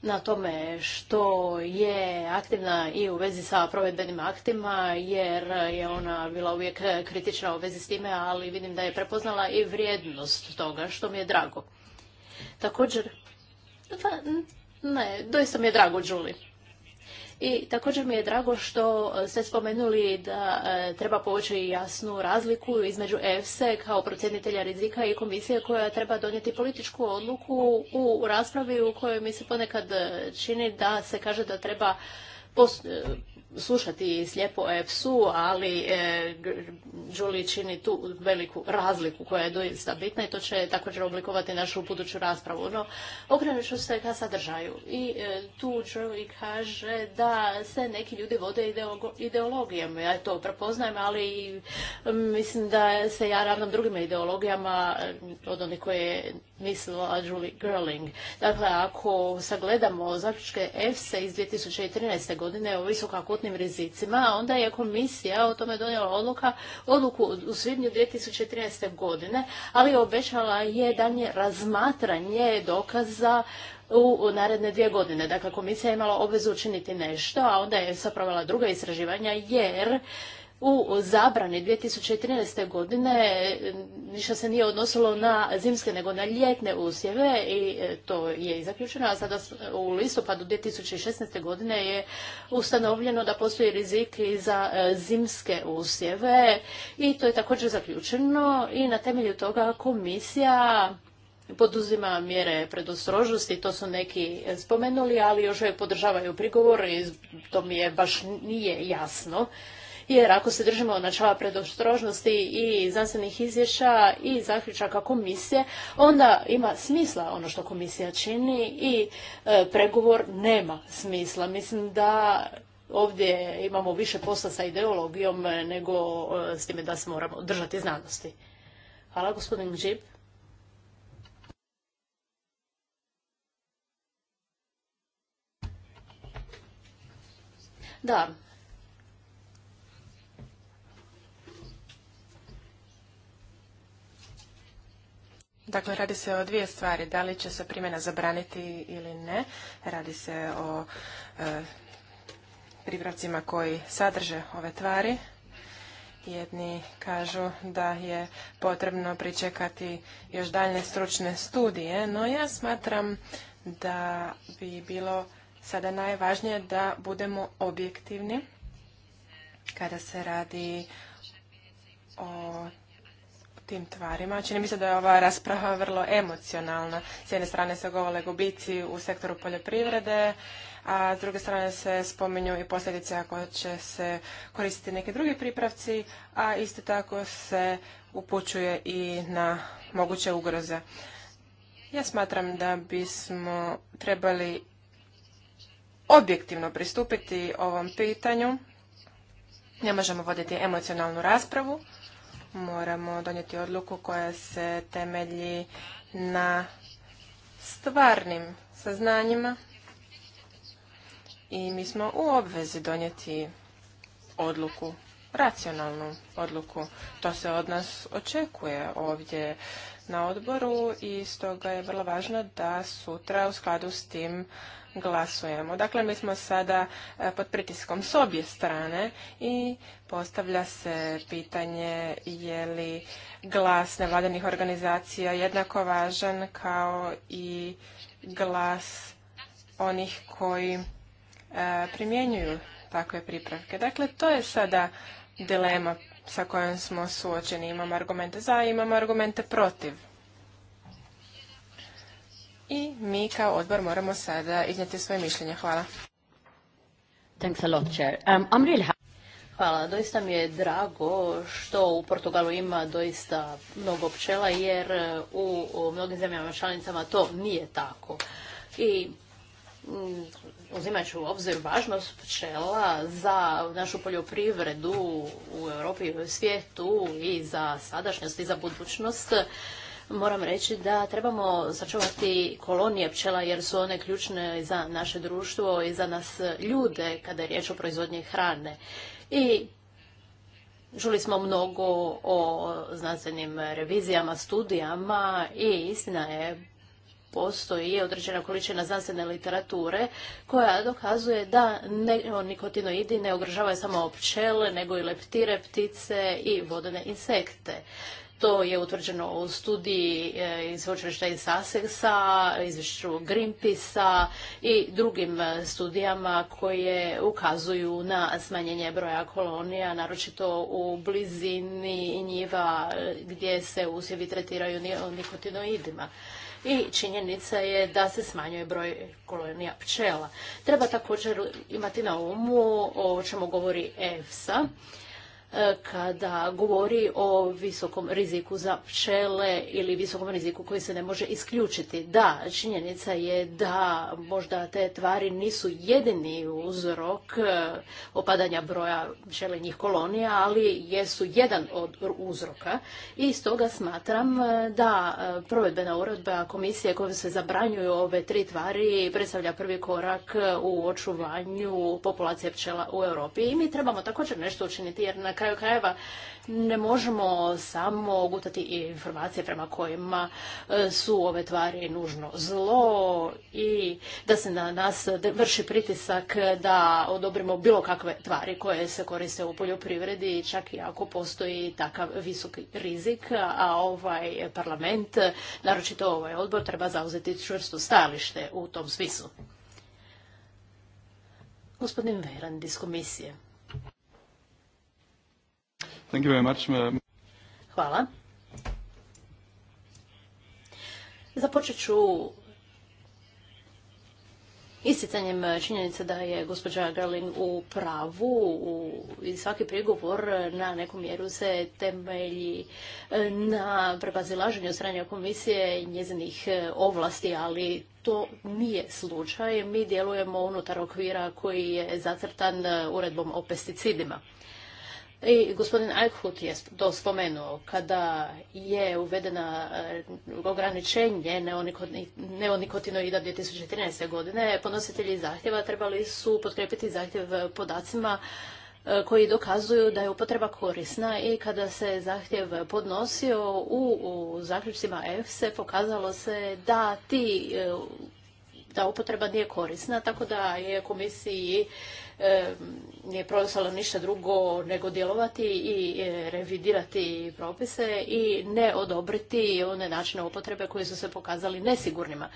na tome što je aktivna i u vezi sa provedbenim aktima, jer je ona bila uvijek kritična u vezi s time, ali vidim da je prepoznala i vrijednost toga, što mi je drago. Također, pa, ne, doista mi je drago, Julie. I također mi je drago što e, ste spomenuli da e, treba poći jasnu razliku između EFSE kao procjenitelja rizika i komisije koja treba donijeti političku odluku u raspravi u kojoj mi se ponekad e, čini da se kaže da treba slušati slijepo EPS-u, ali e, čini tu veliku razliku koja je doista bitna i to će također oblikovati našu buduću raspravu. No, okrenut ću se ka sadržaju. I e, tu Julie kaže da se neki ljudi vode ideologijama. Ja to prepoznajem, ali mislim da se ja ravnam drugim ideologijama e, od onih koje je mislila Julie Girling. Dakle, ako sagledamo zaključke EFSA iz 2013. godine o visoka životnim rizicima, onda je komisija o tome donijela odluka, odluku u svibnju 2013. godine, ali obećala je danje razmatranje dokaza u naredne dvije godine. Dakle, komisija je imala obvezu učiniti nešto, a onda je provela druga istraživanja jer u zabrani 2013. godine e, ništa se nije odnosilo na zimske nego na ljetne usjeve i e, to je i zaključeno, a sada u listopadu 2016. godine je ustanovljeno da postoji rizik i za e, zimske usjeve i to je također zaključeno i na temelju toga komisija poduzima mjere predostrožnosti, to su neki spomenuli, ali još podržavaju prigovor i to mi je baš nije jasno jer ako se držimo načela predostrožnosti i znanstvenih izvješća i zaključaka komisije, onda ima smisla ono što komisija čini i e, pregovor nema smisla. Mislim da ovdje imamo više posla sa ideologijom nego e, s time da se moramo držati znanosti. Hvala gospodin Da, Dakle, radi se o dvije stvari. Da li će se primjena zabraniti ili ne. Radi se o e, pripravcima koji sadrže ove tvari. Jedni kažu da je potrebno pričekati još daljne stručne studije, no ja smatram da bi bilo sada najvažnije da budemo objektivni kada se radi o tim tvarima. Čini mi se da je ova rasprava vrlo emocionalna. S jedne strane se govore gubici u sektoru poljoprivrede, a s druge strane se spominju i posljedice ako će se koristiti neki drugi pripravci, a isto tako se upućuje i na moguće ugroze. Ja smatram da bismo trebali objektivno pristupiti ovom pitanju. Ne možemo voditi emocionalnu raspravu moramo donijeti odluku koja se temelji na stvarnim saznanjima i mi smo u obvezi donijeti odluku, racionalnu odluku. To se od nas očekuje ovdje na odboru i stoga je vrlo važno da sutra u skladu s tim glasujemo. Dakle, mi smo sada e, pod pritiskom s obje strane i postavlja se pitanje je li glas nevladinih organizacija jednako važan kao i glas onih koji e, primjenjuju takve pripravke. Dakle, to je sada dilema sa kojom smo suočeni. Imamo argumente za, imamo argumente protiv i mi kao odbor moramo sada iznijeti svoje mišljenje. Hvala. Um, Hvala. Doista mi je drago što u Portugalu ima doista mnogo pčela jer uh, u, mnogim zemljama članicama to nije tako. I mm, uzimajući u obzir važnost pčela za našu poljoprivredu u Europi i u svijetu i za sadašnjost i za budućnost, moram reći da trebamo sačuvati kolonije pčela jer su one ključne za naše društvo i za nas ljude kada je riječ o proizvodnji hrane. I Čuli smo mnogo o znanstvenim revizijama, studijama i istina je postoji određena količina znanstvene literature koja dokazuje da nikotinoidi ne ugrožavaju samo pčele, nego i leptire, ptice i vodene insekte. To je utvrđeno u studiji e, iz učilišta iz Saseksa, izvješću a i drugim e, studijama koje ukazuju na smanjenje broja kolonija, naročito u blizini njiva e, gdje se usjevi tretiraju nikotinoidima i činjenica je da se smanjuje broj kolonija pčela. Treba također imati na umu o čemu govori EFSA, E, kada govori o visokom riziku za pčele ili visokom riziku koji se ne može isključiti. Da, činjenica je da možda te tvari nisu jedini uzrok e, opadanja broja pčelenjih kolonija, ali jesu jedan od uzroka i stoga smatram e, da provedbena uredba komisije kojom se zabranjuju ove tri tvari predstavlja prvi korak u očuvanju populacije pčela u Europi i mi trebamo također nešto učiniti jer na kraju krajeva ne možemo samo gutati informacije prema kojima e, su ove tvari nužno zlo i da se na nas vrši pritisak da odobrimo bilo kakve tvari koje se koriste u poljoprivredi, čak i ako postoji takav visoki rizik, a ovaj parlament, naročito ovaj odbor, treba zauzeti čvrsto stajalište u tom smislu. Gospodin Verand iz komisije. Thank you very uh, Hvala. Započet ću isticanjem činjenica da je gospođa Gerling u pravu i svaki prigovor na neku mjeru se temelji na prebazilaženju strane komisije i njezinih ovlasti, ali to nije slučaj. Mi djelujemo unutar okvira koji je zacrtan uredbom o pesticidima. I gospodin Eichhut je to spomenuo, kada je uvedena e, ograničenje neonikotinoida 2013. godine, ponositelji zahtjeva trebali su potkrepiti zahtjev podacima e, koji dokazuju da je upotreba korisna i kada se zahtjev podnosio u, u zaključcima EFSE pokazalo se da ti e, ta upotreba nije korisna, tako da je komisiji nije ništa drugo nego djelovati i e, revidirati propise i ne odobriti one načine upotrebe koji su se pokazali nesigurnima.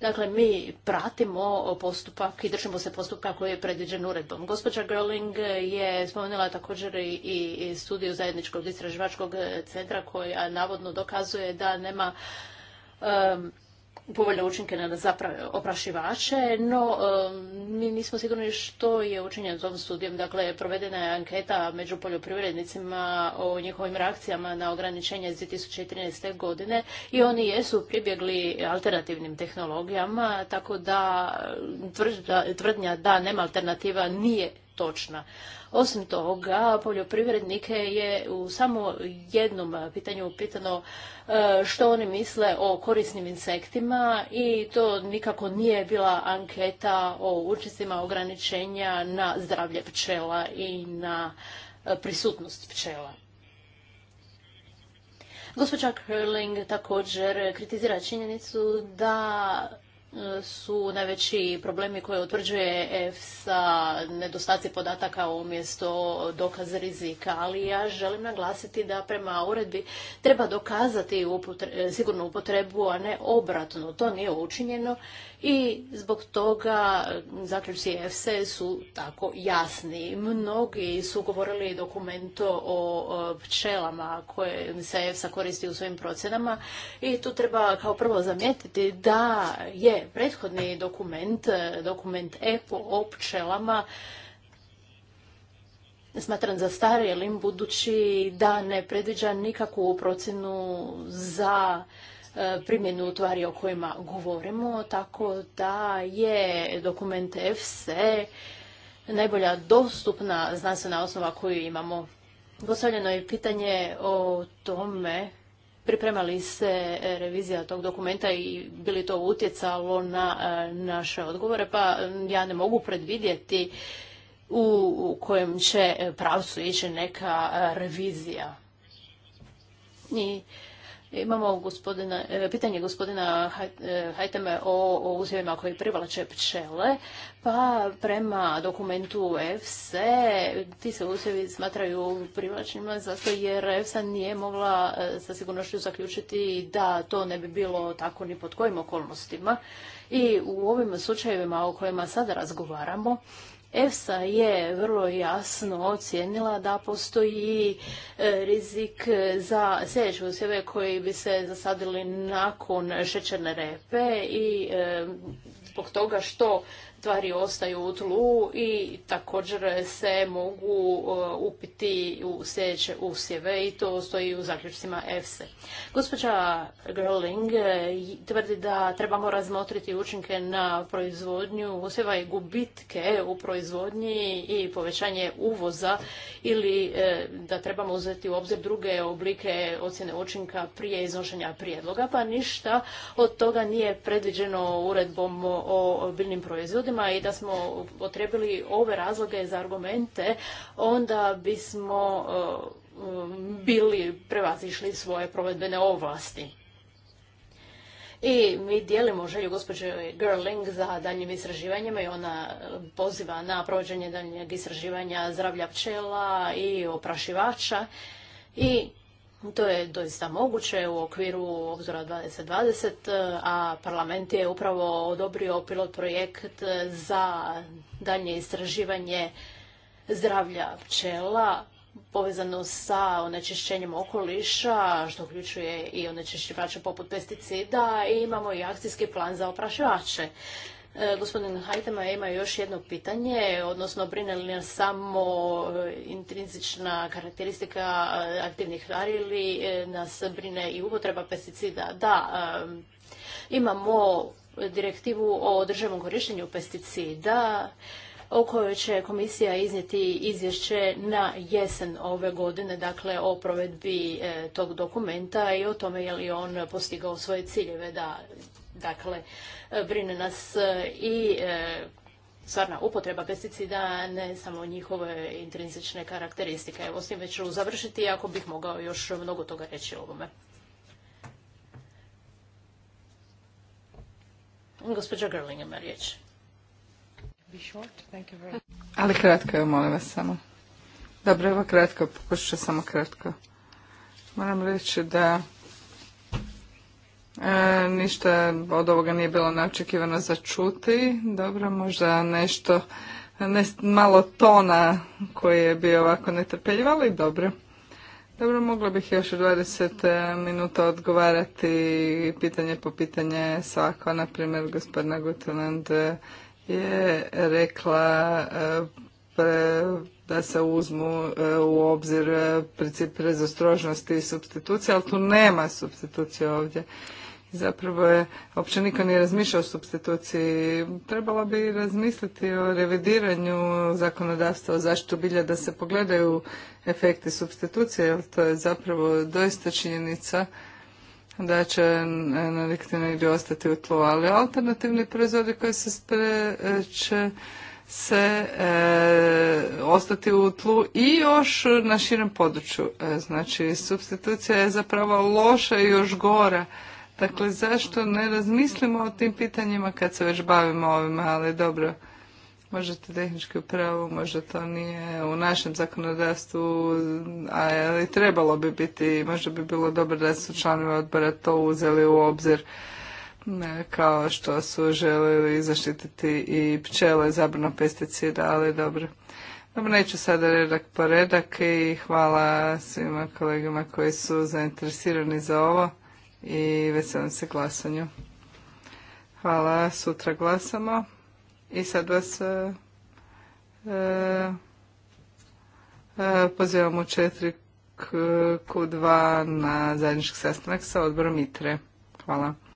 Dakle, mi pratimo postupak i držimo se postupka koji je predviđen uredbom. Gospođa Gröling je spomenula također i studiju zajedničkog istraživačkog centra koja navodno dokazuje da nema povoljne učinke na oprašivače, no mi nismo sigurni što je učinjeno ovom studijom. Dakle, provedena je anketa među poljoprivrednicima o njihovim reakcijama na ograničenje iz 2013. godine i oni jesu pribjegli alternativnim tehnologijama, tako da tvrdnja da nema alternativa nije točna. Osim toga, poljoprivrednike je u samo jednom pitanju pitano e, što oni misle o korisnim insektima i to nikako nije bila anketa o učestvima ograničenja na zdravlje pčela i na e, prisutnost pčela. Gospođa Curling također kritizira činjenicu da su najveći problemi koje utvrđuje EFSA, nedostaci podataka umjesto dokaz rizika, ali ja želim naglasiti da prema uredbi treba dokazati sigurnu upotrebu, a ne obratno. To nije učinjeno i zbog toga zaključci EFSE su tako jasni. Mnogi su govorili dokumento o pčelama koje se EFSA koristi u svojim procenama. i tu treba kao prvo zamijetiti da je prethodni dokument, dokument EPO o pčelama, smatram starijelim budući da ne predviđa nikakvu procenu za E, primjenu tvari o kojima govorimo, tako da je dokument EFSE najbolja dostupna znanstvena osnova koju imamo. Postavljeno je pitanje o tome priprema li se e, revizija tog dokumenta i bi li to utjecalo na e, naše odgovore, pa ja ne mogu predvidjeti u kojem će pravcu ići neka revizija. I Imamo gospodina, e, pitanje gospodina e, Hajteme o, o uzivima koji privlače pčele, pa prema dokumentu EFSE ti se usjevi smatraju privlačnima zato jer EFSA nije mogla e, sa sigurnošću zaključiti da to ne bi bilo tako ni pod kojim okolnostima. I u ovim slučajevima o kojima sada razgovaramo, EFSA je vrlo jasno ocijenila da postoji e, rizik e, za sljedeće usjeve koji bi se zasadili nakon šećerne repe i e, zbog toga što tvari ostaju u tlu i također se mogu e, upiti u sljedeće usjeve i to stoji u zaključcima EFSE. Gospođa Gerling e, tvrdi da trebamo razmotriti učinke na proizvodnju usjeva i gubitke u proizvodnji i povećanje uvoza ili e, da trebamo uzeti u obzir druge oblike ocjene učinka prije iznošenja prijedloga, pa ništa od toga nije predviđeno uredbom o biljnim proizvodima i da smo potrebili ove razloge za argumente, onda bismo e, bili prevazišli svoje provedbene ovlasti. I mi dijelimo želju gospođe Gerling za daljnjim istraživanjima i ona poziva na provođenje daljnjeg istraživanja zdravlja pčela i oprašivača. I to je doista moguće u okviru obzora 2020, a parlament je upravo odobrio pilot projekt za daljnje istraživanje zdravlja pčela povezano sa onečišćenjem okoliša, što uključuje i onečišćivače poput pesticida i imamo i akcijski plan za oprašivače. E, gospodin Hajtema ima još jedno pitanje, odnosno brine li nas samo e, intrinzična karakteristika e, aktivnih tvari ili nas brine i upotreba pesticida? Da, imamo direktivu o državnom korištenju pesticida o kojoj će komisija iznijeti izvješće na jesen ove godine, dakle o provedbi tog dokumenta i o tome je li on postigao svoje ciljeve. Da, Dakle, e, brine nas e, i e, stvarna upotreba pesticida, ne samo njihove intrinzične karakteristike. Evo, s već ću završiti, ako bih mogao još mnogo toga reći o ovome. Gospođa Gerling ima riječ. Ali kratko je, molim vas samo. Dobro, evo kratko, pokušat ću samo kratko. Moram reći da E, ništa od ovoga nije bilo neočekivano za čuti. Dobro, možda nešto, ne, malo tona koji je bio ovako netrpeljiv, ali dobro. Dobro, mogla bih još 20 e, minuta odgovarati pitanje po pitanje svako. Na primjer, gospodina Gutland je rekla e, da se uzmu e, u obzir princip prezostrožnosti i substitucije, ali tu nema substitucije ovdje zapravo je, uopće niko nije razmišljao o substituciji. Trebalo bi razmisliti o revidiranju zakonodavstva o zaštitu bilja da se pogledaju efekti substitucije, jer to je zapravo doista činjenica da će nekde negdje ostati u tlu, ali alternativni proizvodi koji se spre, e, se e, ostati u tlu i još na širem području. E, znači, substitucija je zapravo loša i još gora Dakle, zašto ne razmislimo o tim pitanjima kad se već bavimo ovima, ali dobro, možete tehnički u pravu, možda to nije u našem zakonodavstvu, ali trebalo bi biti, možda bi bilo dobro da su članovi odbora to uzeli u obzir kao što su željeli zaštititi i pčele zabrano pesticida, ali dobro. Dobro, neću sada redak po redak i hvala svima kolegama koji su zainteresirani za ovo i veselim se glasanju. Hvala, sutra glasamo. I sad vas pozivamo e, e, e u 4Q2 na zajednički sastanak sa odborom ITRE. Hvala.